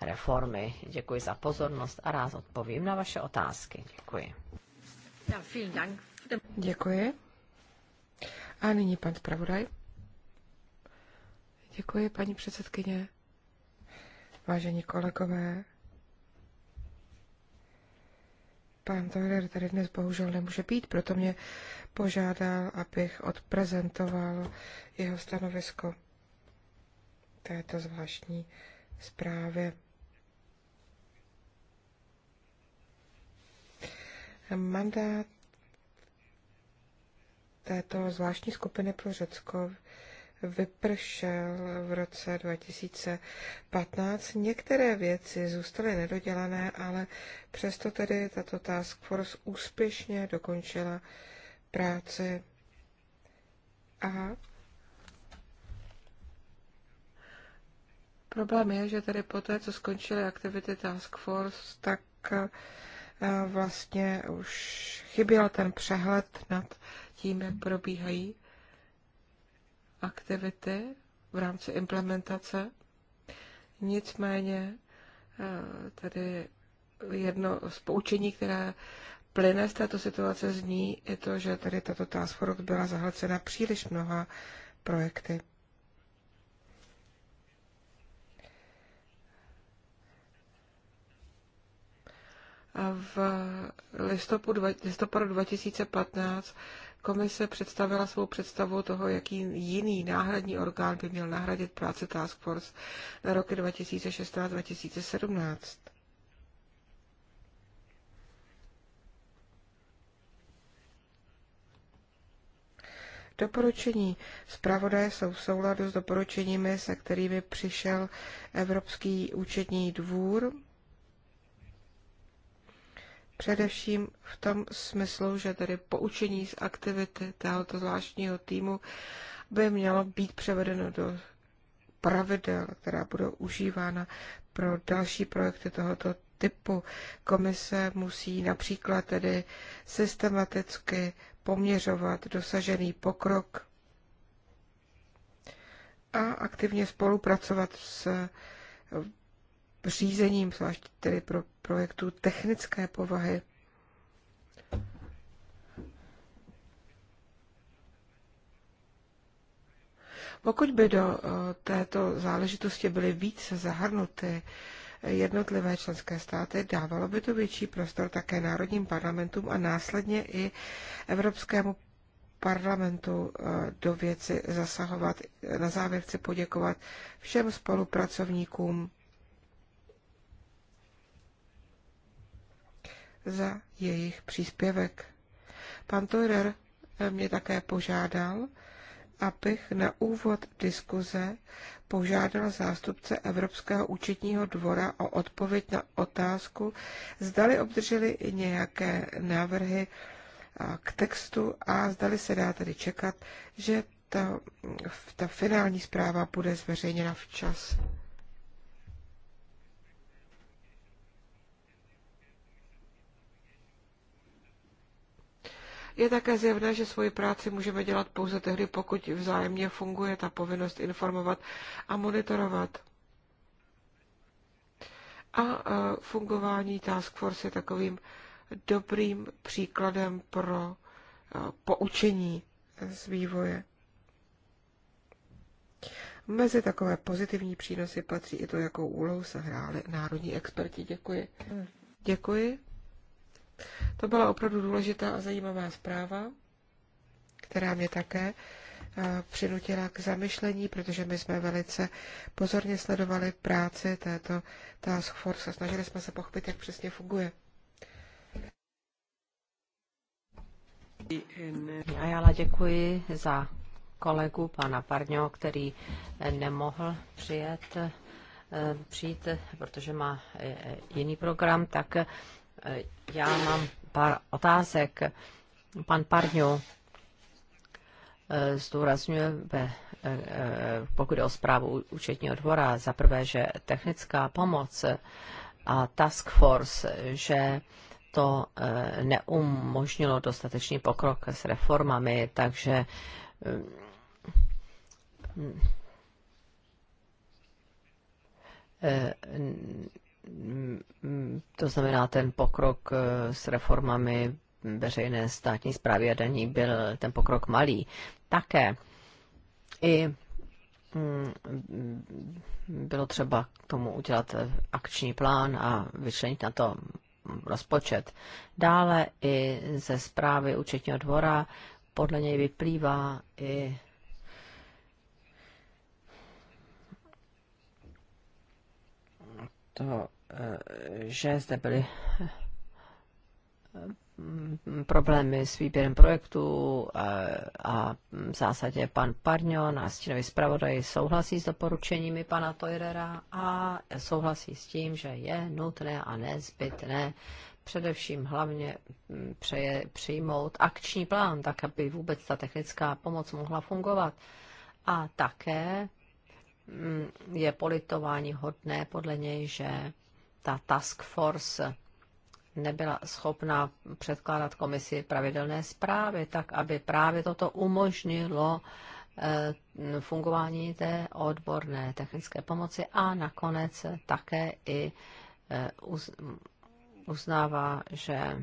reformy. Děkuji za pozornost a rád odpovím na vaše otázky. Děkuji. Děkuji. A nyní pan zpravodaj. Děkuji, paní předsedkyně. Vážení kolegové, Pan Tohrer tady dnes bohužel nemůže být, proto mě požádal, abych odprezentoval jeho stanovisko této zvláštní zprávě. Mandát této zvláštní skupiny pro Řecko vypršel v roce 2015. Některé věci zůstaly nedodělané, ale přesto tedy tato task force úspěšně dokončila práci a Problém je, že tedy poté, co skončily aktivity Task Force, tak eh, vlastně už chyběl ten přehled nad tím, jak probíhají aktivity v rámci implementace. Nicméně eh, tady jedno z poučení, které plyne z této situace zní, je to, že tady tato task force byla zahlcena příliš mnoha projekty. A v listopadu 2015 Komise představila svou představu toho, jaký jiný náhradní orgán by měl nahradit práci Task Force na roky 2016-2017. Doporučení zpravodaje jsou v souladu s doporučeními, se kterými přišel Evropský účetní dvůr Především v tom smyslu, že tedy poučení z aktivity tohoto zvláštního týmu by mělo být převedeno do pravidel, která budou užívána pro další projekty tohoto typu. Komise musí například tedy systematicky poměřovat dosažený pokrok a aktivně spolupracovat s řízením, zvlášť tedy pro projektu technické povahy. Pokud by do eh, této záležitosti byly více zahrnuty jednotlivé členské státy, dávalo by to větší prostor také národním parlamentům a následně i Evropskému parlamentu eh, do věci zasahovat. Na závěr chci poděkovat všem spolupracovníkům za jejich příspěvek. Pan Teurer eh, mě také požádal, abych na úvod diskuze požádal zástupce Evropského účetního dvora o odpověď na otázku, zdali obdrželi nějaké návrhy k textu a zdali se dá tedy čekat, že ta, ta finální zpráva bude zveřejněna včas. Je také zjevné, že svoji práci můžeme dělat pouze tehdy, pokud vzájemně funguje ta povinnost informovat a monitorovat. A e, fungování Task Force je takovým dobrým příkladem pro e, poučení z vývoje. Mezi takové pozitivní přínosy patří i to, jakou úlohu se hráli národní experti. Děkuji. Hmm. Děkuji. To byla opravdu důležitá a zajímavá zpráva, která mě také eh, přinutila k zamyšlení, protože my jsme velice pozorně sledovali práci této task force a snažili jsme se pochopit, jak přesně funguje. A já děkuji za kolegu pana Parňo, který eh, nemohl přijet, eh, přijít, protože má jiný program, tak já mám pár otázek. Pan Parňu eh, zdůrazňuje, eh, pokud je o zprávu účetního dvora, za prvé, že technická pomoc a task force, že to eh, neumožnilo dostatečný pokrok s reformami, takže to znamená, ten pokrok eh, s reformami veřejné státní zprávy a daní byl ten pokrok malý. Také i mm, bylo třeba k tomu udělat eh, akční plán a vyčlenit na to rozpočet. Dále i ze zprávy účetního dvora podle něj vyplývá i to, že zde byly eh, problémy s výběrem projektu eh, a, v zásadě pan Parňon a stínový zpravodaj souhlasí s doporučeními pana Toirera a souhlasí s tím, že je nutné a nezbytné především hlavně hm, přeje, přijmout akční plán, tak aby vůbec ta technická pomoc mohla fungovat. A také hm, je politování hodné podle něj, že ta task force nebyla schopná předkládat komisi pravidelné zprávy, tak aby právě toto umožnilo eh, fungování té odborné technické pomoci a nakonec také i eh, uznává, že eh,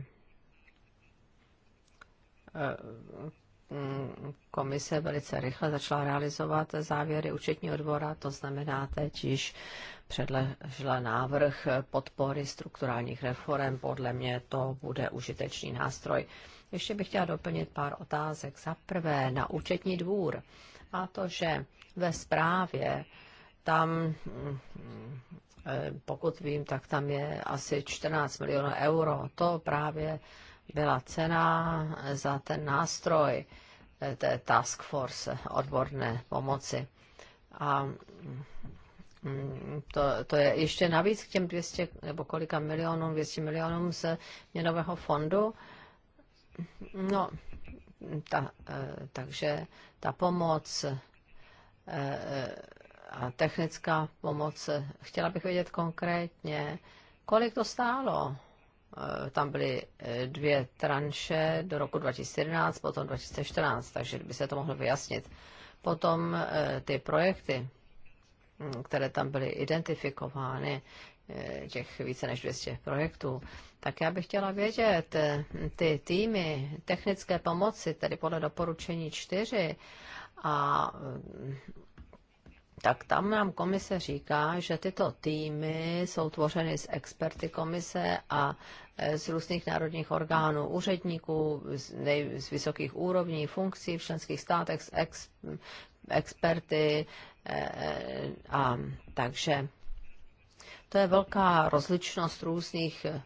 mm, komise velice rychle začala realizovat závěry účetního dvora, to znamená teď již předležila návrh podpory strukturálních reform. Podle mě to bude užitečný nástroj. Ještě bych chtěla doplnit pár otázek. Za prvé na účetní dvůr a to, že ve zprávě tam, mm, e, pokud vím, tak tam je asi 14 milionů euro. To právě byla cena za ten nástroj e, té task force odborné pomoci. A mm, Mm, to, to je ještě navíc k těm 200 nebo kolika milionům, 200 milionům z měnového fondu. No, ta, e, takže ta pomoc e, e, a technická pomoc, chtěla bych vědět konkrétně, kolik to stálo. Tam byly dvě tranše do roku 2011, potom 2014, takže by se to mohlo vyjasnit. Potom ty projekty, které tam byly identifikovány, eh, těch více než 200 projektů, tak já bych chtěla vědět, eh, ty týmy technické pomoci, tedy podle doporučení 4, a eh, tak tam nám komise říká, že tyto týmy jsou tvořeny z experty komise a z různých národních orgánů, úředníků, z, nej, z vysokých úrovní funkcí v členských státech, z ex, experty, Eh, eh, a takže to je velká rozličnost různých eh,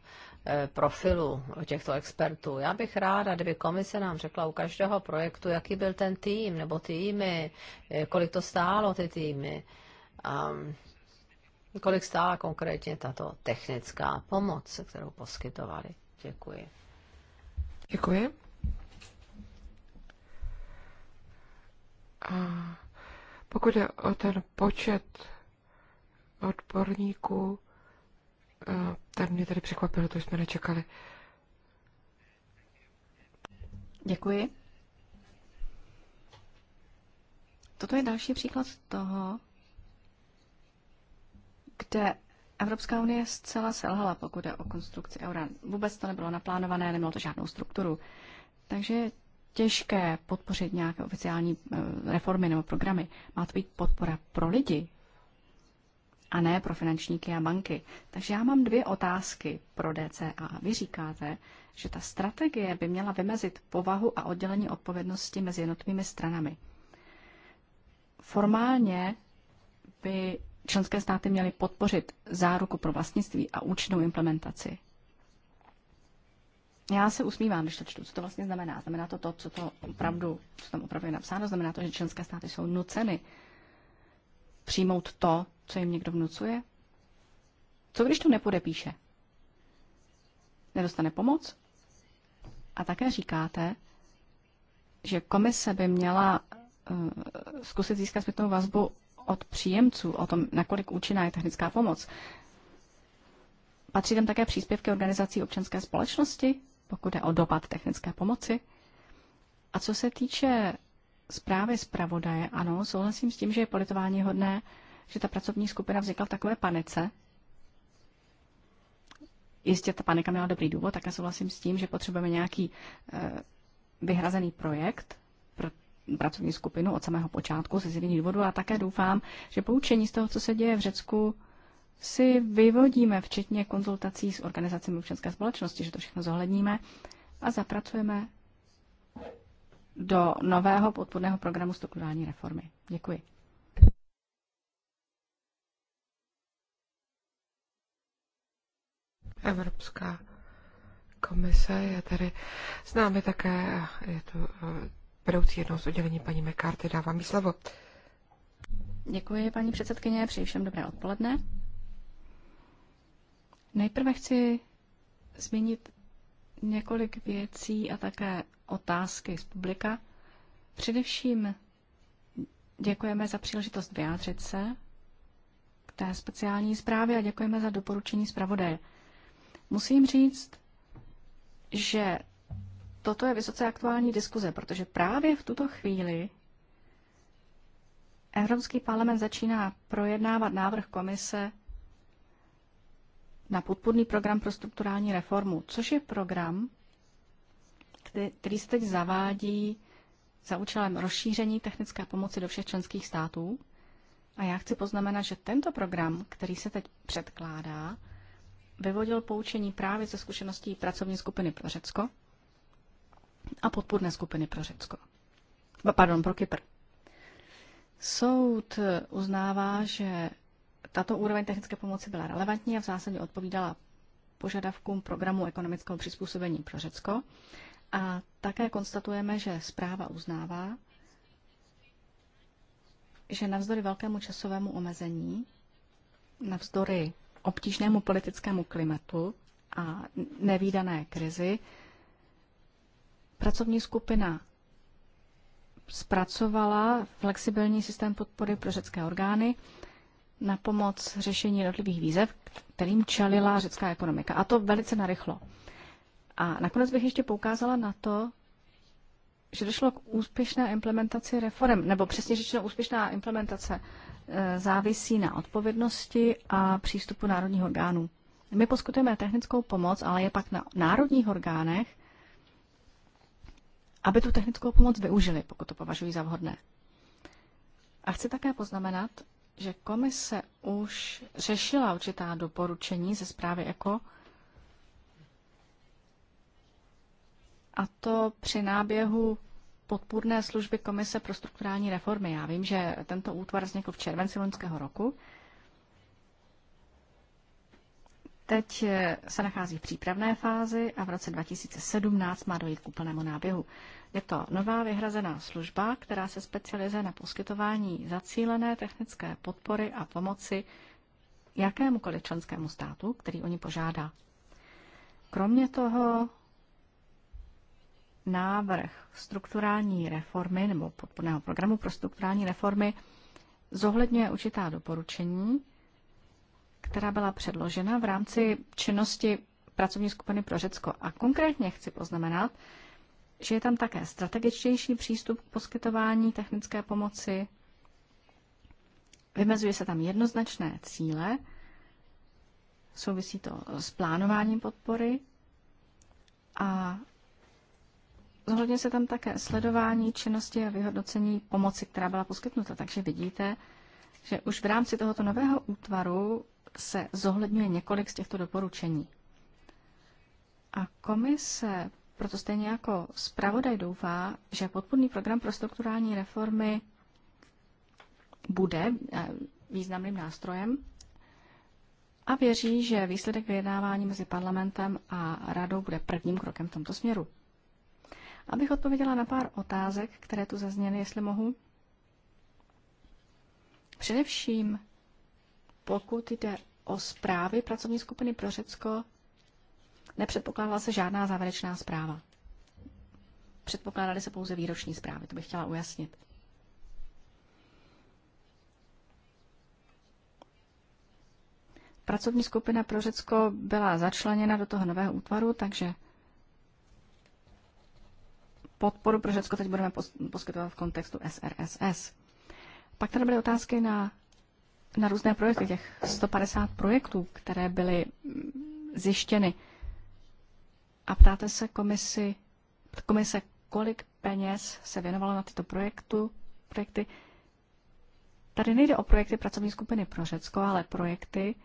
profilu těchto expertů. Já bych ráda, kdyby komise nám řekla u každého projektu, jaký byl ten tým nebo týmy, kolik to stálo ty týmy, a kolik stála konkrétně tato technická pomoc, kterou poskytovali. Děkuji. Děkuji. A pokud je o ten počet odborníků, eh, ten mě tady překvapilo, to jsme nečekali. Děkuji. Toto je další příklad toho, kde Evropská unie zcela selhala, pokud je o konstrukci eura. Vůbec to nebylo naplánované, nemělo to žádnou strukturu. Takže těžké podpořit nějaké oficiální eh, reformy nebo programy. Má to být podpora pro lidi a ne pro finančníky a banky. Takže já mám dvě otázky pro DCA. Vy říkáte, že ta strategie by měla vymezit povahu a oddělení odpovědnosti mezi jednotlivými stranami. Formálně by členské státy měly podpořit záruku pro vlastnictví a účinnou implementaci. Já se usmívám, když to čtu. Co to vlastně znamená? Znamená to to, co, to opravdu, co tam opravdu je napsáno? Znamená to, že členské státy jsou nuceny přijmout to, co jim někdo vnucuje? Co když to nepodepíše? Nedostane pomoc? A také říkáte, že komise by měla uh, zkusit získat zpětnou vazbu od příjemců o tom, nakolik účinná je technická pomoc. Patří tam také příspěvky organizací občanské společnosti? pokud je o dopad technické pomoci. A co se týče zprávy zpravodaje, ano, souhlasím s tím, že je politování hodné, že ta pracovní skupina vznikla v takové panice. Jistě ta panika měla dobrý důvod, já souhlasím s tím, že potřebujeme nějaký e, vyhrazený projekt pro pracovní skupinu od samého počátku ze zjevných důvodů a také doufám, že poučení z toho, co se děje v Řecku, si vyvodíme, včetně konzultací s organizacemi občanské společnosti, že to všechno zohledníme a zapracujeme do nového podpůrného programu strukturální reformy. Děkuji. Evropská komise je tady s námi také, je to eh, vedoucí jednou z oddělení paní McCarthy, dávám jí slovo. Děkuji, paní předsedkyně, přeji všem dobré odpoledne. Nejprve chci zmínit několik věcí a také otázky z publika. Především děkujeme za příležitost vyjádřit se k té speciální zprávě a děkujeme za doporučení zpravodaje. Musím říct, že toto je vysoce aktuální diskuze, protože právě v tuto chvíli Evropský parlament začíná projednávat návrh komise na podpůrný program pro strukturální reformu, což je program, který se teď zavádí za účelem rozšíření technické pomoci do všech členských států. A já chci poznamenat, že tento program, který se teď předkládá, vyvodil poučení právě ze zkušeností pracovní skupiny pro Řecko a podpůrné skupiny pro Řecko. Pardon, pro Kypr. Soud uznává, že tato úroveň technické pomoci byla relevantní a v zásadě odpovídala požadavkům programu ekonomického přizpůsobení pro Řecko. A také konstatujeme, že zpráva uznává, že navzdory velkému časovému omezení, navzdory obtížnému politickému klimatu a nevýdané krizi, pracovní skupina zpracovala flexibilní systém podpory pro řecké orgány na pomoc řešení jednotlivých výzev, kterým čelila řecká ekonomika. A to velice narychlo. A nakonec bych ještě poukázala na to, že došlo k úspěšné implementaci reform, nebo přesně řečeno úspěšná implementace e, závisí na odpovědnosti a přístupu národních orgánů. My poskytujeme technickou pomoc, ale je pak na národních orgánech, aby tu technickou pomoc využili, pokud to považují za vhodné. A chci také poznamenat, že komise už řešila určitá doporučení ze zprávy ECO, a to při náběhu podpůrné služby Komise pro strukturální reformy. Já vím, že tento útvar vznikl v červenci loňského roku Teď eh, se nachází v přípravné fázi a v roce 2017 má dojít k úplnému náběhu. Je to nová vyhrazená služba, která se specializuje na poskytování zacílené technické podpory a pomoci jakémukoliv členskému státu, který o ní požádá. Kromě toho návrh strukturální reformy nebo podporného programu pro strukturální reformy zohledňuje určitá doporučení, která byla předložena v rámci činnosti pracovní skupiny pro Řecko. A konkrétně chci poznamenat, že je tam také strategičtější přístup k poskytování technické pomoci, vymezuje se tam jednoznačné cíle, souvisí to s plánováním podpory a zohledňuje se tam také sledování činnosti a vyhodnocení pomoci, která byla poskytnuta. Takže vidíte, že už v rámci tohoto nového útvaru se zohledňuje několik z těchto doporučení. A komise proto stejně jako zpravodaj doufá, že podpůrný program pro strukturální reformy bude eh, významným nástrojem a věří, že výsledek vyjednávání mezi parlamentem a radou bude prvním krokem v tomto směru. Abych odpověděla na pár otázek, které tu zazněly, jestli mohu. Především pokud jde o zprávy pracovní skupiny pro Řecko, nepředpokládala se žádná závěrečná zpráva. Předpokládaly se pouze výroční zprávy, to bych chtěla ujasnit. Pracovní skupina pro Řecko byla začleněna do toho nového útvaru, takže podporu pro Řecko teď budeme poskytovat v kontextu SRSS. Pak tady byly otázky na na různé projekty, těch 150 projektů, které byly mm, zjištěny. A ptáte se komisi, komise, kolik peněz se věnovalo na tyto projektu, projekty. Tady nejde o projekty pracovní skupiny pro Řecko, ale projekty,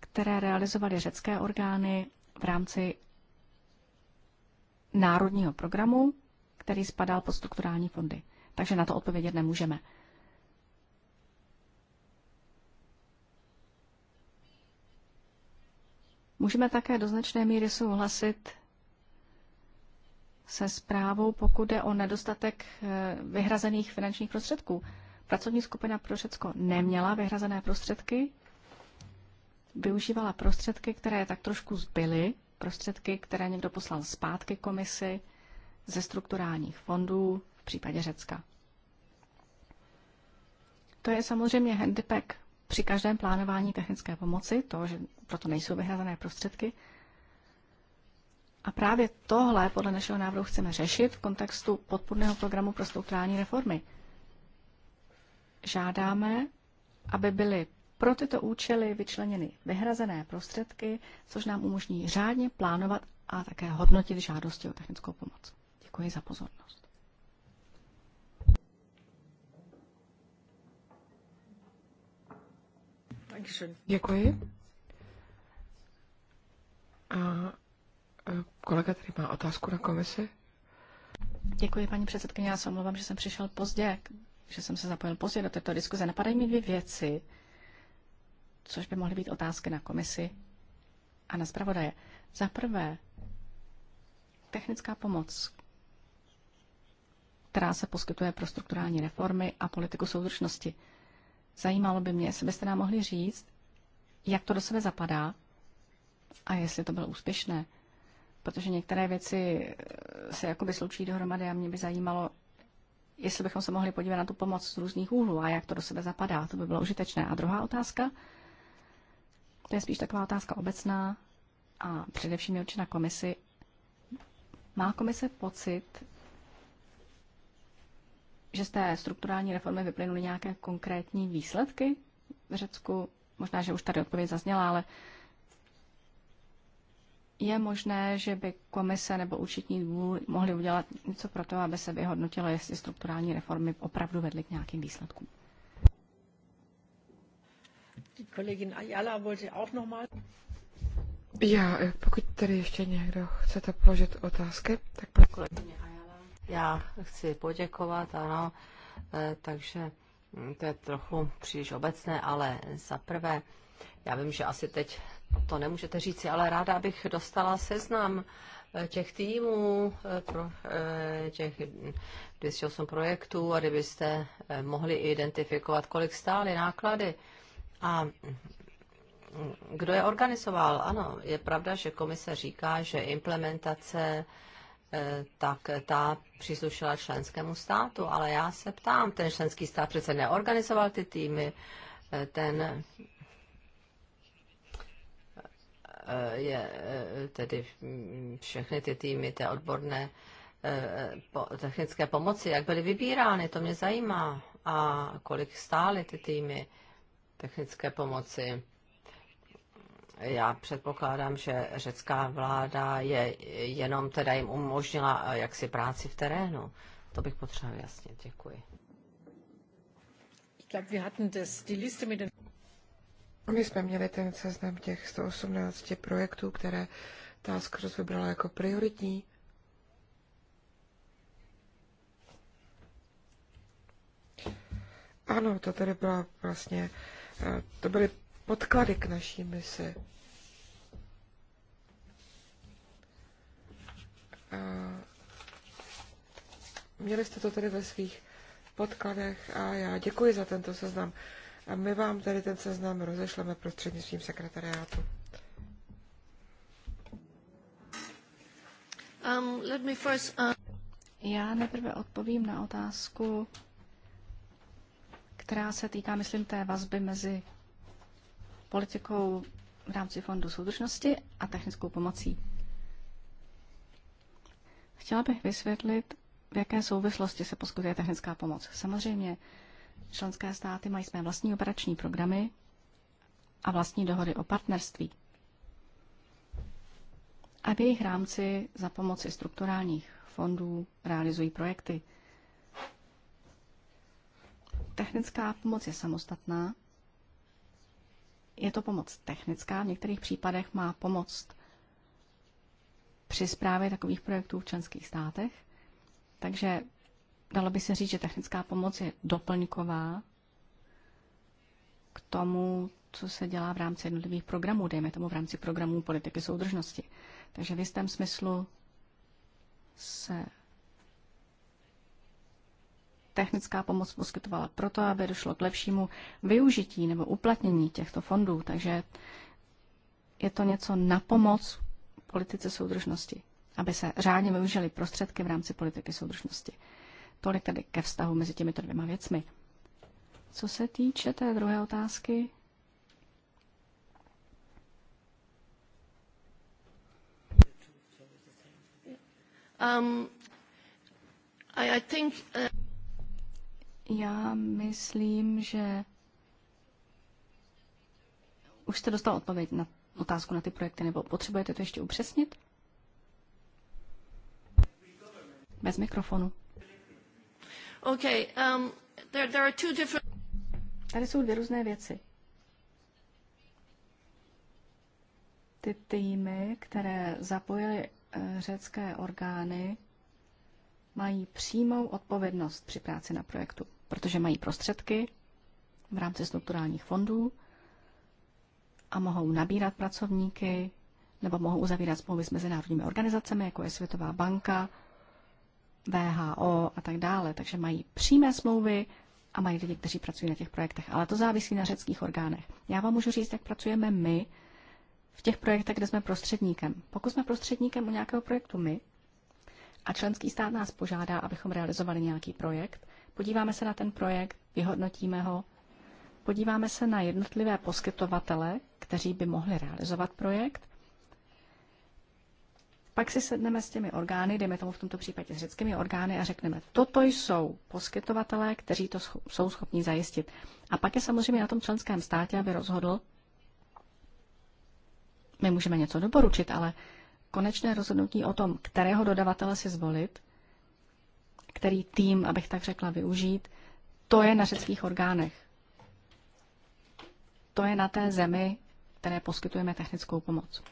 které realizovaly řecké orgány v rámci národního programu, který spadal pod strukturální fondy. Takže na to odpovědět nemůžeme. Můžeme také do značné míry souhlasit se zprávou, pokud je o nedostatek eh, vyhrazených finančních prostředků. Pracovní skupina pro Řecko neměla vyhrazené prostředky, využívala prostředky, které tak trošku zbyly, prostředky, které někdo poslal zpátky komisi ze strukturálních fondů v případě Řecka. To je samozřejmě handicap při každém plánování technické pomoci, to, že proto nejsou vyhrazené prostředky. A právě tohle podle našeho návrhu chceme řešit v kontextu podpůrného programu pro strukturální reformy. Žádáme, aby byly pro tyto účely vyčleněny vyhrazené prostředky, což nám umožní řádně plánovat a také hodnotit žádosti o technickou pomoc. Děkuji za pozornost. Děkuji. A kolega tady má otázku na komisi. Děkuji, paní předsedkyně. Já se omlouvám, že jsem přišel pozdě, že jsem se zapojil pozdě do této diskuze. Napadají mi dvě věci, což by mohly být otázky na komisi a na zpravodaje. Za prvé, technická pomoc, která se poskytuje pro strukturální reformy a politiku soudržnosti. Zajímalo by mě, jestli byste nám mohli říct, jak to do sebe zapadá a jestli to bylo úspěšné. Protože některé věci eh, se jakoby sloučí dohromady a mě by zajímalo, jestli bychom se mohli podívat na tu pomoc z různých úhlů a jak to do sebe zapadá. To by bylo užitečné. A druhá otázka, to je spíš taková otázka obecná a především je určena komisi. Má komise pocit, že z té strukturální reformy vyplynuly nějaké konkrétní výsledky v Řecku? Možná, že už tady odpověď zazněla, ale je možné, že by komise nebo účetní dvůr mohli udělat něco pro to, aby se vyhodnotilo, jestli strukturální reformy opravdu vedly k nějakým výsledkům? Ayala Já, eh, pokud tady ještě někdo chcete položit otázky, tak pro kolegyně já chci poděkovat, ano, eh, takže hm, to je trochu příliš obecné, ale za prvé, já vím, že asi teď to nemůžete říci, ale ráda bych dostala seznam eh, těch týmů, eh, pro, těch 208 projektů a kdybyste mohli identifikovat, kolik stály náklady a hm, kdo je organizoval. Ano, je pravda, že komise říká, že implementace Eh, tak ta příslušela členskému státu. Ale já se ptám, ten členský stát přece neorganizoval ty týmy, eh, ten eh, je tedy mm, všechny ty týmy, ty odborné technické pomoci, jak byly vybírány, to mě zajímá. A kolik stály ty týmy technické pomoci? já předpokládám, že řecká vláda je jenom teda jim umožnila eh, jaksi práci v terénu. To bych potřeboval jasně. Děkuji. My jsme měli ten seznam těch 118 projektů, které Task Force vybrala jako prioritní. Ano, to tedy byla vlastně, eh, to byly podklady k naší misi. Měli jste to tady ve svých podkladech a já děkuji za tento seznam. A my vám tady ten seznam rozešleme prostřednictvím sekretariátu. Um, let me first, uh... Já nejprve odpovím na otázku, která se týká, myslím, té vazby mezi politikou v rámci Fondu soudržnosti a technickou pomocí. Chtěla bych vysvětlit, v jaké souvislosti se poskytuje technická pomoc. Samozřejmě, členské státy mají své vlastní operační programy a vlastní dohody o partnerství. A v jejich rámci za pomoci strukturálních fondů realizují projekty. Technická pomoc je samostatná je to pomoc technická, v některých případech má pomoc při zprávě takových projektů v členských státech. Takže dalo by se říct, že technická pomoc je doplňková k tomu, co se dělá v rámci jednotlivých programů, dejme tomu v rámci programů politiky soudržnosti. Takže v jistém smyslu se technická pomoc poskytovala proto, aby došlo k lepšímu využití nebo uplatnění těchto fondů. Takže je to něco na pomoc politice soudržnosti, aby se řádně využily prostředky v rámci politiky soudržnosti. Tolik tedy ke vztahu mezi těmito dvěma věcmi. Co se týče té druhé otázky, Um, I, I think, uh... Já myslím, že už jste dostal odpověď na otázku na ty projekty, nebo potřebujete to ještě upřesnit? Bez mikrofonu. Okay, um, there, there are two different... Tady jsou dvě různé věci. Ty týmy, které zapojily eh, řecké orgány, mají přímou odpovědnost při práci na projektu protože mají prostředky v rámci strukturálních fondů a mohou nabírat pracovníky nebo mohou uzavírat smlouvy s mezinárodními organizacemi, jako je Světová banka, VHO a tak dále. Takže mají přímé smlouvy a mají lidi, kteří pracují na těch projektech. Ale to závisí na řeckých orgánech. Já vám můžu říct, jak pracujeme my v těch projektech, kde jsme prostředníkem. Pokud jsme prostředníkem u nějakého projektu my a členský stát nás požádá, abychom realizovali nějaký projekt, Podíváme se na ten projekt, vyhodnotíme ho, podíváme se na jednotlivé poskytovatele, kteří by mohli realizovat projekt. Pak si sedneme s těmi orgány, dejme tomu v tomto případě s řeckými orgány a řekneme, toto jsou poskytovatelé, kteří to scho jsou schopni zajistit. A pak je samozřejmě na tom členském státě, aby rozhodl, my můžeme něco doporučit, ale konečné rozhodnutí o tom, kterého dodavatele si zvolit, který tým, abych tak řekla, využít, to je na řeckých orgánech. To je na té zemi, které poskytujeme technickou pomoc.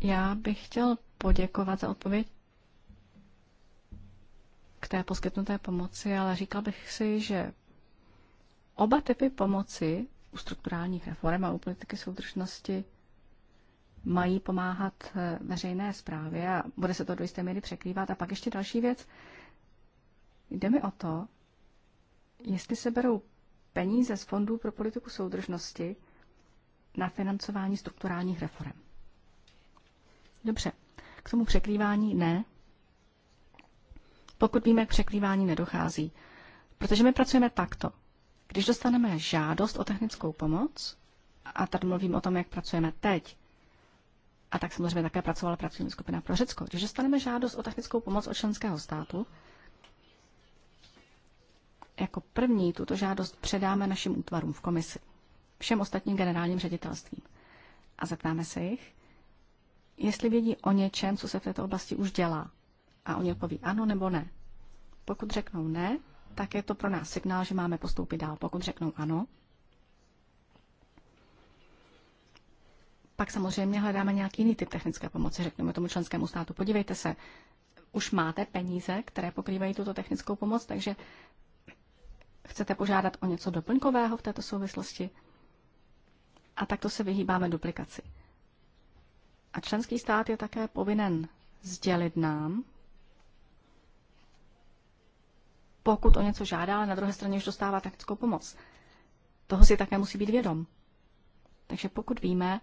Já bych chtěl poděkovat za odpověď k té poskytnuté pomoci, ale říkal bych si, že oba typy pomoci u strukturálních reform a u politiky soudržnosti mají pomáhat eh, veřejné zprávě a bude se to do jisté míry překrývat. A pak ještě další věc. Jde mi o to, jestli se berou peníze z fondů pro politiku soudržnosti na financování strukturálních reform. Dobře, k tomu překrývání ne. Pokud víme, k překrývání nedochází. Protože my pracujeme takto. Když dostaneme žádost o technickou pomoc, a tady mluvím o tom, jak pracujeme teď, a tak samozřejmě také pracovala pracovní skupina pro Řecko. Když dostaneme žádost o technickou pomoc od členského státu, jako první tuto žádost předáme našim útvarům v komisi, všem ostatním generálním ředitelstvím. A zeptáme se jich, jestli vědí o něčem, co se v této oblasti už dělá. A oni odpoví ano nebo ne. Pokud řeknou ne, tak je to pro nás signál, že máme postoupit dál. Pokud řeknou ano, pak samozřejmě hledáme nějaký jiný typ technické pomoci. Řekneme tomu členskému státu, podívejte se, už máte peníze, které pokrývají tuto technickou pomoc, takže chcete požádat o něco doplňkového v této souvislosti. A takto se vyhýbáme duplikaci. A členský stát je také povinen sdělit nám, pokud o něco žádá, ale na druhé straně už dostává taktickou pomoc. Toho si také musí být vědom. Takže pokud víme,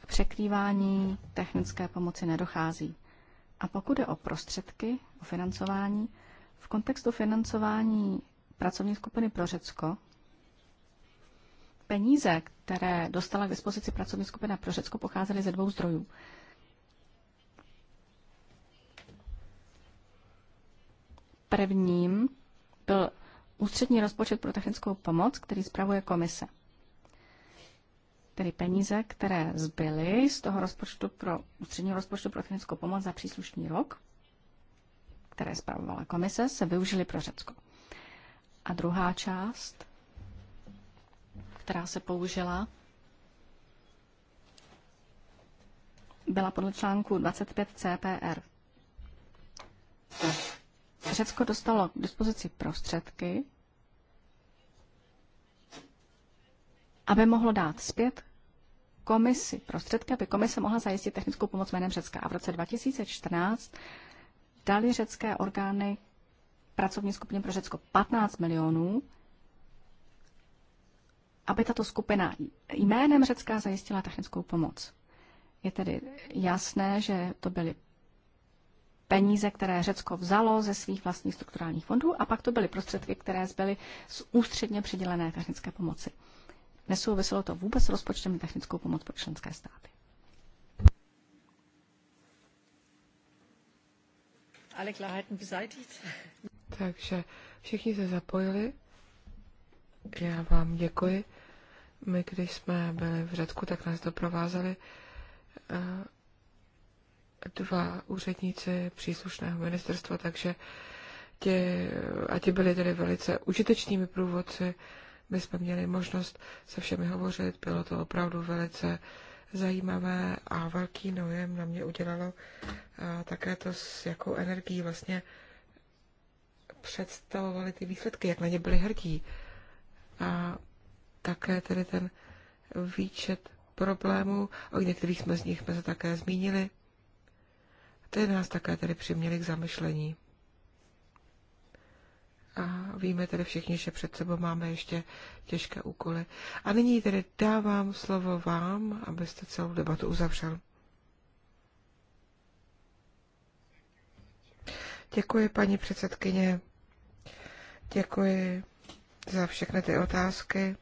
k překrývání technické pomoci nedochází. A pokud je o prostředky, o financování, v kontextu financování pracovní skupiny pro Řecko, peníze, které dostala k dispozici pracovní skupina pro Řecko, pocházely ze dvou zdrojů. Prvním byl ústřední rozpočet pro technickou pomoc, který zpravuje komise. Tedy peníze, které zbyly z toho rozpočtu pro, ústředního rozpočtu pro technickou pomoc za příslušný rok, které zpravovala komise, se využily pro Řecko. A druhá část, která se použila, byla podle článku 25 CPR. Řecko dostalo k dispozici prostředky, aby mohlo dát zpět komisi prostředky, aby komise mohla zajistit technickou pomoc jménem Řecka. A v roce 2014 dali řecké orgány pracovní skupině pro Řecko 15 milionů, aby tato skupina jménem Řecka zajistila technickou pomoc. Je tedy jasné, že to byly peníze, které Řecko vzalo ze svých vlastních strukturálních fondů a pak to byly prostředky, které zbyly z ústředně přidělené technické pomoci. Nesouviselo to vůbec s rozpočtem na technickou pomoc pro členské státy. Alle Klarheiten beseitigt. Takže všichni se zapojili. Já vám děkuji. My, když jsme byli v Řecku, tak nás doprovázeli eh, dva úředníci příslušného ministerstva, takže ti, a ti byli tedy velice užitečnými průvodci, my jsme měli možnost se všemi hovořit, bylo to opravdu velice zajímavé a velký nojem na mě udělalo také to, s jakou energií vlastně představovali ty výsledky, jak na ně byli hrdí. A také tedy ten výčet problémů, o některých jsme z nich jsme se také zmínili. Ty nás také tedy přiměly k zamyšlení. A víme tedy všichni, že před sebou máme ještě těžké úkoly. A nyní tedy dávám slovo vám, abyste celou debatu uzavřel. Děkuji, paní předsedkyně. Děkuji za všechny ty otázky.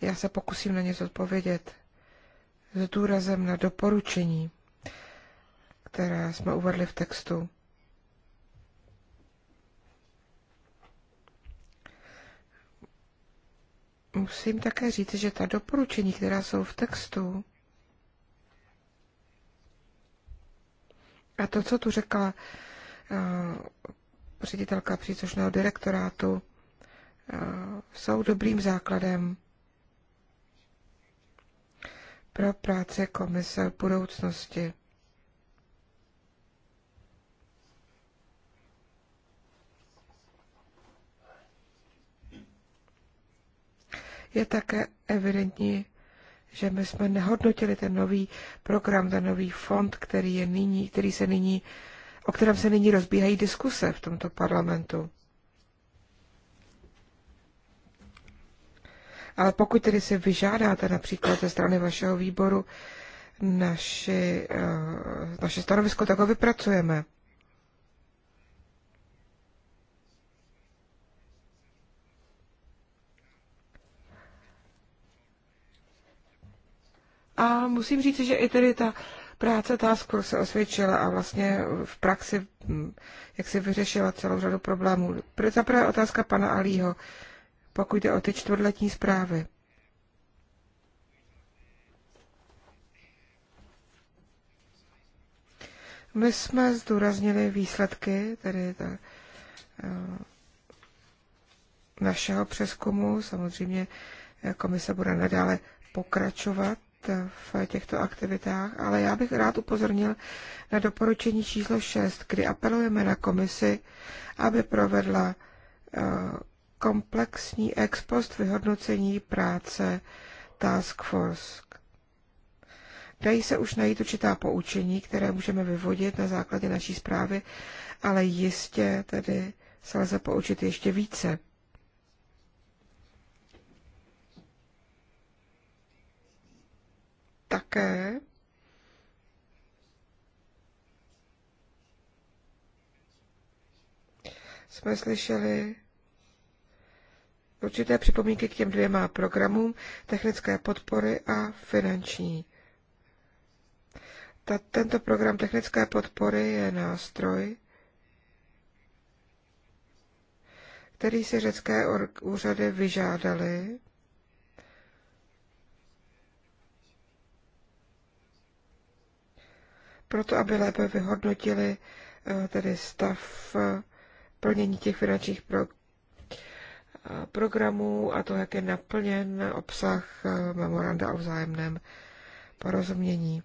Já se pokusím na ně zodpovědět s důrazem na doporučení, které jsme uvedli v textu. Musím také říct, že ta doporučení, která jsou v textu, a to, co tu řekla eh, ředitelka příslušného direktorátu, eh, jsou dobrým základem pro práce komise v budoucnosti. Je také evidentní, že my jsme nehodnotili ten nový program, ten nový fond, který je nyní, který se nyní, o kterém se nyní rozbíhají diskuse v tomto parlamentu. Ale pokud tedy si vyžádáte například ze strany vašeho výboru naši, eh, naše stanovisko, tak ho vypracujeme. A musím říct, že i tedy ta práce Task Force se osvědčila a vlastně v praxi, hm, jak si vyřešila celou řadu problémů. Zaprvé otázka pana Alího pokud jde o ty čtvrtletní zprávy. My jsme zdůraznili výsledky, tedy ta, eh, našeho přeskumu. Samozřejmě eh, komise bude nadále pokračovat eh, v těchto aktivitách, ale já bych rád upozornil na doporučení číslo 6, kdy apelujeme na komisi, aby provedla komplexní ex post vyhodnocení práce Task Force. Dají se už najít určitá poučení, které můžeme vyvodit na základě naší zprávy, ale jistě tedy se lze poučit ještě více. Také jsme slyšeli určité připomínky k těm dvěma programům technické podpory a finanční. Ta, tento program technické podpory je nástroj, který si řecké úřady vyžádaly proto, aby lépe vyhodnotili eh, tedy stav eh, plnění těch finančních pro, programů a to, jak je naplněn obsah eh, memoranda o vzájemném porozumění.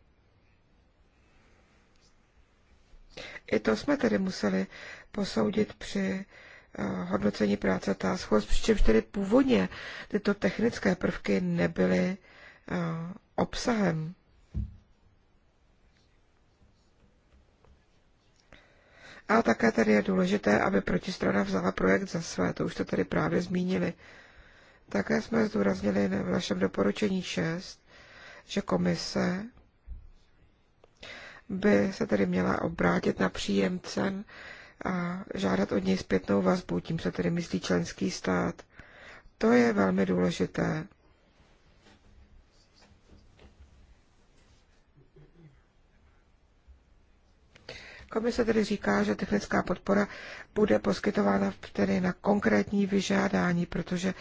I to jsme tedy museli posoudit při eh, hodnocení práce Task Force, přičemž tedy původně tyto technické prvky nebyly eh, obsahem A také tady je důležité, aby protistrana vzala projekt za své, to už to tady právě zmínili. Také jsme zdůraznili v našem doporučení 6, že komise by se tedy měla obrátit na příjemce a žádat od něj zpětnou vazbu, tím se tedy myslí členský stát. To je velmi důležité. Komise tedy říká, že technická podpora bude poskytována tedy na konkrétní vyžádání, protože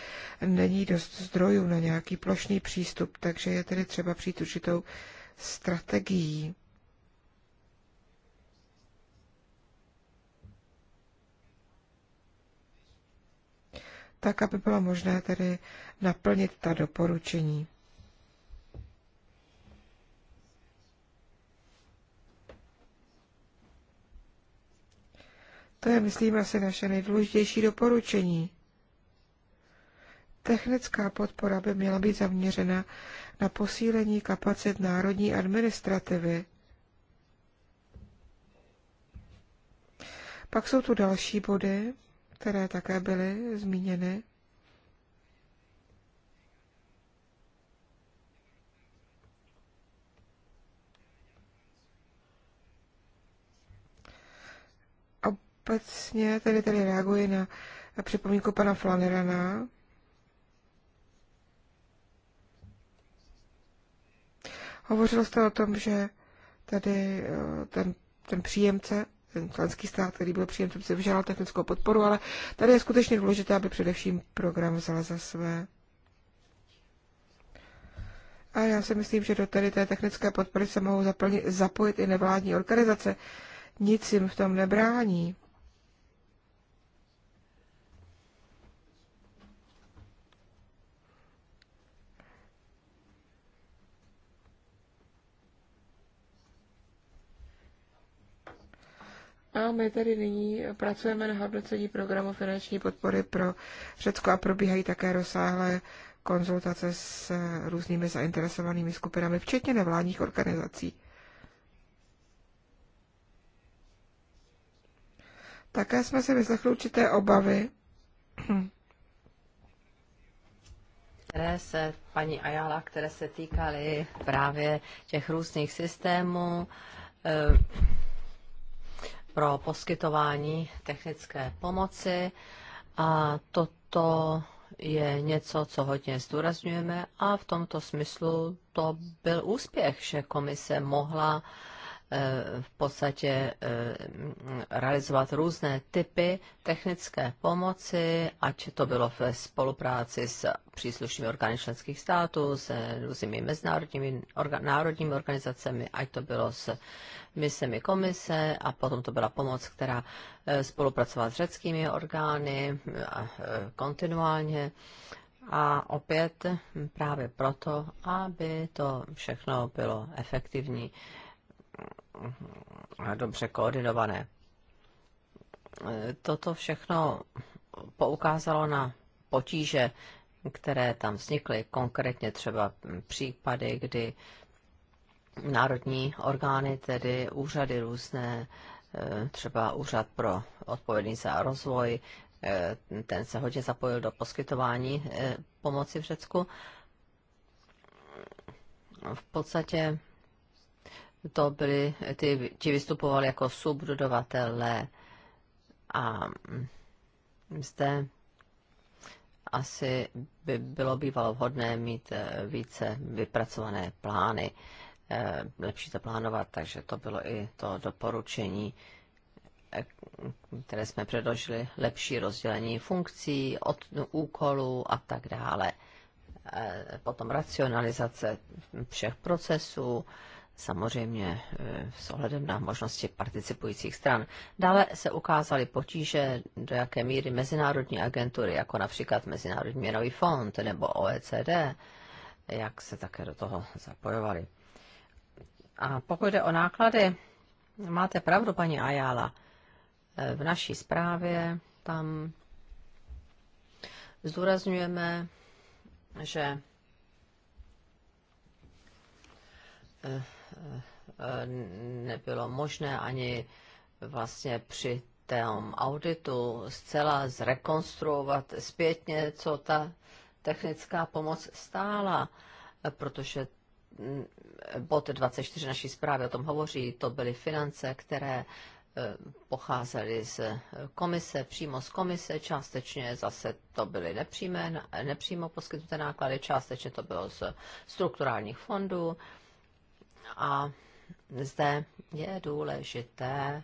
není dost zdrojů na nějaký plošný přístup, takže je tedy třeba přijít určitou strategií. tak, aby bylo možné tedy naplnit ta doporučení. To je, myslím, asi naše nejdůležitější doporučení. Technická podpora by měla být zaměřena na posílení kapacit národní administrativy. Pak jsou tu další body, které také byly zmíněny. obecně tady tady reaguji na, na připomínku pana Flanerana. Hovořil jste o tom, že tady eh, ten, ten příjemce, ten členský stát, který byl příjemcem, si vyžádal technickou podporu, ale tady je skutečně důležité, aby především program vzal za své. A já si myslím, že do tady té technické podpory se mohou zaplnit, zapojit i nevládní organizace. Nic jim v tom nebrání. A my tedy nyní pracujeme na hodnocení programu finanční podpory pro Řecko a probíhají také rozsáhlé konzultace s různými zainteresovanými skupinami, včetně nevládních organizací. Také jsme si vyslechli určité obavy, které se, paní Ajala, které se týkaly právě těch různých systémů, eh, pro poskytování technické pomoci a toto je něco, co hodně zdůrazňujeme a v tomto smyslu to byl úspěch, že komise mohla uh, Eh, v podstatě eh, realizovat různé typy technické pomoci, ať to bylo ve spolupráci s příslušnými orgány členských států, s různými mezinárodními orga, národními organizacemi, ať to bylo s misemi komise a potom to byla pomoc, která eh, spolupracovala s řeckými orgány a kontinuálně. A opět hm, právě proto, aby to všechno bylo efektivní a eh, dobře koordinované. Toto všechno poukázalo na potíže, které tam vznikly, konkrétně třeba případy, kdy národní orgány, tedy úřady různé, eh, třeba úřad pro odpovědný za rozvoj, eh, ten se hodně zapojil do poskytování pomoci v Řecku. V podstatě to byli, ty, ti vystupovali jako subdodavatelé a mm, zde asi by bylo bývalo vhodné mít eh, více vypracované plány, eh, lepší to plánovat, takže to bylo i to doporučení, eh, které jsme předložili, lepší rozdělení funkcí, od no, úkolů a tak dále. Potom racionalizace všech procesů, samozřejmě eh, s ohledem na možnosti participujících stran. Dále se ukázaly potíže, do jaké míry mezinárodní agentury, jako například Mezinárodní měnový fond nebo OECD, jak se také do toho zapojovali. A pokud jde o náklady, máte pravdu, paní Ajala. Eh, v naší zprávě tam zdůrazňujeme, že eh, Eh, nebylo možné ani vlastně při tom auditu zcela zrekonstruovat zpětně, co ta technická pomoc stála, eh, protože mm, bod 24 naší zprávy o tom hovoří, to byly finance, které eh, pocházely z komise, přímo z komise, částečně zase to byly nepřímé, nepřímo poskytnuté náklady, částečně to bylo z strukturálních fondů. A zde je důležité,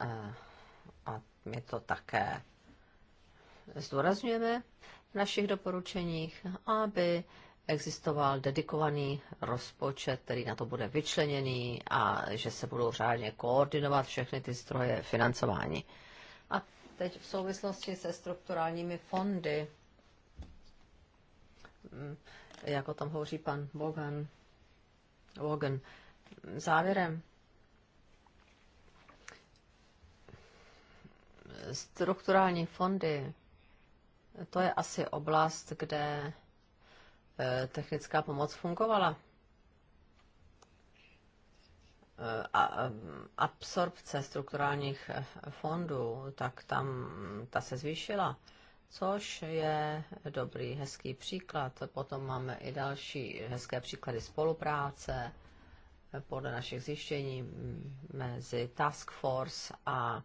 eh, a my to také zdůrazňujeme v našich doporučeních, aby existoval dedikovaný rozpočet, který na to bude vyčleněný a že se budou řádně koordinovat všechny ty stroje financování. A teď v souvislosti se strukturálními fondy, hm, jak o tom hovoří pan Bogan, Logan. Závěrem. Strukturální fondy, to je asi oblast, kde eh, technická pomoc fungovala. Eh, a eh, absorpce strukturálních fondů, tak tam ta se zvýšila což je dobrý, hezký příklad. Potom máme i další hezké příklady spolupráce podle našich zjištění mezi Task Force a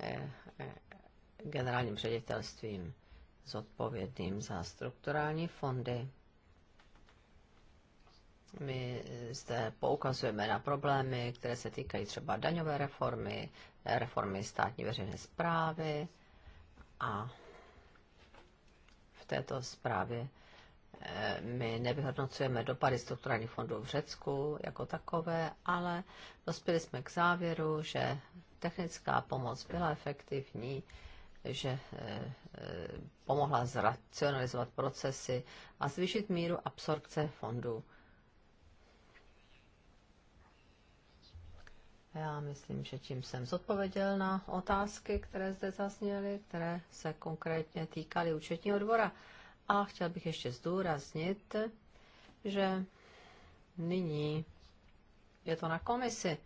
eh, eh, generálním ředitelstvím zodpovědným za strukturální fondy. My zde poukazujeme na problémy, které se týkají třeba daňové reformy, reformy státní veřejné zprávy a v této zprávě eh, my nevyhodnocujeme dopady strukturálních fondů v Řecku jako takové, ale dospěli jsme k závěru, že technická pomoc byla efektivní, že eh, eh, pomohla zracionalizovat procesy a zvýšit míru absorpce fondů. Já myslím, že tím jsem zodpověděl na otázky, které zde zazněly, které se konkrétně týkaly účetního dvora. A chtěl bych ještě zdůraznit, že nyní je to na komisi,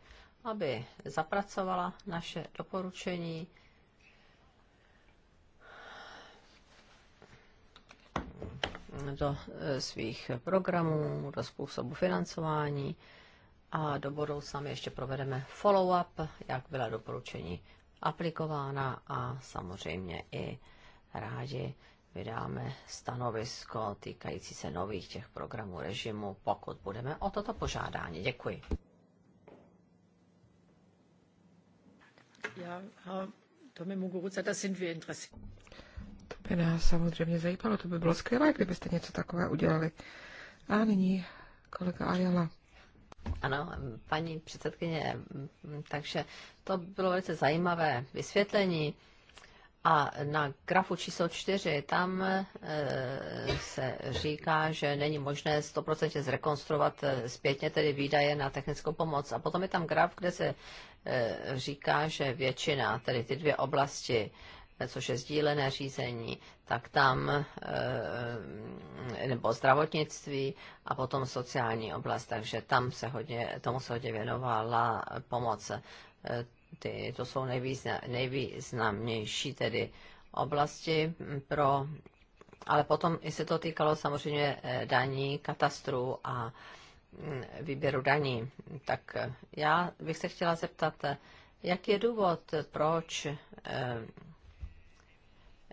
aby zapracovala naše doporučení do eh, svých programů, do způsobu financování a do budoucna my ještě provedeme follow-up, jak byla doporučení aplikována a samozřejmě i rádi vydáme stanovisko týkající se nových těch programů režimu, pokud budeme o toto požádání. Děkuji. Já, Tome Muguruza, to sind wir To by nás samozřejmě zajímalo, to by bylo skvělé, kdybyste něco takové udělali. A nyní kolega Ajala. Ano, paní předsedkyně, takže to bylo velice zajímavé vysvětlení. A na grafu číslo 4 tam e, se říká, že není možné 100% zrekonstruovat e, zpětně tedy výdaje na technickou pomoc. A potom je tam graf, kde se e, říká, že většina, tedy ty dvě oblasti, což je sdílené řízení, tak tam, eh, eh, nebo zdravotnictví a potom sociální oblast, takže tam se hodně, tomu se hodně věnovala pomoc. Eh, ty, to jsou nejvýzna, nejvýznamnější tedy oblasti hm, pro, ale potom i se to týkalo samozřejmě daní, katastru a hm, výběru daní. Tak já bych se chtěla zeptat, jak je důvod, proč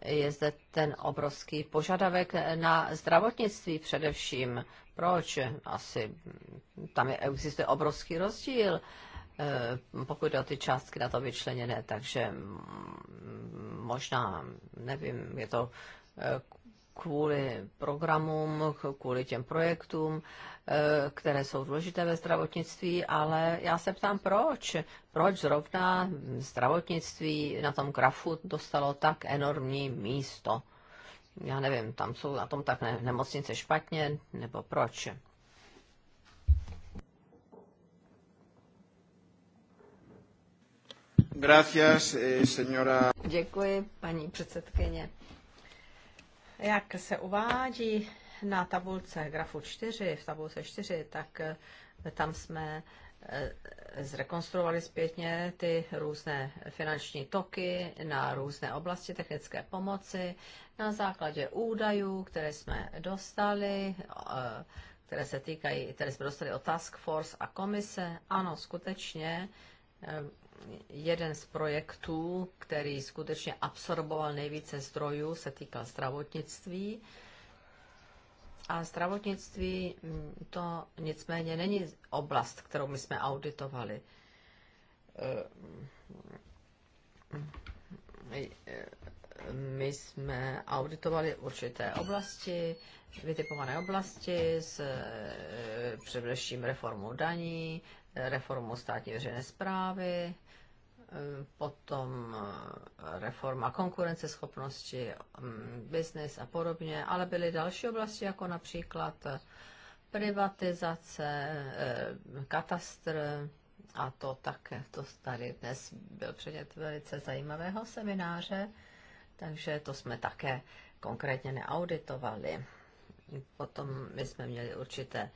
je zde ten obrovský požadavek na zdravotnictví především. Proč? Asi tam je, existuje obrovský rozdíl, eh, pokud o ty částky na to vyčleněné, takže mm, možná, nevím, je to eh, kvůli programům, kvůli těm projektům, eh, které jsou důležité ve zdravotnictví, ale já se ptám, proč? Proč zrovna zdravotnictví na tom grafu dostalo tak enormní místo? Já nevím, tam jsou na tom tak nemocnice špatně, nebo proč? Gracias, eh, señora. Děkuji, paní předsedkyně. Jak se uvádí na tabulce grafu 4, v tabulce 4, tak eh, tam jsme eh, zrekonstruovali zpětně ty různé finanční toky na různé oblasti technické pomoci na základě údajů, které jsme dostali, eh, které se týkají, které jsme dostali od Task Force a komise. Ano, skutečně jeden z projektů, který skutečně absorboval nejvíce zdrojů, se týkal zdravotnictví. A zdravotnictví mm, to nicméně není oblast, kterou my jsme auditovali. Eh, mm, my jsme auditovali určité oblasti, vytipované oblasti, s eh, především reformou daní, reformou státní veřejné zprávy, potom eh, reforma konkurenceschopnosti, mm, biznis a podobně, ale byly další oblasti, jako například eh, privatizace, eh, katastr a to také, to tady dnes byl předmět velice zajímavého semináře, takže to jsme také konkrétně neauditovali. Potom my jsme měli určité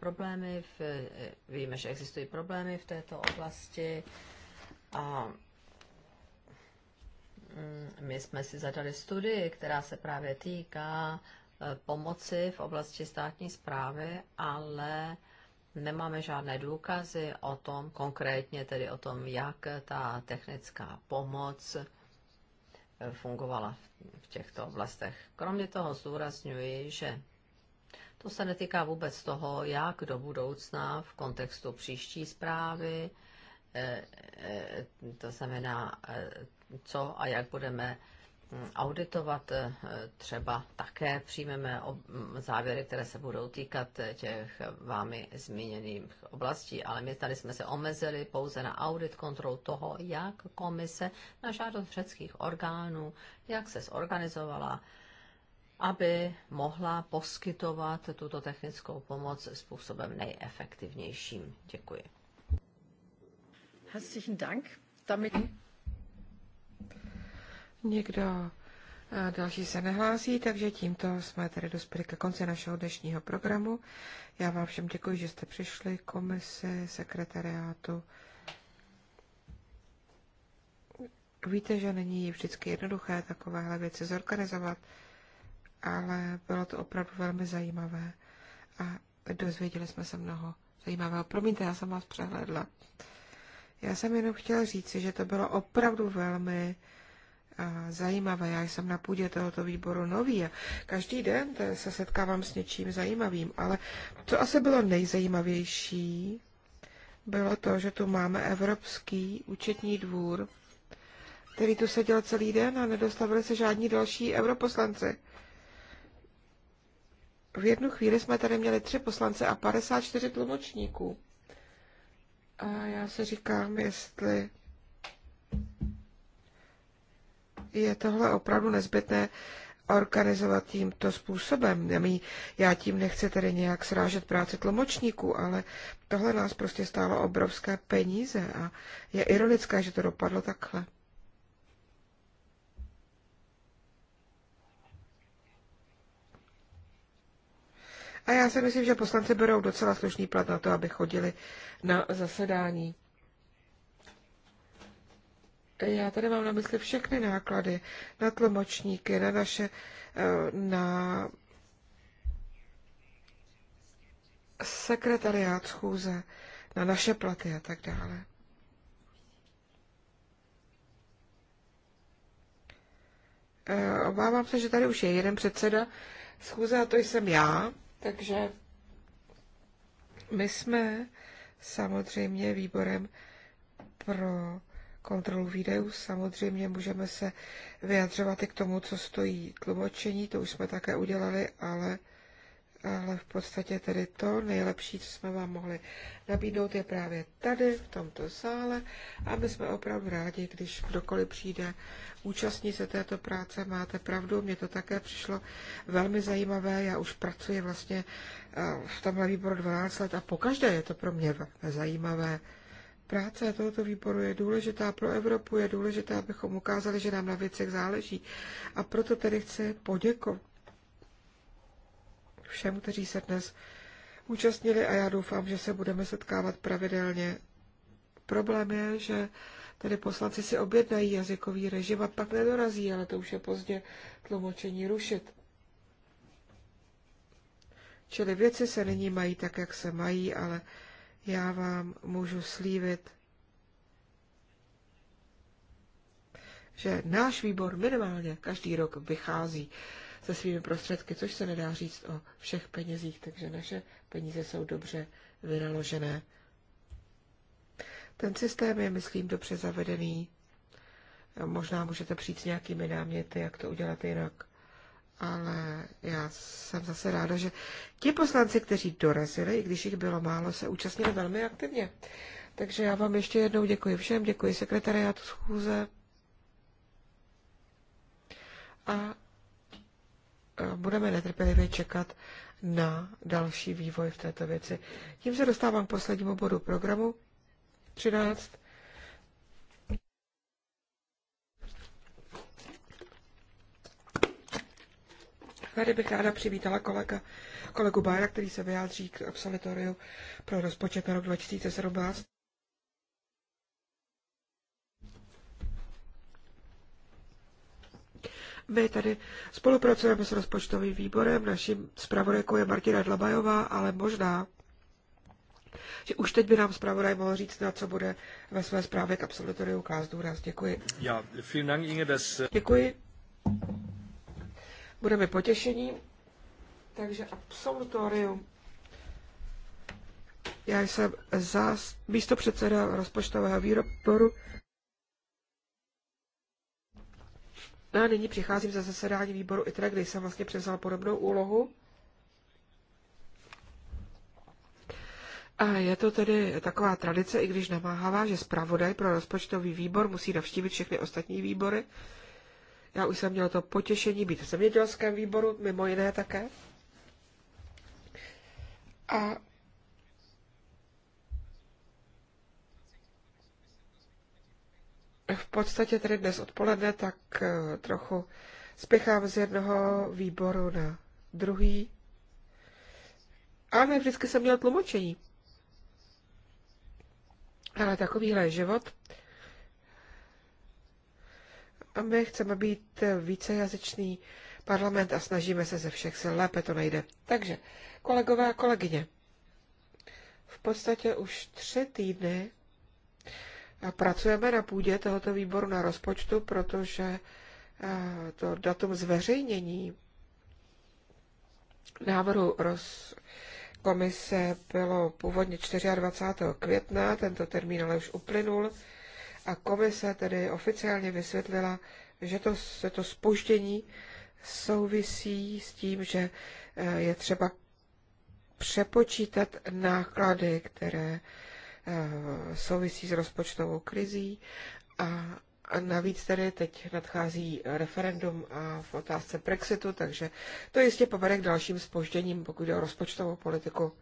problémy, v, víme, že existují problémy v této oblasti, a mm, my jsme si zadali studii, která se právě týká e, pomoci v oblasti státní zprávy, ale nemáme žádné důkazy o tom, konkrétně tedy o tom, jak ta technická pomoc e, fungovala v těchto oblastech. Kromě toho zdůrazňuji, že to se netýká vůbec toho, jak do budoucna v kontextu příští zprávy Eh, eh, to znamená, eh, co a jak budeme hm, auditovat, třeba také přijmeme hm, závěry, které se budou týkat těch vámi zmíněných oblastí, ale my tady jsme se omezili pouze na audit kontrol toho, jak komise na žádost řeckých orgánů, jak se zorganizovala, aby mohla poskytovat tuto technickou pomoc způsobem nejefektivnějším. Děkuji. Herzlichen Dank. Damit... Někdo eh, další se nehlásí, takže tímto jsme tedy dospěli ke konci našeho dnešního programu. Já vám všem děkuji, že jste přišli, komisi, sekretariátu. Víte, že není vždycky jednoduché takovéhle věci zorganizovat, ale bylo to opravdu velmi zajímavé a dozvěděli jsme se mnoho zajímavého. Promiňte, já jsem vás přehlédla. Já jsem jenom chtěla říci, že to bylo opravdu velmi zajímavé. Já jsem na půdě tohoto výboru nový a každý den se setkávám s něčím zajímavým, ale co asi bylo nejzajímavější, bylo to, že tu máme Evropský účetní dvůr, který tu seděl celý den a nedostavili se žádní další europoslanci. V jednu chvíli jsme tady měli tři poslance a 54 tlumočníků. A já se říkám, jestli je tohle opravdu nezbytné organizovat tímto způsobem. Já tím nechci tedy nějak srážet práci tlumočníků, ale tohle nás prostě stálo obrovské peníze a je ironické, že to dopadlo takhle. A já si myslím, že poslanci berou docela slušný plat na to, aby chodili na zasedání. Já tady mám na mysli všechny náklady na tlumočníky, na naše, eh, na sekretariát schůze, na naše platy a tak dále. Eh, obávám se, že tady už je jeden předseda schůze a to jsem já. Takže my jsme samozřejmě výborem pro kontrolu výdajů. Samozřejmě můžeme se vyjadřovat i k tomu, co stojí tlumočení, to už jsme také udělali, ale ale v podstatě tedy to nejlepší, co jsme vám mohli nabídnout, je právě tady, v tomto sále a my jsme opravdu rádi, když kdokoliv přijde účastní se této práce. Máte pravdu, mně to také přišlo velmi zajímavé. Já už pracuji vlastně eh, v tomhle výboru 12 let a pokaždé je to pro mě zajímavé. Práce tohoto výboru je důležitá pro Evropu, je důležitá, abychom ukázali, že nám na věcech záleží. A proto tedy chci poděkovat všem, kteří se dnes účastnili a já doufám, že se budeme setkávat pravidelně. Problém je, že tedy poslanci si objednají jazykový režim a pak nedorazí, ale to už je pozdě tlumočení rušit. Čili věci se nyní mají tak, jak se mají, ale já vám můžu slívit, že náš výbor minimálně každý rok vychází se svými prostředky, což se nedá říct o všech penězích, takže naše peníze jsou dobře vynaložené. Ten systém je, myslím, dobře zavedený. Možná můžete přijít s nějakými náměty, jak to udělat jinak. Ale já jsem zase ráda, že ti poslanci, kteří dorazili, i když jich bylo málo, se účastnili velmi aktivně. Takže já vám ještě jednou děkuji všem, děkuji sekretariátu schůze. A budeme netrpělivě čekat na další vývoj v této věci. Tím se dostávám k poslednímu bodu programu 13. Tady bych ráda přivítala kolega, kolegu Bára, který se vyjádří k absolutoriu pro rozpočet na rok 2017. My tady spolupracujeme s rozpočtovým výborem, naším zpravodajkou je Martina Dlabajová, ale možná, že už teď by nám zpravodaj mohl říct, na co bude ve své zprávě k absolutoriu klást důraz. Děkuji. Ja, vielen Dank, Inge, das... Eh, Děkuji. Budeme potěšení. Takže absolutorium. Já jsem zás, místo předseda rozpočtového výboru No a nyní přicházím za zasedání výboru ITRA, kde jsem vlastně převzal podobnou úlohu. A je to tedy taková tradice, i když namáhavá, že zpravodaj pro rozpočtový výbor musí navštívit všechny ostatní výbory. Já už jsem měl to potěšení být v zemědělském výboru, mimo jiné také. A v podstatě tedy dnes odpoledne tak eh, trochu spěchám z jednoho výboru na druhý. A ne vždycky jsem měl tlumočení. Ale takovýhle je život. A my chceme být vícejazyčný parlament a snažíme se ze všech sil. Lépe to nejde. Takže, kolegové a kolegyně, v podstatě už tři týdny a pracujeme na půdě tohoto výboru na rozpočtu, protože eh, to datum zveřejnění návrhu roz komise bylo původně 24. května, tento termín ale už uplynul a komise tedy oficiálně vysvětlila, že to, se to spoždění souvisí s tím, že eh, je třeba přepočítat náklady, které Eh, souvisí s rozpočtovou krizí a a navíc tady teď nadchází referendum a v otázce Brexitu, takže to jistě povede k dalším spožděním, pokud jde o rozpočtovou politiku.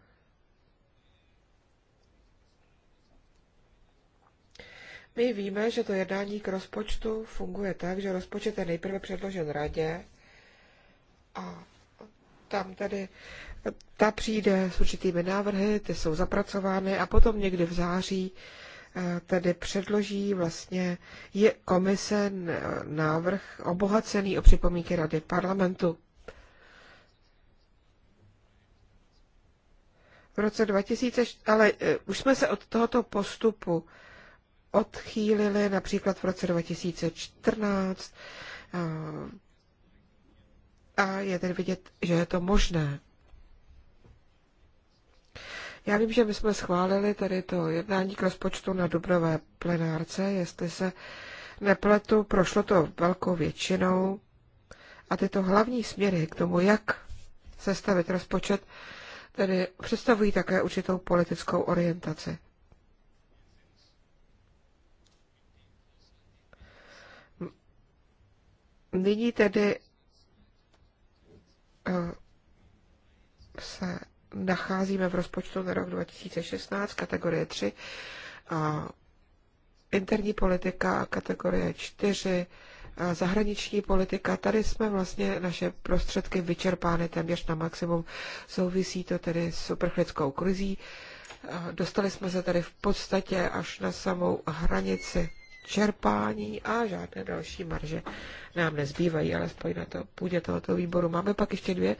My víme, že to jednání k rozpočtu funguje tak, že rozpočet je nejprve předložen radě a tam tedy ta přijde s určitými návrhy, ty jsou zapracovány a potom někdy v září eh, tedy předloží vlastně je komise návrh obohacený o připomínky Rady parlamentu. V roce 2000, ale eh, už jsme se od tohoto postupu odchýlili například v roce 2014 eh, a je tedy vidět, že je to možné. Já vím, že my jsme schválili tady to jednání k rozpočtu na dubnové plenárce, jestli se nepletu, prošlo to velkou většinou a tyto hlavní směry k tomu, jak sestavit rozpočet, tedy představují také určitou politickou orientaci. Nyní tedy eh, se nacházíme v rozpočtu na rok 2016, kategorie 3, a interní politika, kategorie 4, a zahraniční politika. Tady jsme vlastně naše prostředky vyčerpány téměř na maximum. Souvisí to tedy s uprchlickou krizí. Dostali jsme se tady v podstatě až na samou hranici čerpání a žádné další marže nám nezbývají, alespoň na to půdě tohoto výboru. Máme pak ještě dvě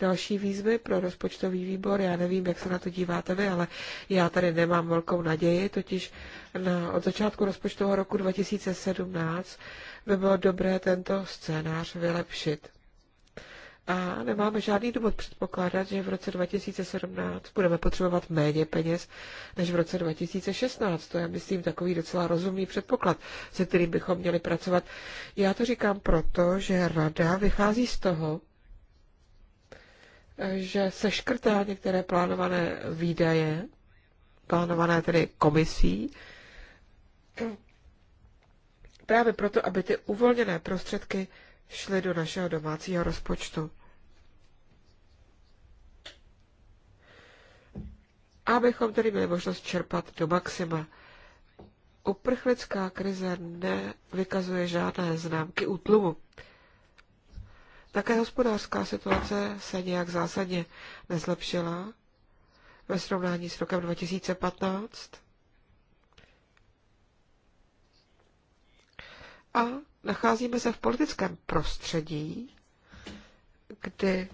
další výzvy pro rozpočtový výbor. Já nevím, jak se na to díváte vy, ale já tady nemám velkou naději, totiž na, od začátku rozpočtového roku 2017 by bylo dobré tento scénář vylepšit a nemáme žádný důvod předpokládat, že v roce 2017 budeme potřebovat méně peněz než v roce 2016. To je, myslím, takový docela rozumný předpoklad, se kterým bychom měli pracovat. Já to říkám proto, že rada vychází z toho, že se škrtá některé plánované výdaje, plánované tedy komisí, právě proto, aby ty uvolněné prostředky šly do našeho domácího rozpočtu. Abychom tedy měli možnost čerpat do maxima. Uprchlická krize nevykazuje žádné známky útlumu. Také hospodářská situace se nějak zásadně nezlepšila ve srovnání s rokem 2015. A nacházíme se v politickém prostředí, kdy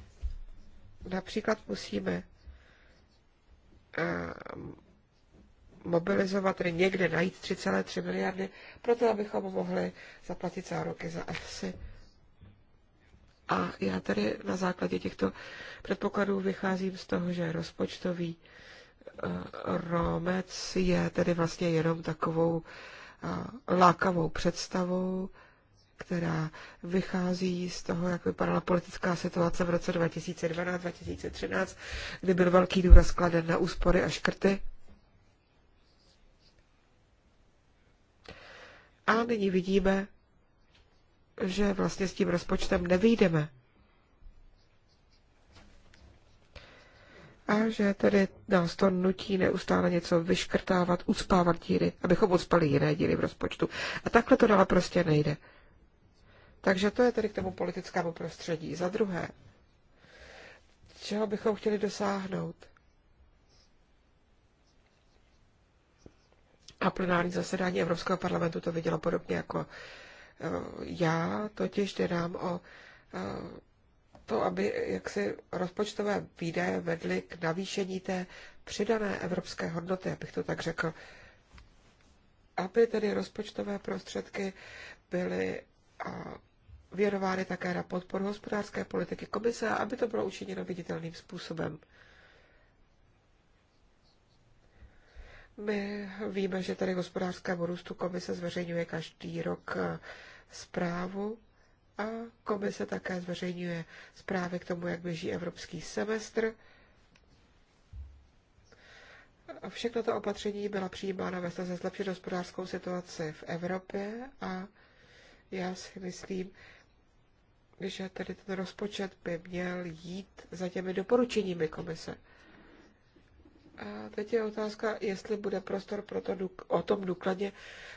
například musíme eh, mobilizovat, tedy někde najít 3,3 miliardy, proto abychom mohli zaplatit záruky za EFSI. A já tady na základě těchto předpokladů vycházím z toho, že rozpočtový eh, rámec je tedy vlastně jenom takovou eh, lákavou představou, která vychází z toho, jak vypadala politická situace v roce 2012-2013, kdy byl velký důraz kladen na úspory a škrty. A nyní vidíme, že vlastně s tím rozpočtem nevýjdeme. A že tedy nás to nutí neustále něco vyškrtávat, ucpávat díry, abychom ucpali jiné díry v rozpočtu. A takhle to dál prostě nejde. Takže to je tedy k tomu politickému prostředí. Za druhé, čeho bychom chtěli dosáhnout? A plenární zasedání Evropského parlamentu to vidělo podobně jako eh, já, totiž jde nám o eh, to, aby jaksi rozpočtové výdaje vedly k navýšení té přidané evropské hodnoty, abych to tak řekl. Aby tedy rozpočtové prostředky byly věnovány také na podporu hospodářské politiky komise, aby to bylo učiněno viditelným způsobem. My víme, že tady hospodářskému růstu komise zveřejňuje každý rok eh, zprávu a komise také zveřejňuje zprávy k tomu, jak běží evropský semestr. Všechno to opatření byla přijímána ve snaze zlepšit hospodářskou situaci v Evropě a já si myslím, že tedy ten rozpočet by měl jít za těmi doporučeními komise. A teď je otázka, jestli bude prostor pro to, o tom důkladně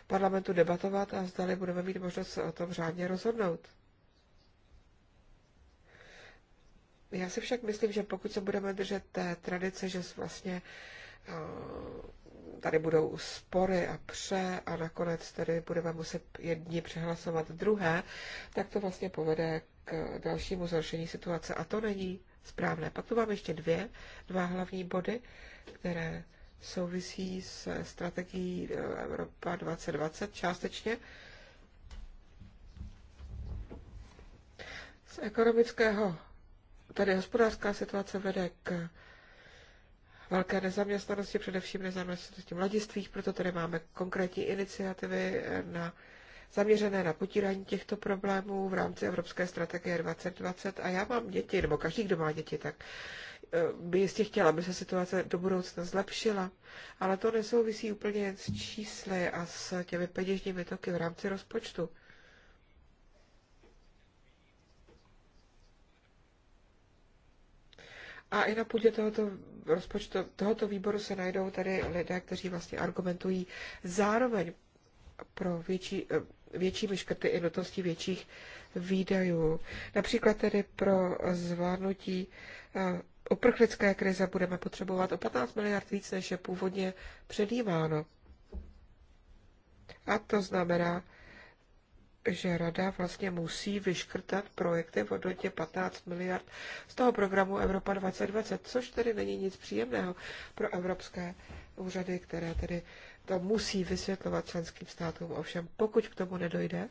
parlamentu debatovat a zdali budeme mít možnost se o tom řádně rozhodnout. Já si však myslím, že pokud se budeme držet té tradice, že vlastně tady budou spory a pře a nakonec tedy budeme muset jedni přehlasovat druhé, tak to vlastně povede k dalšímu zhoršení situace a to není správné. Pak tu mám ještě dvě, dva hlavní body, které souvisí s strategií eh, Evropa 2020 částečně. Z ekonomického, tady hospodářská situace vede k velké nezaměstnanosti, především nezaměstnanosti mladistvých, proto tady máme konkrétní iniciativy eh, na zaměřené na potírání těchto problémů v rámci Evropské strategie 2020. A já mám děti, nebo každý, kdo má děti, tak eh, by jistě chtěla, aby se situace do budoucna zlepšila, ale to nesouvisí úplně jen s čísly a s těmi peněžními toky v rámci rozpočtu. A i na půdě tohoto rozpočtu, tohoto výboru se najdou tady lidé, kteří vlastně argumentují zároveň pro větší, eh, většími škrty i nutnosti větších výdajů. Například tedy pro zvládnutí eh, uprchlické krize budeme potřebovat o 15 miliard víc, než je původně předjímáno. A to znamená, že Rada vlastně musí vyškrtat projekty v hodnotě 15 miliard z toho programu Evropa 2020, což tedy není nic příjemného pro evropské úřady, které tedy to musí vysvětlovat členským státům. Ovšem, pokud k tomu nedojde,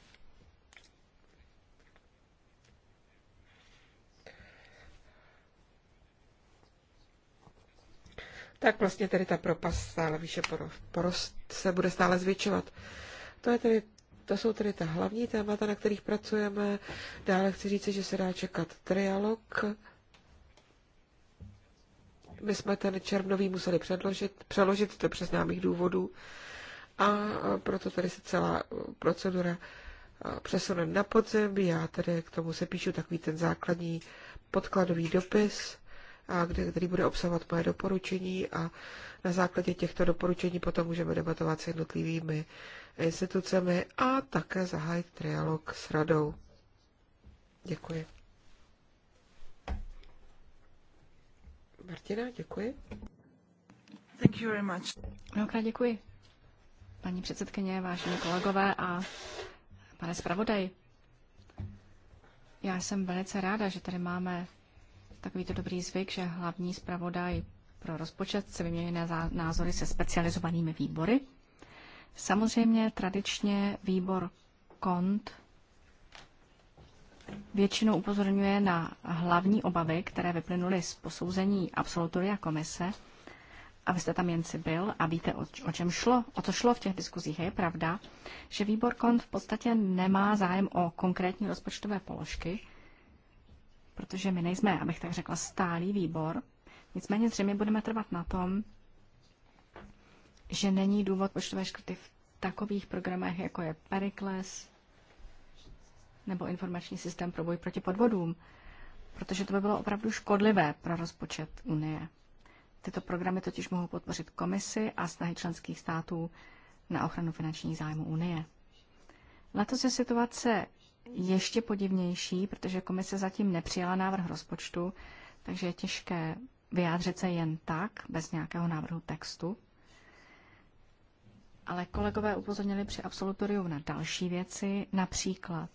tak vlastně tedy ta propast stále výše porost se bude stále zvětšovat. To je tedy to jsou tedy ta hlavní témata, na kterých pracujeme. Dále chci říct, že se dá čekat trialog. My jsme ten červnový museli předložit, přeložit to přes známých důvodů a proto tady se celá procedura přesune na podzem. Já tedy k tomu se píšu takový ten základní podkladový dopis, a kde, který bude obsahovat moje doporučení a na základě těchto doporučení potom můžeme debatovat s jednotlivými institucemi a také zahájit trialog s radou. Děkuji. Martina, děkuji. Thank you very much. Mnohokrát děkuji. Paní předsedkyně, vážení kolegové a pane zpravodaj. Já jsem velice ráda, že tady máme takovýto dobrý zvyk, že hlavní zpravodaj pro rozpočet se vyměňuje názory se specializovanými výbory. Samozřejmě tradičně výbor KONT většinou upozorňuje na hlavní obavy, které vyplynuly z posouzení absolutoria komise. A vy jste tam jen si byl a víte, o, čem šlo, o co šlo v těch diskuzích. je pravda, že výbor KONT v podstatě nemá zájem o konkrétní rozpočtové položky, protože my nejsme, abych tak řekla, stálý výbor. Nicméně zřejmě budeme trvat na tom, že není důvod počtové škrty v takových programech, jako je Perikles nebo informační systém pro boj proti podvodům, protože to by bylo opravdu škodlivé pro rozpočet Unie. Tyto programy totiž mohou podpořit komisy a snahy členských států na ochranu finančních zájmů Unie. Letos je situace ještě podivnější, protože komise zatím nepřijala návrh rozpočtu, takže je těžké vyjádřit se jen tak, bez nějakého návrhu textu. Ale kolegové upozornili při absolutoriu na další věci, například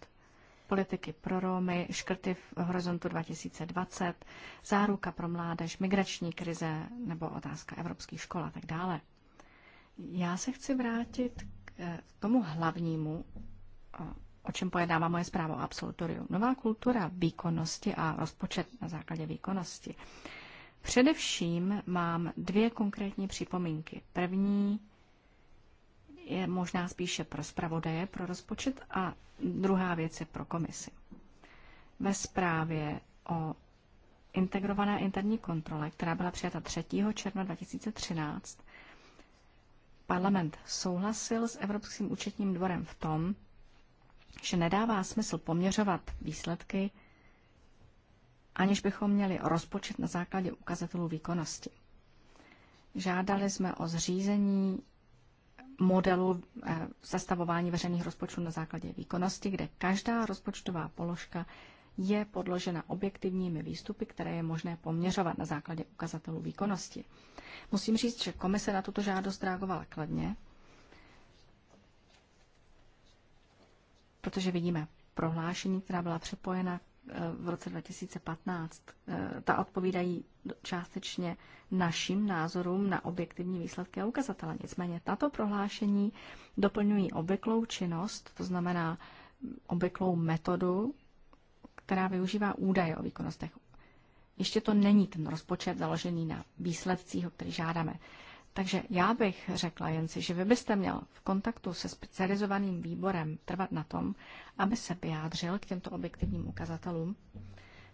politiky pro Romy, škrty v horizontu 2020, záruka pro mládež, migrační krize nebo otázka evropských škol a tak dále. Já se chci vrátit k eh, tomu hlavnímu, eh, o čem pojednává moje zpráva o absolutoriu. Nová kultura výkonnosti a rozpočet na základě výkonnosti. Především mám dvě konkrétní připomínky. První je možná spíše pro zpravodaje, pro rozpočet a druhá věc je pro komisi. Ve zprávě o integrované interní kontrole, která byla přijata 3. června 2013, parlament souhlasil s Evropským účetním dvorem v tom, že nedává smysl poměřovat výsledky, aniž bychom měli rozpočet na základě ukazatelů výkonnosti. Žádali jsme o zřízení modelu eh, zastavování veřejných rozpočtů na základě výkonnosti, kde každá rozpočtová položka je podložena objektivními výstupy, které je možné poměřovat na základě ukazatelů výkonnosti. Musím říct, že komise na tuto žádost reagovala kladně, protože vidíme prohlášení, která byla připojena v roce 2015, eh, ta odpovídají částečně našim názorům na objektivní výsledky a ukazatele. Nicméně tato prohlášení doplňují obvyklou činnost, to znamená obvyklou metodu, která využívá údaje o výkonnostech. Ještě to není ten rozpočet založený na výsledcích, o který žádáme. Takže já bych řekla jen si, že vy byste měl v kontaktu se specializovaným výborem trvat na tom, aby se vyjádřil k těmto objektivním ukazatelům.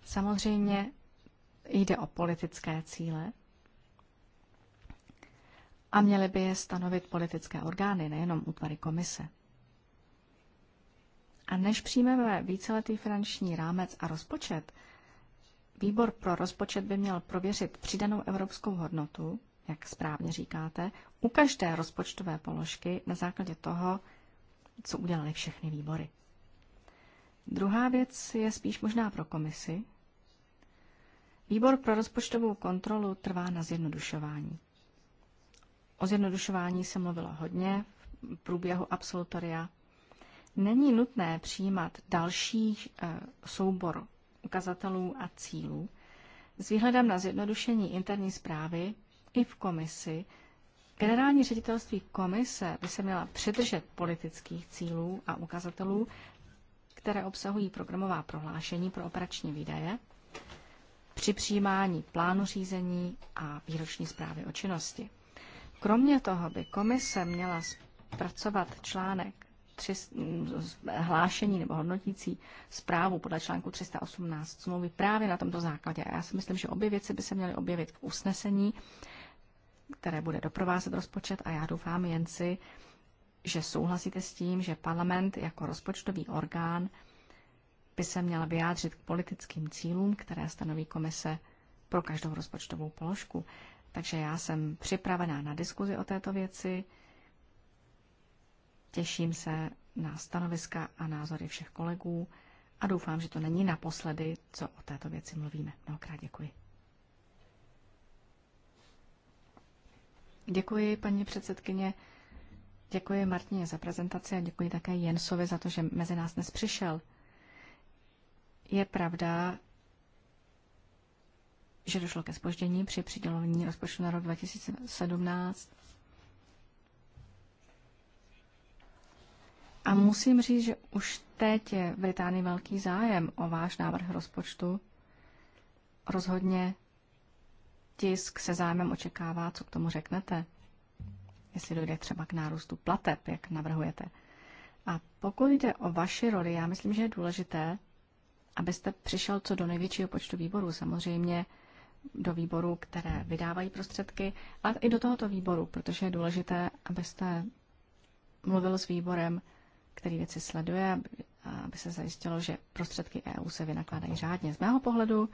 Samozřejmě jde o politické cíle a měly by je stanovit politické orgány, nejenom útvary komise. A než přijmeme víceletý finanční rámec a rozpočet, výbor pro rozpočet by měl prověřit přidanou evropskou hodnotu, jak správně říkáte, u každé rozpočtové položky na základě toho, co udělali všechny výbory. Druhá věc je spíš možná pro komisi. Výbor pro rozpočtovou kontrolu trvá na zjednodušování. O zjednodušování se mluvilo hodně v průběhu absolutoria. Není nutné přijímat další eh, soubor ukazatelů a cílů s výhledem na zjednodušení interní zprávy i v komisi, generální ředitelství komise by se měla přidržet politických cílů a ukazatelů, které obsahují programová prohlášení pro operační výdaje, při přijímání plánu řízení a výroční zprávy o činnosti. Kromě toho by komise měla zpracovat článek tři, hlášení nebo hodnotící zprávu podle článku 318 smlouvy právě na tomto základě. A já si myslím, že obě věci by se měly objevit v usnesení které bude doprovázet rozpočet a já doufám jen si, že souhlasíte s tím, že parlament jako rozpočtový orgán by se měl vyjádřit k politickým cílům, které stanoví komise pro každou rozpočtovou položku. Takže já jsem připravená na diskuzi o této věci. Těším se na stanoviska a názory všech kolegů a doufám, že to není naposledy, co o této věci mluvíme. Mnohokrát děkuji. Děkuji, paní předsedkyně. Děkuji Martině za prezentaci a děkuji také Jensovi za to, že mezi nás dnes přišel. Je pravda, že došlo ke spoždění při přidělování rozpočtu na rok 2017. A musím říct, že už teď je v Británii velký zájem o váš návrh rozpočtu. Rozhodně tisk se zájmem očekává, co k tomu řeknete, jestli dojde třeba k nárůstu plateb, jak navrhujete. A pokud jde o vaši roli, já myslím, že je důležité, abyste přišel co do největšího počtu výborů, samozřejmě do výborů, které vydávají prostředky, ale i do tohoto výboru, protože je důležité, abyste mluvil s výborem, který věci sleduje, aby se zajistilo, že prostředky EU se vynakládají řádně. Z mého pohledu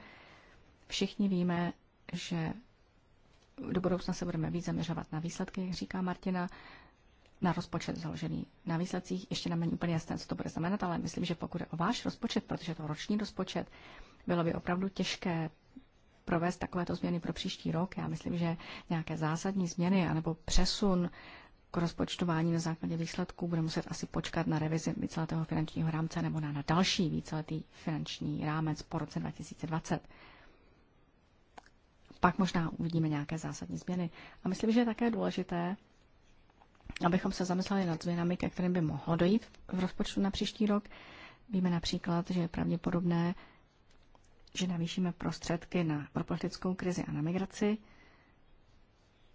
všichni víme, že do budoucna se budeme víc zaměřovat na výsledky, jak říká Martina, na rozpočet založený na výsledcích. Ještě nám není úplně jasné, co to bude znamenat, ale myslím, že pokud je o váš rozpočet, protože to roční rozpočet, bylo by opravdu těžké provést takovéto změny pro příští rok. Já myslím, že nějaké zásadní změny anebo přesun k rozpočtování na základě výsledků bude muset asi počkat na revizi víceletého finančního rámce nebo na, na další víceletý finanční rámec po roce 2020 pak možná uvidíme nějaké zásadní změny. A myslím, že je také důležité, abychom se zamysleli nad změnami, ke kterým by mohlo dojít v rozpočtu na příští rok. Víme například, že je pravděpodobné, že navýšíme prostředky na politickou krizi a na migraci.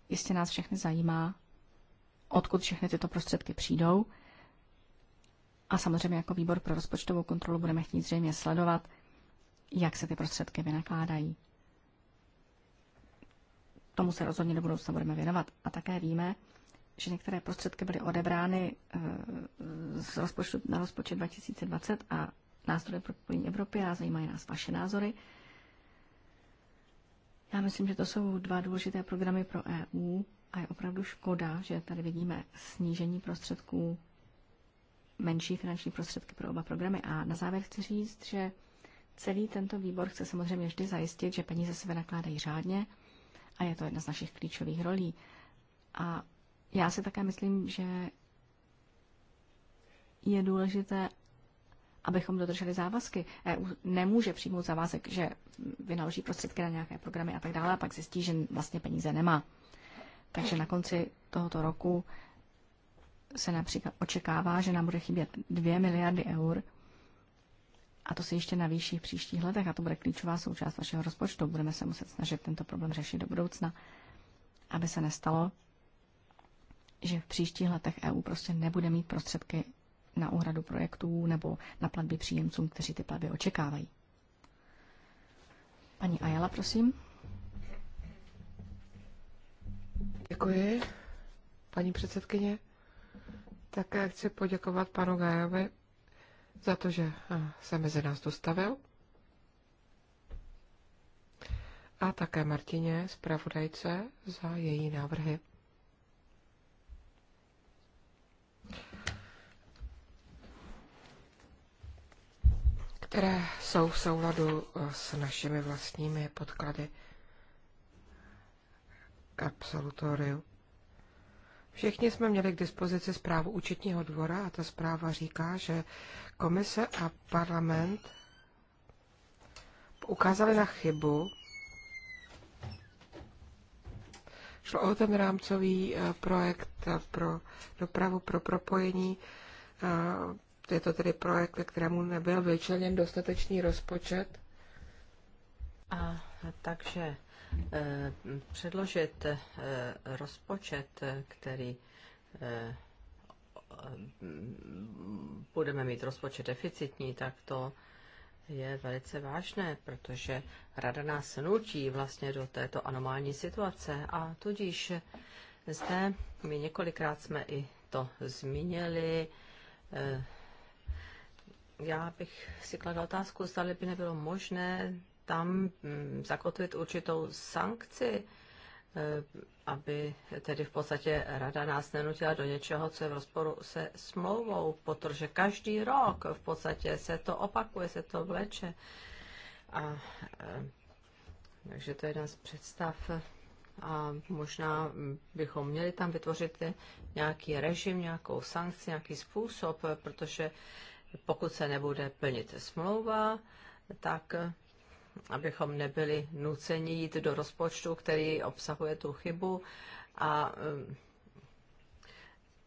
Jistě nás všechny zajímá, odkud všechny tyto prostředky přijdou. A samozřejmě jako výbor pro rozpočtovou kontrolu budeme chtít zřejmě sledovat, jak se ty prostředky vynakládají tomu se rozhodně do budoucna budeme věnovat. A také víme, že některé prostředky byly odebrány eh, z rozpočtu na rozpočet 2020 a nástroje pro propojení Evropy a zajímají nás vaše názory. Já myslím, že to jsou dva důležité programy pro EU a je opravdu škoda, že tady vidíme snížení prostředků, menší finanční prostředky pro oba programy. A na závěr chci říct, že celý tento výbor chce samozřejmě vždy zajistit, že peníze se vynakládají řádně, a je to jedna z našich klíčových rolí. A já si také myslím, že je důležité, abychom dodrželi závazky. EU nemůže přijmout závazek, že vynaloží prostředky na nějaké programy a tak dále a pak zjistí, že vlastně peníze nemá. Takže na konci tohoto roku se například očekává, že nám bude chybět 2 miliardy eur a to se ještě navýší v příštích letech a to bude klíčová součást vašeho rozpočtu. Budeme se muset snažit tento problém řešit do budoucna, aby se nestalo, že v příštích letech EU prostě nebude mít prostředky na úhradu projektů nebo na platby příjemcům, kteří ty platby očekávají. Paní Ajala, prosím. Děkuji, paní předsedkyně. Také chci poděkovat panu Gajovi za to, že eh, se mezi nás dostavil. A také Martině, zpravodajce, za její návrhy. které jsou v souladu eh, s našimi vlastními podklady k absolutoriu. Všichni jsme měli k dispozici zprávu účetního dvora a ta zpráva říká, že komise a parlament ukázali na chybu. Šlo o ten rámcový eh, projekt pro dopravu, pro propojení. Eh, je to tedy projekt, kterému nebyl vyčleněn dostatečný rozpočet. A takže Eh, předložit eh, rozpočet, který eh, budeme mít rozpočet deficitní, tak to je velice vážné, protože rada nás nutí vlastně do této anomální situace a tudíž zde my několikrát jsme i to zmínili. Já bych si kladla otázku, zda by nebylo možné tam mm, zakotvit určitou sankci, eh, aby tedy v podstatě rada nás nenutila do něčeho, co je v rozporu se smlouvou, protože každý rok v podstatě se to opakuje, se to vleče. A, eh, takže to je jedna z představ. A možná bychom měli tam vytvořit nějaký režim, nějakou sankci, nějaký způsob, protože pokud se nebude plnit smlouva, tak abychom nebyli nuceni jít do rozpočtu, který obsahuje tu chybu. A, um,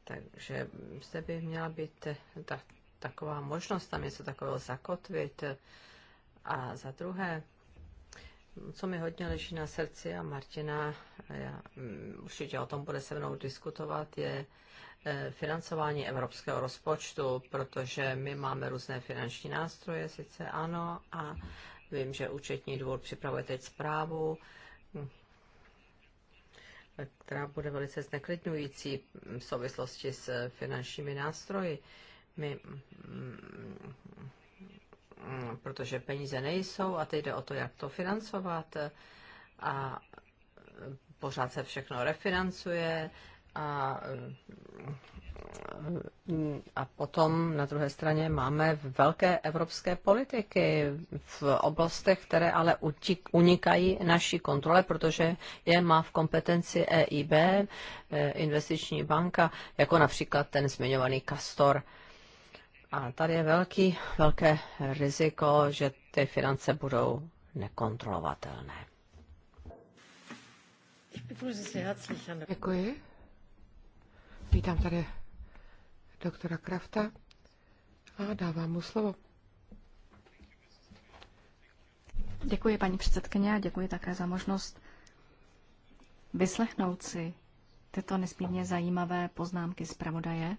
takže zde by měla být ta, taková možnost tam něco takového zakotvit. A za druhé, co mi hodně leží na srdci a Martina já, mm, určitě o tom bude se mnou diskutovat, je eh, financování evropského rozpočtu, protože my máme různé finanční nástroje, sice ano, a Vím, že účetní dvůr připravuje teď zprávu, která bude velice zneklidňující v souvislosti s finančními nástroji. My, mm, protože peníze nejsou a teď jde o to, jak to financovat a pořád se všechno refinancuje a a potom na druhé straně máme velké evropské politiky v oblastech, které ale unikají naší kontrole, protože je má v kompetenci EIB, e, investiční banka, jako například ten zmiňovaný Castor. A tady je velký, velké riziko, že ty finance budou nekontrolovatelné. Děkuji. Vítám tady doktora Krafta a dávám mu slovo. Děkuji, paní předsedkyně, a děkuji také za možnost vyslechnout si tyto nesmírně zajímavé poznámky pravodaje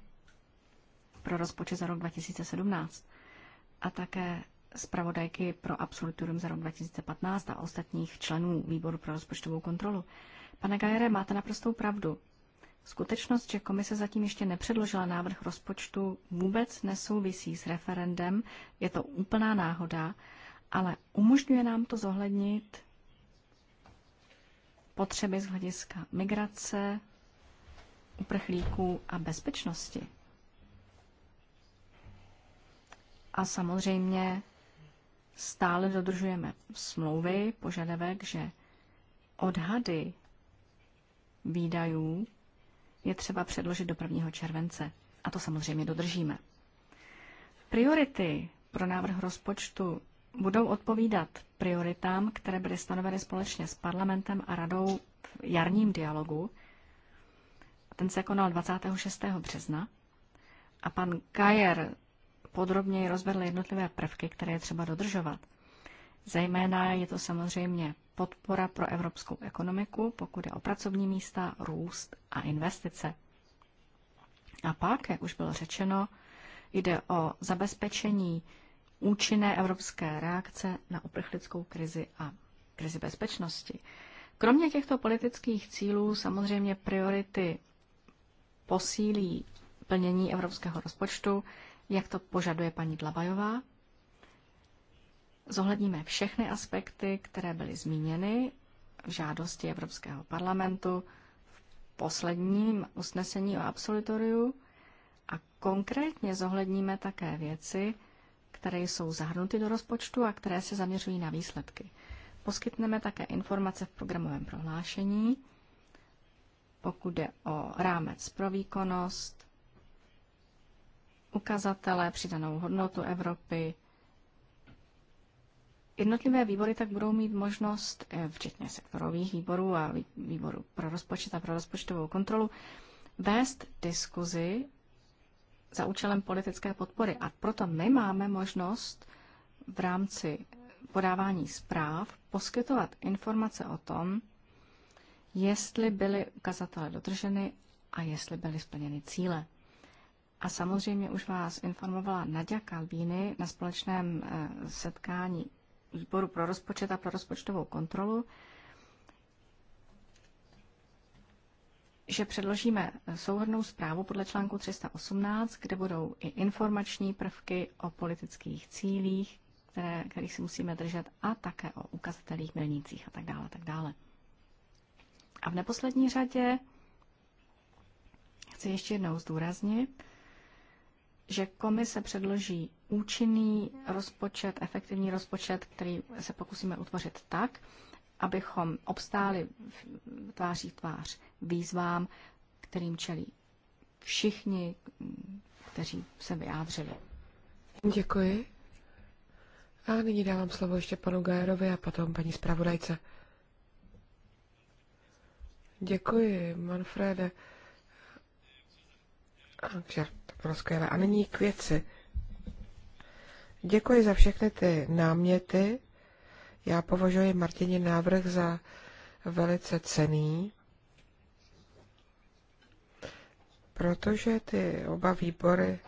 pro rozpočet za rok 2017 a také pravodajky pro absoluturum za rok 2015 a ostatních členů výboru pro rozpočtovou kontrolu. Pane Gajere, máte naprostou pravdu. Skutečnost, že komise zatím ještě nepředložila návrh rozpočtu, vůbec nesouvisí s referendem, je to úplná náhoda, ale umožňuje nám to zohlednit potřeby z hlediska migrace, uprchlíků a bezpečnosti. A samozřejmě stále dodržujeme smlouvy, požadavek, že odhady výdajů je třeba předložit do 1. července. A to samozřejmě dodržíme. Priority pro návrh rozpočtu budou odpovídat prioritám, které byly stanoveny společně s parlamentem a radou v jarním dialogu. Ten se konal 26. března a pan Kajer podrobněji rozvedl jednotlivé prvky, které je třeba dodržovat. Zejména je to samozřejmě podpora pro evropskou ekonomiku, pokud je o pracovní místa, růst a investice. A pak, jak už bylo řečeno, jde o zabezpečení účinné evropské reakce na uprchlickou krizi a krizi bezpečnosti. Kromě těchto politických cílů samozřejmě priority posílí plnění evropského rozpočtu, jak to požaduje paní Dlabajová, Zohledníme všechny aspekty, které byly zmíněny v žádosti Evropského parlamentu v posledním usnesení o absolutoriu a konkrétně zohledníme také věci, které jsou zahrnuty do rozpočtu a které se zaměřují na výsledky. Poskytneme také informace v programovém prohlášení, pokud jde o rámec pro výkonnost, ukazatele, přidanou hodnotu Evropy, Jednotlivé výbory tak budou mít možnost, eh, včetně sektorových výborů a výboru pro rozpočet a pro rozpočtovou kontrolu, vést diskuzi za účelem politické podpory. A proto my máme možnost v rámci podávání zpráv poskytovat informace o tom, jestli byly ukazatele dodrženy a jestli byly splněny cíle. A samozřejmě už vás informovala Nadia Kalbíny na společném eh, setkání výboru pro rozpočet a pro rozpočtovou kontrolu, že předložíme souhrnou zprávu podle článku 318, kde budou i informační prvky o politických cílích, které, kterých si musíme držet, a také o ukazatelích, milnících a tak dále, a tak dále. A v neposlední řadě chci ještě jednou zdůraznit, že komise předloží účinný rozpočet, efektivní rozpočet, který se pokusíme utvořit tak, abychom obstáli tváří tvář výzvám, kterým čelí všichni, kteří se vyjádřili. Děkuji. A nyní dávám slovo ještě panu Gajerovi a potom paní zpravodajce. Děkuji, Manfrede. Takže rozkvěle. A nyní k věci. Děkuji za všechny ty náměty. Já považuji Martině návrh za velice cený, protože ty oba výbory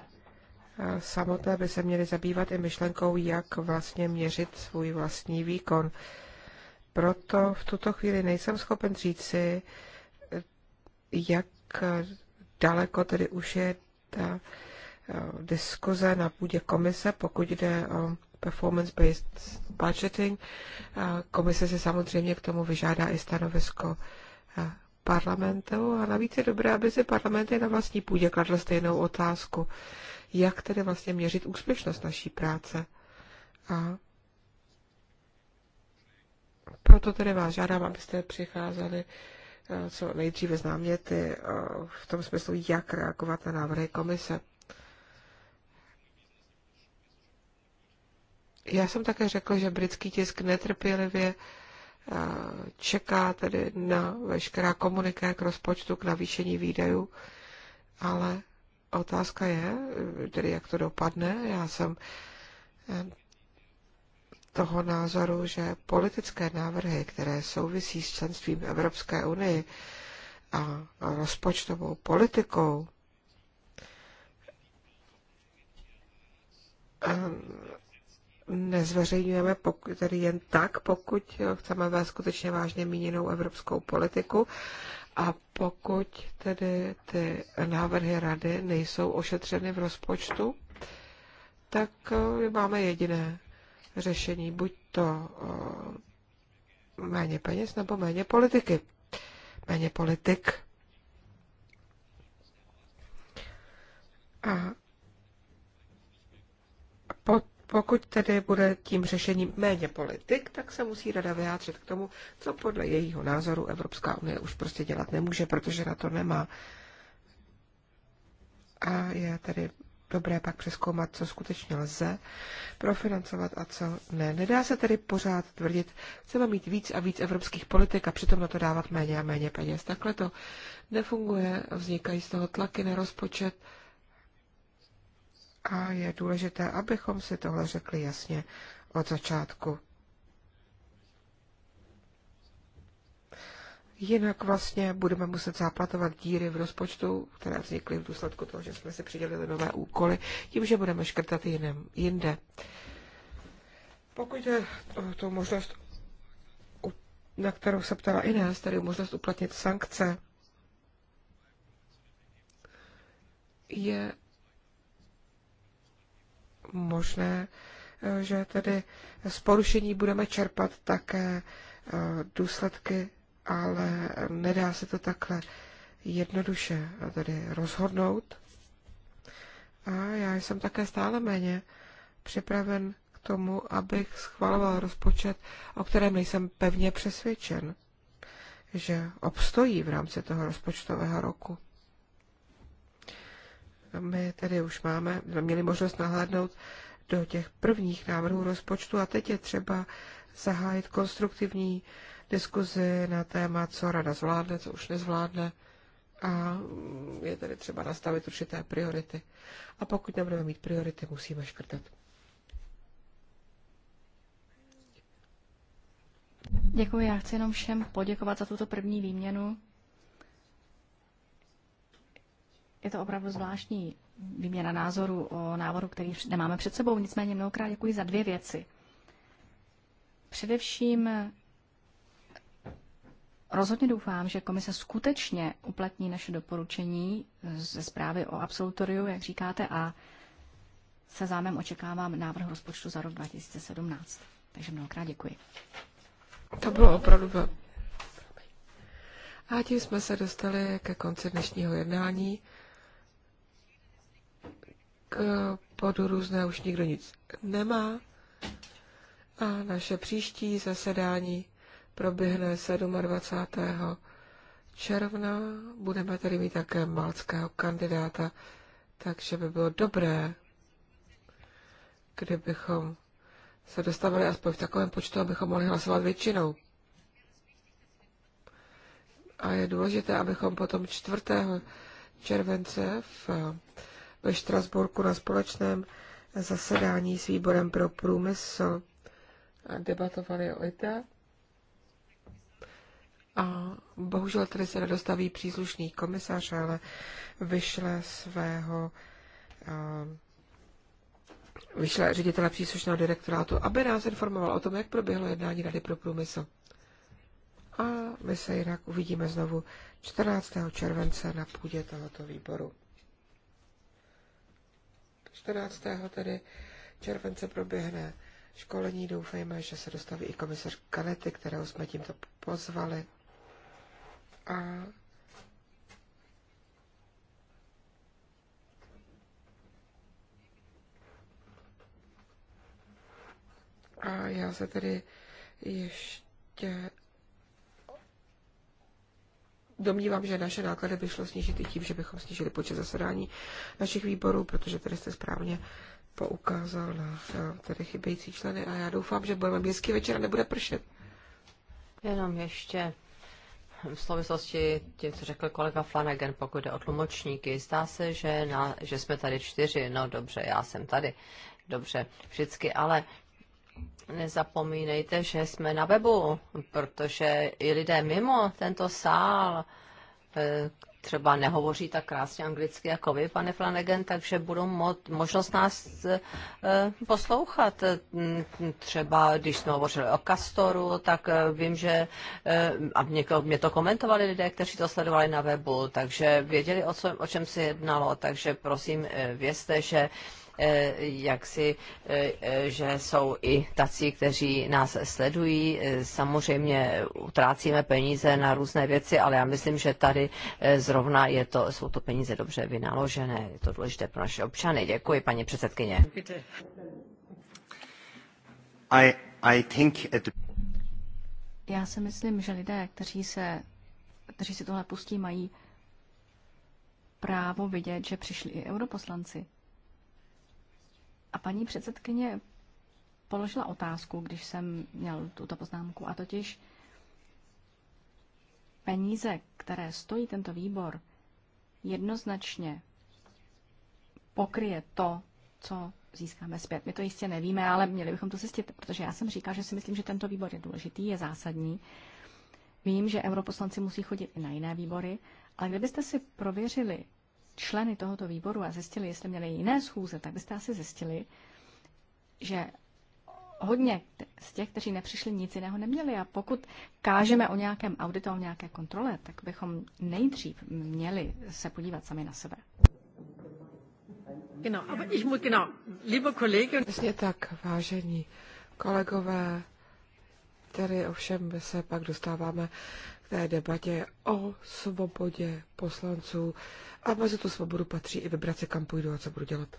eh, samotné by se měly zabývat i myšlenkou, jak vlastně měřit svůj vlastní výkon. Proto v tuto chvíli nejsem schopen říci, eh, jak daleko tedy už je ta eh, diskuze na půdě komise, pokud jde o performance-based budgeting. Komise se samozřejmě k tomu vyžádá i stanovisko eh, parlamentu a navíc je dobré, aby si parlamenty na vlastní půdě kladl stejnou otázku, jak tedy vlastně měřit úspěšnost naší práce. A proto tedy vás žádám, abyste přicházeli Eh, co nejdříve známěty eh, v tom smyslu, jak reagovat na návrhy komise. Já jsem také řekl, že britský tisk netrpělivě eh, čeká tedy na veškerá komuniké k rozpočtu, k navýšení výdajů, ale otázka je, tedy jak to dopadne. Já jsem toho názoru, že politické návrhy, které souvisí s členstvím Evropské unii a rozpočtovou politikou, ehm, nezveřejňujeme pokud, tedy jen tak, pokud chceme vést skutečně vážně míněnou evropskou politiku a pokud tedy ty návrhy rady nejsou ošetřeny v rozpočtu, tak eh, máme jediné řešení buď to eh, méně peněz nebo méně politiky. Méně politik. A po, pokud tedy bude tím řešením méně politik, tak se musí rada vyjádřit k tomu, co podle jejího názoru Evropská unie už prostě dělat nemůže, protože na to nemá. A já tedy dobré pak přeskoumat, co skutečně lze profinancovat a co ne. Nedá se tedy pořád tvrdit, chceme mít víc a víc evropských politik a přitom na to dávat méně a méně peněz. Takhle to nefunguje, vznikají z toho tlaky na rozpočet a je důležité, abychom si tohle řekli jasně od začátku. Jinak vlastně budeme muset záplatovat díry v rozpočtu, které vznikly v důsledku toho, že jsme si přidělili nové úkoly, tím, že budeme škrtat jiném, jinde. Pokud je to, to možnost, na kterou se ptala Inés, tedy možnost uplatnit sankce, je možné, eh, že tedy z porušení budeme čerpat také eh, důsledky ale nedá se to takhle jednoduše tedy rozhodnout. A já jsem také stále méně připraven k tomu, abych schvaloval rozpočet, o kterém nejsem pevně přesvědčen, že obstojí v rámci toho rozpočtového roku. My tedy už máme, měli možnost nahlédnout do těch prvních návrhů rozpočtu a teď je třeba zahájit konstruktivní diskuzi na téma, co rada zvládne, co už nezvládne a je tady třeba nastavit určité priority. A pokud nebudeme mít priority, musíme škrtat. Děkuji, já chci jenom všem poděkovat za tuto první výměnu. Je to opravdu zvláštní výměna názoru o návodu, který nemáme před sebou. Nicméně mnohokrát děkuji za dvě věci. Především Rozhodně doufám, že komise skutečně uplatní naše doporučení ze zprávy o absolutoriu, jak říkáte, a se zájmem očekávám návrh rozpočtu za rok 2017. Takže mnohokrát děkuji. To bylo opravdu A tím jsme se dostali ke konci dnešního jednání. K podu různé už nikdo nic nemá. A naše příští zasedání proběhne 27. června. Budeme tady mít také malckého kandidáta, takže by bylo dobré, kdybychom se dostavili aspoň v takovém počtu, abychom mohli hlasovat většinou. A je důležité, abychom potom 4. července v, ve Štrasburku na společném zasedání s výborem pro průmysl debatovali o ITA. A bohužel tedy se nedostaví příslušný komisař, ale vyšle svého eh, vyšle ředitele příslušného direktorátu, aby nás informoval o tom, jak proběhlo jednání Rady pro průmysl. A my se jinak uvidíme znovu 14. července na půdě tohoto výboru. 14. tedy července proběhne školení. Doufejme, že se dostaví i komisař Kanety, kterého jsme tímto pozvali. A A já se tedy ještě domnívám, že naše náklady by šlo snížit i tím, že bychom snížili počet zasedání našich výborů, protože tady jste správně poukázal na tedy chybějící členy a já doufám, že budeme městský večer a nebude pršet. Jenom ještě v souvislosti tím, co řekl kolega Flanagan, pokud jde o tlumočníky. Zdá se, že, na, že jsme tady čtyři. No dobře, já jsem tady. Dobře, vždycky, ale nezapomínejte, že jsme na webu, protože i lidé mimo tento sál, eh, třeba nehovoří tak krásně anglicky jako vy, pane Flanagan, takže budou mo- možnost nás e, poslouchat. Mm, třeba když jsme hovořili o Castoru, tak e, vím, že e, a mě, mě to komentovali lidé, kteří to sledovali na webu, takže věděli, o, co, o čem se jednalo. Takže prosím, e, vězte, že e, Eh, jak si, eh, eh, že jsou i tací, kteří nás sledují. Samozřejmě utrácíme peníze na různé věci, ale já myslím, že tady zrovna je to, jsou to peníze dobře vynaložené. Je to důležité pro naše občany. Děkuji, paní předsedkyně. I, I think it... Já si myslím, že lidé, kteří se, kteří si tohle pustí, mají právo vidět, že přišli i europoslanci. A paní předsedkyně položila otázku, když jsem měl tuto poznámku, a totiž peníze, které stojí tento výbor, jednoznačně pokryje to, co získáme zpět. My to jistě nevíme, ale měli bychom to zjistit, protože já jsem říkal, že si myslím, že tento výbor je důležitý, je zásadní. Vím, že europoslanci musí chodit i na jiné výbory, ale kdybyste si prověřili, členy tohoto výboru a zjistili, jestli měli jiné schůze, tak byste asi zjistili, že hodně z těch, kteří nepřišli, nic jiného neměli. A pokud kážeme o nějakém auditu, o nějaké kontrole, tak bychom nejdřív měli se podívat sami na sebe. Genau, aber ich muss, genau, liebe Kollegen. Přesně tak, vážení kolegové, tedy ovšem se pak dostáváme té debatě o svobodě poslanců a mezi tu svobodu patří i vybrat si, kam půjdu a co budu dělat.